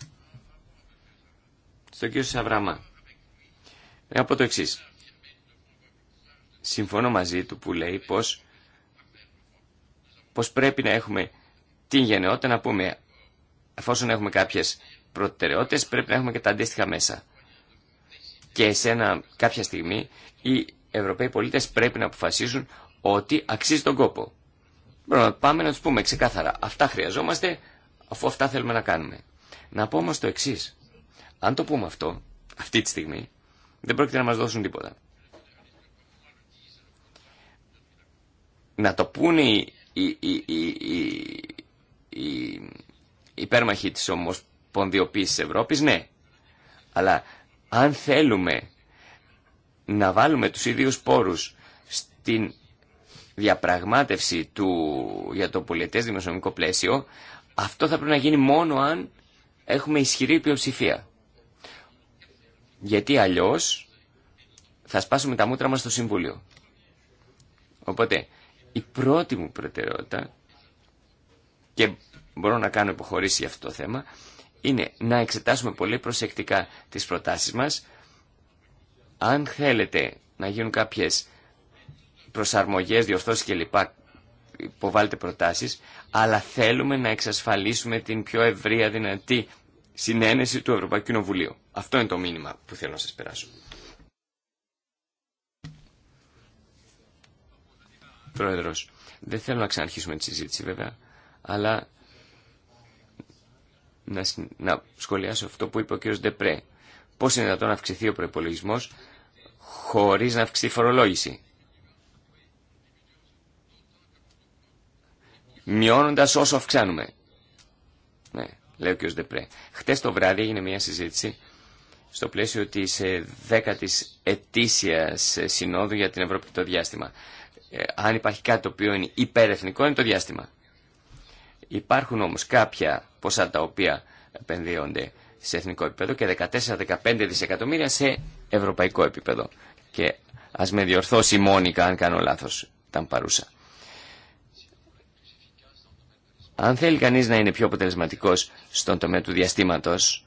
Στο κύριο Σαβραμά. Να πω το εξή. Συμφωνώ μαζί του που λέει πως, πως πρέπει να έχουμε την γενναιότητα να πούμε εφόσον έχουμε κάποιες προτεραιότητες πρέπει να έχουμε και τα αντίστοιχα μέσα. Και σε ένα, κάποια στιγμή οι Ευρωπαίοι πολίτες πρέπει να αποφασίσουν ότι αξίζει τον κόπο. Πρέπει να πάμε να τους πούμε ξεκάθαρα αυτά χρειαζόμαστε αφού αυτά θέλουμε να κάνουμε. Να πω όμως το εξή. Αν το πούμε αυτό, αυτή τη στιγμή, δεν πρόκειται να μας δώσουν τίποτα. Να το πούνε οι, οι, οι, οι υπέρμαχοι της όμως πονδιοποίηση της Ευρώπης, ναι. Αλλά αν θέλουμε να βάλουμε τους ίδιους πόρους στην διαπραγμάτευση του, για το πολιτές δημοσιονομικό πλαίσιο, αυτό θα πρέπει να γίνει μόνο αν έχουμε ισχυρή πλειοψηφία. Γιατί αλλιώς θα σπάσουμε τα μούτρα μας στο Συμβούλιο. Οπότε, η πρώτη μου προτεραιότητα, και μπορώ να κάνω υποχωρήσει για αυτό το θέμα, είναι να εξετάσουμε πολύ προσεκτικά τις προτάσεις μας. Αν θέλετε να γίνουν κάποιες προσαρμογές, διορθώσεις κλπ. υποβάλλετε προτάσεις, αλλά θέλουμε να εξασφαλίσουμε την πιο ευρία, δυνατή συνένεση του Ευρωπαϊκού Κοινοβουλίου. Αυτό είναι το μήνυμα που θέλω να σας περάσω. Πρόεδρος, δεν θέλω να ξαναρχίσουμε τη συζήτηση βέβαια, αλλά να, σχολιάσω αυτό που είπε ο κ. Ντεπρέ. Πώς είναι δυνατόν να αυξηθεί ο προπολογισμό χωρί να αυξηθεί η φορολόγηση. Μειώνοντα όσο αυξάνουμε. Ναι, λέει ο κ. Ντεπρέ. Χτες το βράδυ έγινε μια συζήτηση στο πλαίσιο της ε, δέκατης ετήσιας ε, συνόδου για την Ευρώπη το διάστημα. Ε, αν υπάρχει κάτι το οποίο είναι υπερεθνικό είναι το διάστημα. Υπάρχουν όμως κάποια ποσά τα οποία επενδύονται σε εθνικό επίπεδο και 14-15 δισεκατομμύρια σε ευρωπαϊκό επίπεδο. Και ας με διορθώσει η Μόνικα αν κάνω λάθος, ήταν παρούσα. Αν θέλει κανείς να είναι πιο αποτελεσματικός στον τομέα του διαστήματος,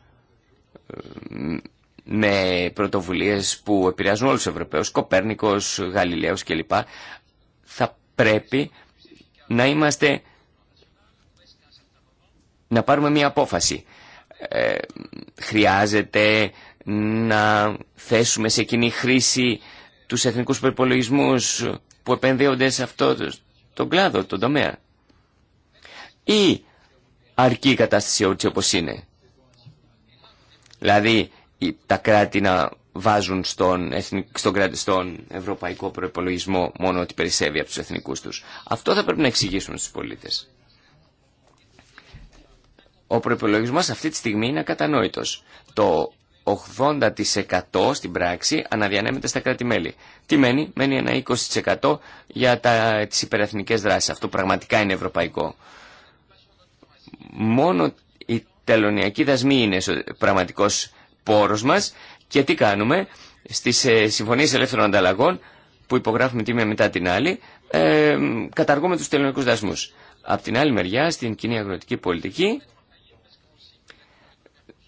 με πρωτοβουλίες που επηρεάζουν όλους τους Ευρωπαίους, Κοπέρνικος, Γαλιλαίος κλπ, θα πρέπει να είμαστε να πάρουμε μία απόφαση. Ε, χρειάζεται να θέσουμε σε κοινή χρήση τους εθνικούς προπολογισμού που επενδύονται σε αυτό το κλάδο, τον τομέα. Ή αρκεί η κατάσταση έτσι οτι οπως είναι. Δηλαδή τα κράτη να βάζουν στον, στον, στον ευρωπαϊκό προπολογισμό μόνο ότι περισσεύει από τους εθνικούς τους. Αυτό θα πρέπει να εξηγήσουμε στους πολίτες. Ο προπολογισμό αυτή τη στιγμή είναι ακατανόητος. Το 80% στην πράξη αναδιανέμεται στα κράτη-μέλη. Τι μένει, μένει ένα 20% για τα, τις υπερεθνικές δράσεις. Αυτό πραγματικά είναι ευρωπαϊκό. Μόνο η τελωνιακή δασμή είναι ο πραγματικός πόρος μας και τι κάνουμε στις ε, συμφωνίες ελεύθερων ανταλλαγών που υπογράφουμε τη μία μετά την άλλη ε, καταργούμε τους τελωνιακούς δασμούς. Απ' την άλλη μεριά στην κοινή αγροτική πολιτική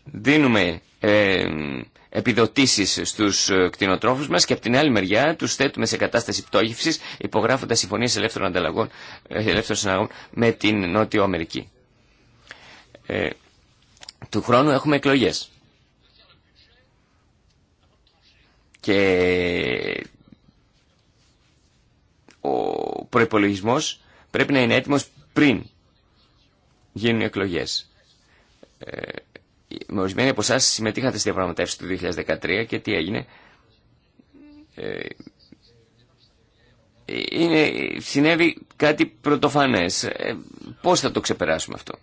δίνουμε ε, επιδοτήσεις στους ε, κτηνοτρόφους μας και από την άλλη μεριά τους θέτουμε σε κατάσταση πτώχευσης υπογράφοντας συμφωνίες ελεύθερων ανταλλαγών, ε, ελεύθερων συναλλαγών με την Νότιο Αμερική. Ε, του χρόνου έχουμε εκλογές. Και ο προϋπολογισμός πρέπει να είναι έτοιμος πριν γίνουν οι εκλογές. Ε, με ορισμένοι από εσά συμμετείχατε στη διαπραγματεύση του 2013 και τι έγινε. Ε, είναι, συνέβη κάτι πρωτοφανέ. Ε, πώς θα το ξεπεράσουμε αυτό.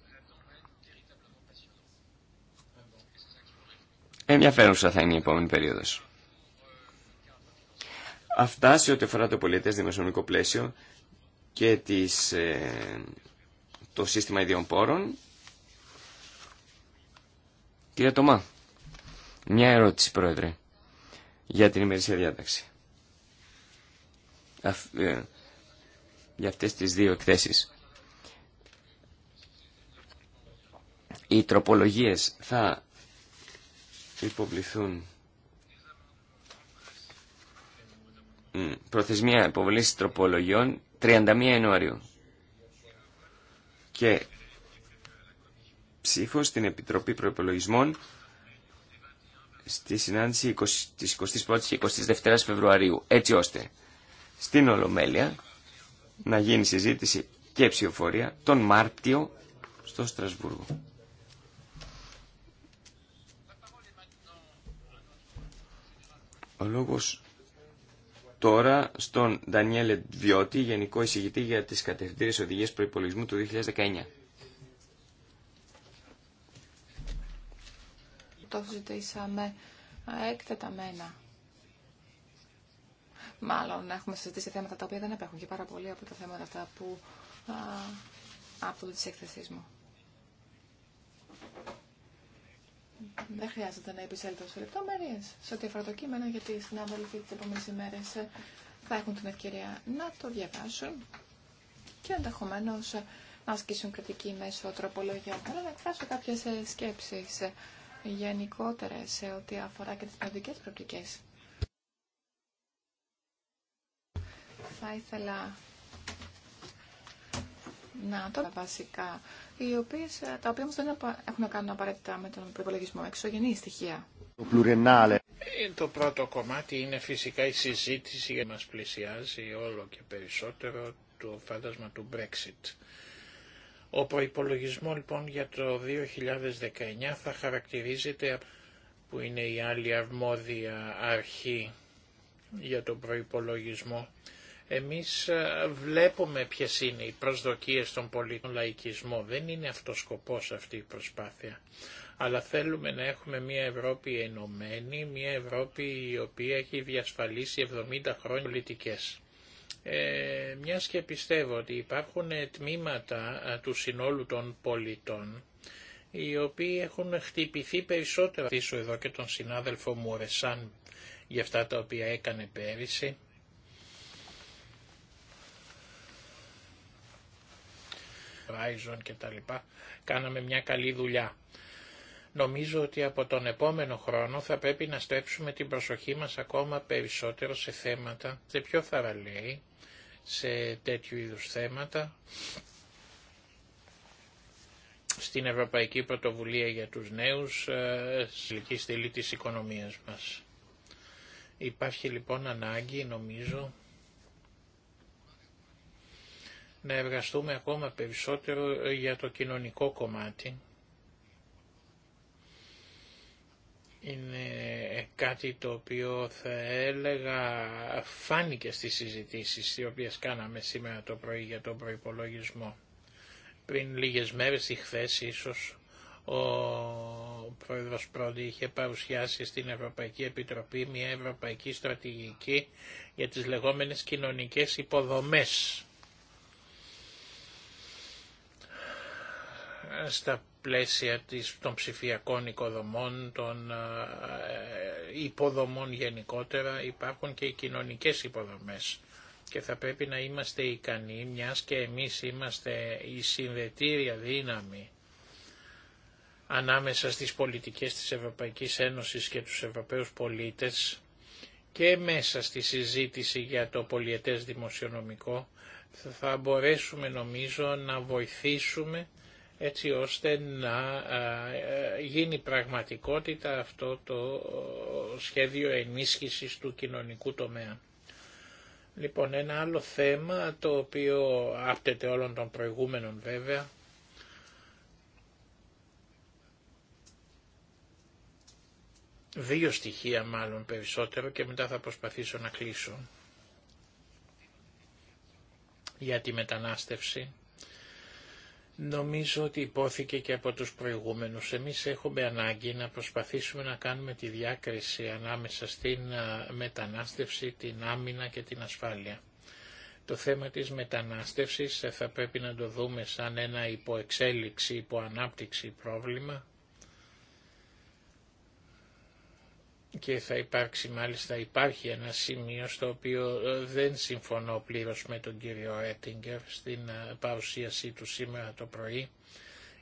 Ενδιαφέρουσα θα είναι η επόμενη περίοδος. Αυτά σε ό,τι αφορά το πολιτέ δημοσιονομικό πλαίσιο και τις, ε, το σύστημα ιδιών πόρων. Κύριε Τωμά, μια ερώτηση, Πρόεδρε, για την ημερήσια διάταξη. Ε, για αυτές τις δύο εκθέσεις. Οι τροπολογίες θα υποβληθούν προθεσμία υποβολής τροπολογιών 31 Ιανουαρίου. Και Ψήφο στην Επιτροπή Προπολογισμών στη συνάντηση 20, της 21ης και 22ης Φεβρουαρίου, έτσι ώστε στην Ολομέλεια να γίνει συζήτηση και ψηφοφορία τον Μάρτιο στο Στρασβούργο. Ο λόγος τώρα στον Ντανιέλε Βιώτη, Γενικό Εισηγητή για τις Κατευθυντήριες Οδηγίες προπολογισμού του 2019. το συζητήσαμε ε, εκτεταμένα. Μάλλον έχουμε συζητήσει θέματα τα οποία δεν απέχουν και πάρα πολύ από τα θέματα αυτά που άπτονται τη έκθεσή μου. Δεν χρειάζεται να επισέλθω σε λεπτομέρειε σε ό,τι αφορά το κείμενο, γιατί οι συνάδελφοι τι επόμενε ημέρε ε, θα έχουν την ευκαιρία να το διαβάσουν και ενδεχομένω ε, να ασκήσουν κριτική μέσω τροπολογιών. Αλλά να εκφράσω κάποιε σκέψει γενικότερες σε ό,τι αφορά και τις παιδικές προοπτικές. Θα ήθελα να το βασικά, οι οποίες, τα οποία όμως δεν έχουν να κάνουν απαραίτητα με τον προπολογισμό, εξωγενή στοιχεία. Το ε, πρώτο κομμάτι είναι φυσικά η συζήτηση για μας πλησιάζει όλο και περισσότερο το φάντασμα του Brexit ο προϋπολογισμός λοιπόν για το 2019 θα χαρακτηρίζεται που είναι η άλλη αρμόδια αρχή για τον προϋπολογισμό. Εμείς ε, βλέπουμε ποιες είναι οι προσδοκίες των πολιτών λαϊκισμό. Δεν είναι αυτός σκοπός αυτή η προσπάθεια. Αλλά θέλουμε να έχουμε μια Ευρώπη ενωμένη, μια Ευρώπη η οποία έχει διασφαλίσει 70 χρόνια πολιτικές. Ε, μιας και πιστεύω ότι υπάρχουν τμήματα του συνόλου των πολιτών οι οποίοι έχουν χτυπηθεί περισσότερα πίσω εδώ και τον συνάδελφο μου Ρεσάν για αυτά τα οποία έκανε πέρυσι. Ράιζον και τα λοιπά. Κάναμε μια καλή δουλειά. Νομίζω ότι από τον επόμενο χρόνο θα πρέπει να στρέψουμε την προσοχή μας ακόμα περισσότερο σε θέματα, σε πιο θαραλέη, σε τέτοιου είδους θέματα στην Ευρωπαϊκή Πρωτοβουλία για τους Νέους, ε, στη στήλη της οικονομίας μας. Υπάρχει λοιπόν ανάγκη, νομίζω, να εργαστούμε ακόμα περισσότερο για το κοινωνικό κομμάτι είναι κάτι το οποίο θα έλεγα φάνηκε στις συζητήσεις οι οποίες κάναμε σήμερα το πρωί για τον προϋπολογισμό. Πριν λίγες μέρες ή χθες ίσως ο πρόεδρος Πρόντι είχε παρουσιάσει στην Ευρωπαϊκή Επιτροπή μια ευρωπαϊκή στρατηγική για τις λεγόμενες κοινωνικές υποδομές στα πλαίσια της, των ψηφιακών οικοδομών, των ε, υποδομών γενικότερα, υπάρχουν και οι κοινωνικές υποδομές. Και θα πρέπει να είμαστε ικανοί, μιας και εμείς είμαστε η συνδετήρια δύναμη ανάμεσα στις πολιτικές της Ευρωπαϊκής Ένωσης και τους Ευρωπαίους πολίτες και μέσα στη συζήτηση για το πολιετές δημοσιονομικό θα μπορέσουμε νομίζω να βοηθήσουμε έτσι ώστε να ε, ε, γίνει πραγματικότητα αυτό το ε, σχέδιο ενίσχυσης του κοινωνικού τομέα. Λοιπόν, ένα άλλο θέμα το οποίο άπτεται όλων των προηγούμενων βέβαια, δύο στοιχεία μάλλον περισσότερο και μετά θα προσπαθήσω να κλείσω για τη μετανάστευση Νομίζω ότι υπόθηκε και από τους προηγούμενους. Εμείς έχουμε ανάγκη να προσπαθήσουμε να κάνουμε τη διάκριση ανάμεσα στην μετανάστευση, την άμυνα και την ασφάλεια. Το θέμα της μετανάστευσης θα πρέπει να το δούμε σαν ένα υποεξέλιξη, υποανάπτυξη πρόβλημα και θα υπάρξει μάλιστα υπάρχει ένα σημείο στο οποίο ε, δεν συμφωνώ πλήρως με τον κύριο Έτιγκερ στην ε, παρουσίασή του σήμερα το πρωί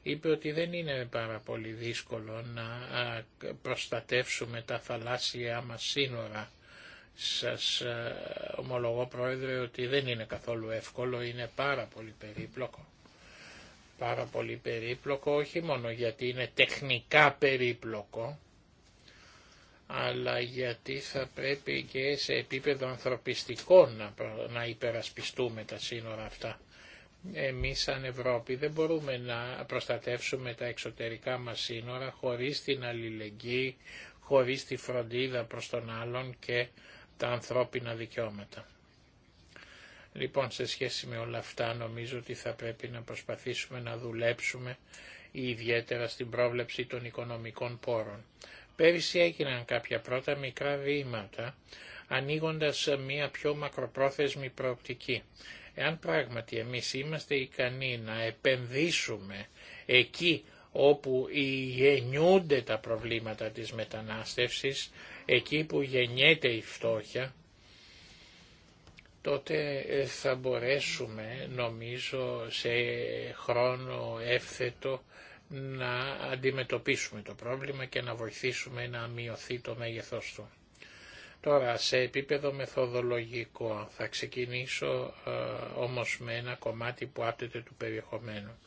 είπε ότι δεν είναι πάρα πολύ δύσκολο να ε, προστατεύσουμε τα θαλάσσια μας σύνορα. Σας ομολογώ πρόεδρε ότι δεν είναι καθόλου εύκολο, είναι πάρα πολύ περίπλοκο. Πάρα πολύ περίπλοκο όχι μόνο γιατί είναι τεχνικά περίπλοκο, αλλά γιατί θα πρέπει και σε επίπεδο ανθρωπιστικό να, να υπερασπιστούμε τα σύνορα αυτά. Εμείς σαν Ευρώπη δεν μπορούμε να προστατεύσουμε τα εξωτερικά μας σύνορα χωρίς την αλληλεγγύη, χωρίς τη φροντίδα προς τον άλλον και τα ανθρώπινα δικαιώματα. Λοιπόν, σε σχέση με όλα αυτά νομίζω ότι θα πρέπει να προσπαθήσουμε να δουλέψουμε ιδιαίτερα στην πρόβλεψη των οικονομικών πόρων. Πέρυσι έγιναν κάποια πρώτα μικρά βήματα, ανοίγοντας μια πιο μακροπρόθεσμη προοπτική. Εάν πράγματι εμείς είμαστε ικανοί να επενδύσουμε εκεί όπου γεννιούνται τα προβλήματα της μετανάστευσης, εκεί που γεννιέται η φτώχεια, τότε ε, θα μπορέσουμε νομίζω σε χρόνο εύθετο να αντιμετωπίσουμε το πρόβλημα και να βοηθήσουμε να μειωθεί το μέγεθός του. Τώρα, σε επίπεδο μεθοδολογικό, θα ξεκινήσω ε, όμως με ένα κομμάτι που άπτεται του περιεχομένου.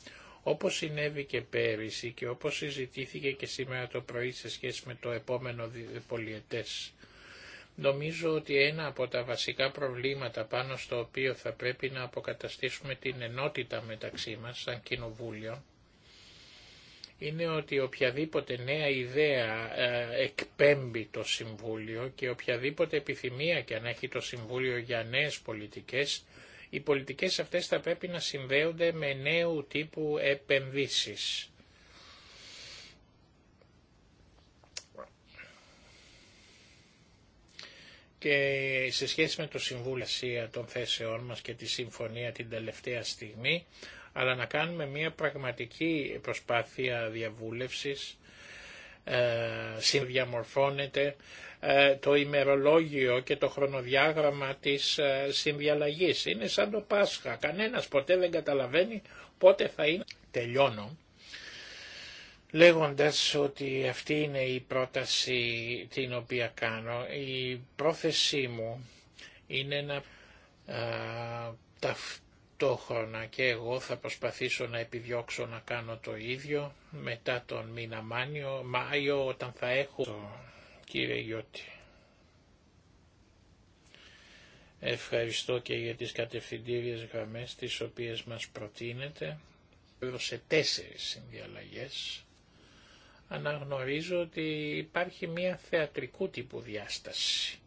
Όπως συνέβη και πέρυσι και όπως συζητήθηκε και σήμερα το πρωί σε σχέση με το επόμενο πολιετές, νομίζω ότι ένα από τα βασικά προβλήματα πάνω στο οποίο θα πρέπει να αποκαταστήσουμε την ενότητα μεταξύ μας σαν κοινοβούλιο, είναι ότι οποιαδήποτε νέα ιδέα ε, εκπέμπει το Συμβούλιο και οποιαδήποτε επιθυμία και αν έχει το Συμβούλιο για νέες πολιτικές, οι πολιτικές αυτές θα πρέπει να συνδέονται με νέου τύπου επενδύσεις. Και σε σχέση με το Συμβούλιο των θέσεών μας και τη συμφωνία την τελευταία στιγμή, αλλά να κάνουμε μια πραγματική προσπάθεια διαβούλευσης, ε, συνδιαμορφώνεται ε, το ημερολόγιο και το χρονοδιάγραμμα της ε, συνδιαλλαγής. Είναι σαν το Πάσχα, κανένας ποτέ δεν καταλαβαίνει πότε θα είναι. Τελειώνω λέγοντας ότι αυτή είναι η πρόταση την οποία κάνω. Η πρόθεσή μου είναι να α, ταυτόχρονα και εγώ θα προσπαθήσω να επιδιώξω να κάνω το ίδιο μετά τον μήνα Μάνιο, Μάιο όταν θα έχω το κύριε Γιώτη. Ευχαριστώ και για τις κατευθυντήριες γραμμές τις οποίες μας προτείνετε. Έδωσε τέσσερις συνδιαλλαγές. Αναγνωρίζω ότι υπάρχει μία θεατρικού τύπου διάσταση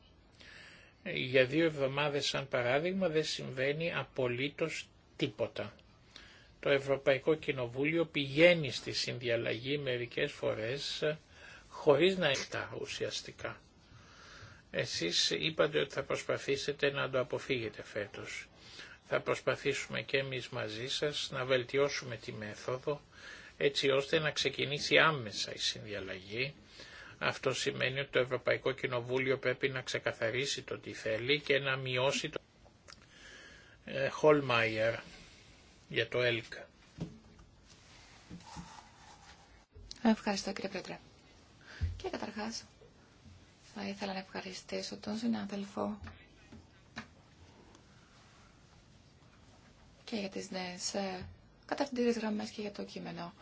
για δύο εβδομάδες, σαν παράδειγμα, δεν συμβαίνει απολύτως τίποτα. Το Ευρωπαϊκό Κοινοβούλιο πηγαίνει στη συνδιαλλαγή μερικές φορές ε, χωρίς να εκτά ουσιαστικά. Εσείς είπατε ότι θα προσπαθήσετε να το αποφύγετε φέτος. Θα προσπαθήσουμε και εμείς μαζί σας να βελτιώσουμε τη μέθοδο έτσι ώστε να ξεκινήσει άμεσα η συνδιαλλαγή αυτό σημαίνει ότι το Ευρωπαϊκό Κοινοβούλιο πρέπει να ξεκαθαρίσει το τι θέλει και να μειώσει το ε, Χολμάιερ για το ΕΛΚ. Ευχαριστώ κύριε Πρόεδρε. Και καταρχάς θα ήθελα να ευχαριστήσω τον συνάδελφο και για τις νέες ε, κατευθυντήριες γραμμές και για το κείμενο.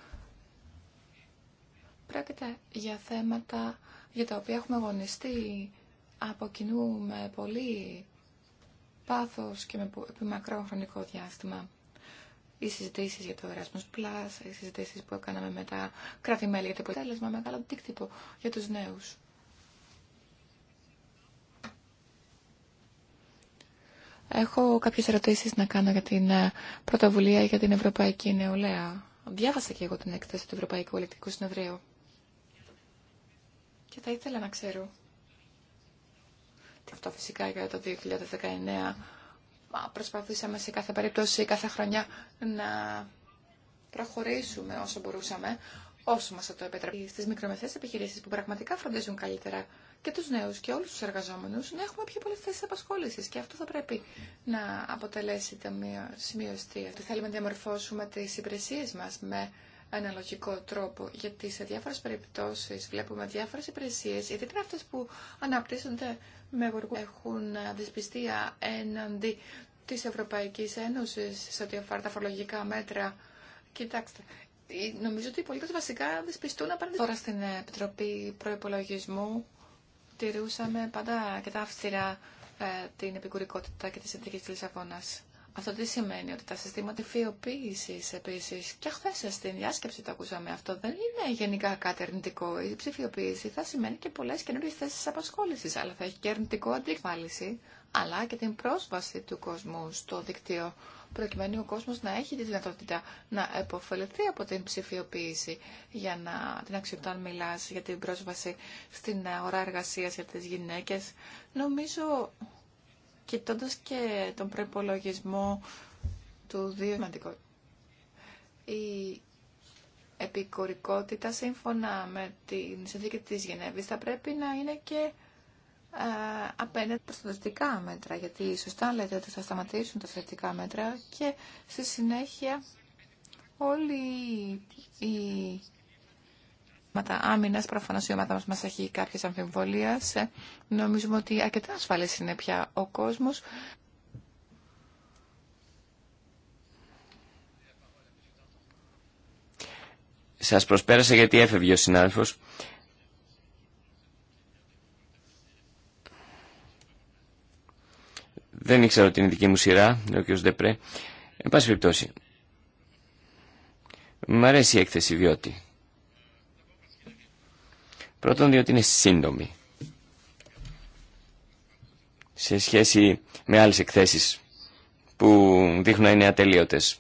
Πρόκειται για θέματα για τα οποία έχουμε αγωνιστεί από κοινού με πολύ πάθος και με μακρό χρονικό διάστημα. Οι συζητήσει για το Erasmus Plus, οι συζητήσει που έκαναμε με τα κράτη-μέλη για το αποτέλεσμα, μεγάλο αντίκτυπο για τους νέους. Έχω κάποιες ερωτήσεις να κάνω για την ε, πρωτοβουλία για την Ευρωπαϊκή Νεολαία. Διάβασα και εγώ την έκθεση του Ευρωπαϊκού Πολιτικού Συνεδρίου θα ήθελα να ξέρω. Αυτό φυσικά για το 2019 προσπαθήσαμε σε κάθε περίπτωση, κάθε χρονιά να προχωρήσουμε όσο μπορούσαμε, όσο μας θα το επιτρέπει στις μικρομεσαίες επιχειρήσεις που πραγματικά φροντίζουν καλύτερα και τους νέους και όλους τους εργαζόμενους να έχουμε πιο πολλές θέσεις απασχόλησης και αυτό θα πρέπει να αποτελέσει το σημείο εστία. Θέλουμε να διαμορφώσουμε τις υπηρεσίες μας με αναλογικό τρόπο, γιατί σε διάφορες περιπτώσεις βλέπουμε διάφορες υπηρεσίες, είτε είναι αυτές που αναπτύσσονται με γουργού, έχουν δυσπιστία έναντι της Ευρωπαϊκής Ένωσης σε ό,τι αφορά τα φορολογικά μέτρα. Κοιτάξτε, νομίζω ότι οι πολίτες βασικά δυσπιστούν απέναντι τώρα στην Επιτροπή Προϋπολογισμού. Τηρούσαμε πάντα και τα ε, την επικουρικότητα και τις συνθήκες της Λισαβόνας. Αυτό τι σημαίνει, ότι τα συστήματα υφιοποίηση επίση, και χθε στην διάσκεψη το ακούσαμε αυτό, δεν είναι γενικά κάτι αρνητικό. Η ψηφιοποίηση θα σημαίνει και πολλέ καινούριε θέσει απασχόληση, αλλά θα έχει και αρνητικό αντίκβαληση, αλλά και την πρόσβαση του κόσμου στο δικτύο, προκειμένου ο κόσμο να έχει τη δυνατότητα να επωφεληθεί από την ψηφιοποίηση, για να την αξιοποιεί όταν μιλά για την πρόσβαση στην ώρα εργασία για τι γυναίκε. Νομίζω κοιτώντα και τον προπολογισμό του δύο σημαντικό. Η επικορικότητα σύμφωνα με την συνθήκη της Γενέβης θα πρέπει να είναι και απέναντι στα θετικά μέτρα, γιατί σωστά λέτε ότι θα σταματήσουν τα θετικά μέτρα και στη συνέχεια όλοι οι θέματα άμυνα, προφανώ η ομάδα μα έχει κάποιε αμφιβολίε. Ε, νομίζουμε ότι αρκετά ασφαλή είναι πια ο κόσμο. Σα προσπέρασα γιατί έφευγε ο συνάδελφο. Δεν ήξερα ότι είναι δική μου σειρά, λέει ο κ. Δεπρέ. Εν πάση περιπτώσει, μου αρέσει η έκθεση βιώτη. Πρώτον, διότι είναι σύντομη. Σε σχέση με άλλες εκθέσεις που δείχνουν να είναι ατελείωτες.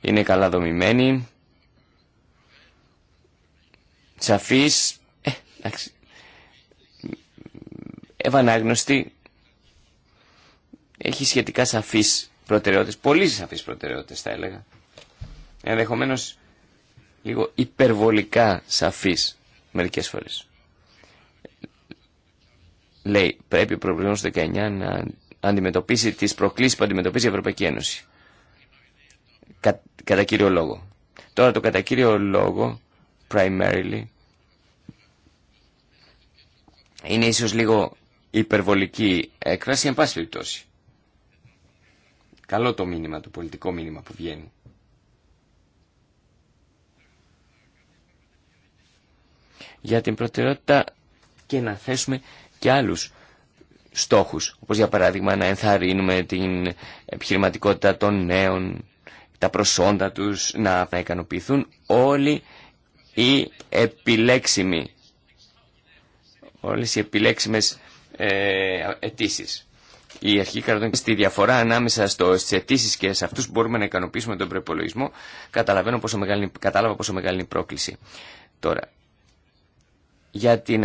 Είναι καλά δομημένη, σαφής, ε, εντάξει, ευανάγνωστη, έχει σχετικά σαφείς προτεραιότητες, πολύ σαφείς προτεραιότητες θα έλεγα. Ενδεχομένως λίγο υπερβολικά σαφείς μερικές φορές λέει πρέπει ο προβλημό 19 να αντιμετωπίσει τις προκλήσεις που αντιμετωπίζει η Ευρωπαϊκή Ένωση. κατά κύριο λόγο. Τώρα το κατά κύριο λόγο, primarily, είναι ίσως λίγο υπερβολική έκφραση, εν πάση περιπτώσει. Καλό το μήνυμα, το πολιτικό μήνυμα που βγαίνει. Για την προτεραιότητα και να θέσουμε και άλλους στόχους, όπως για παράδειγμα να ενθαρρύνουμε την επιχειρηματικότητα των νέων, τα προσόντα τους, να, ικανοποιηθούν όλοι οι επιλέξιμοι, όλες οι επιλέξιμες ε, αιτήσει. Η αρχή κρατών στη διαφορά ανάμεσα στο, στις αιτήσει και σε αυτούς που μπορούμε να ικανοποιήσουμε τον προπολογισμό, καταλαβαίνω πόσο μεγάλη, κατάλαβα πόσο μεγάλη είναι η πρόκληση. Τώρα, για την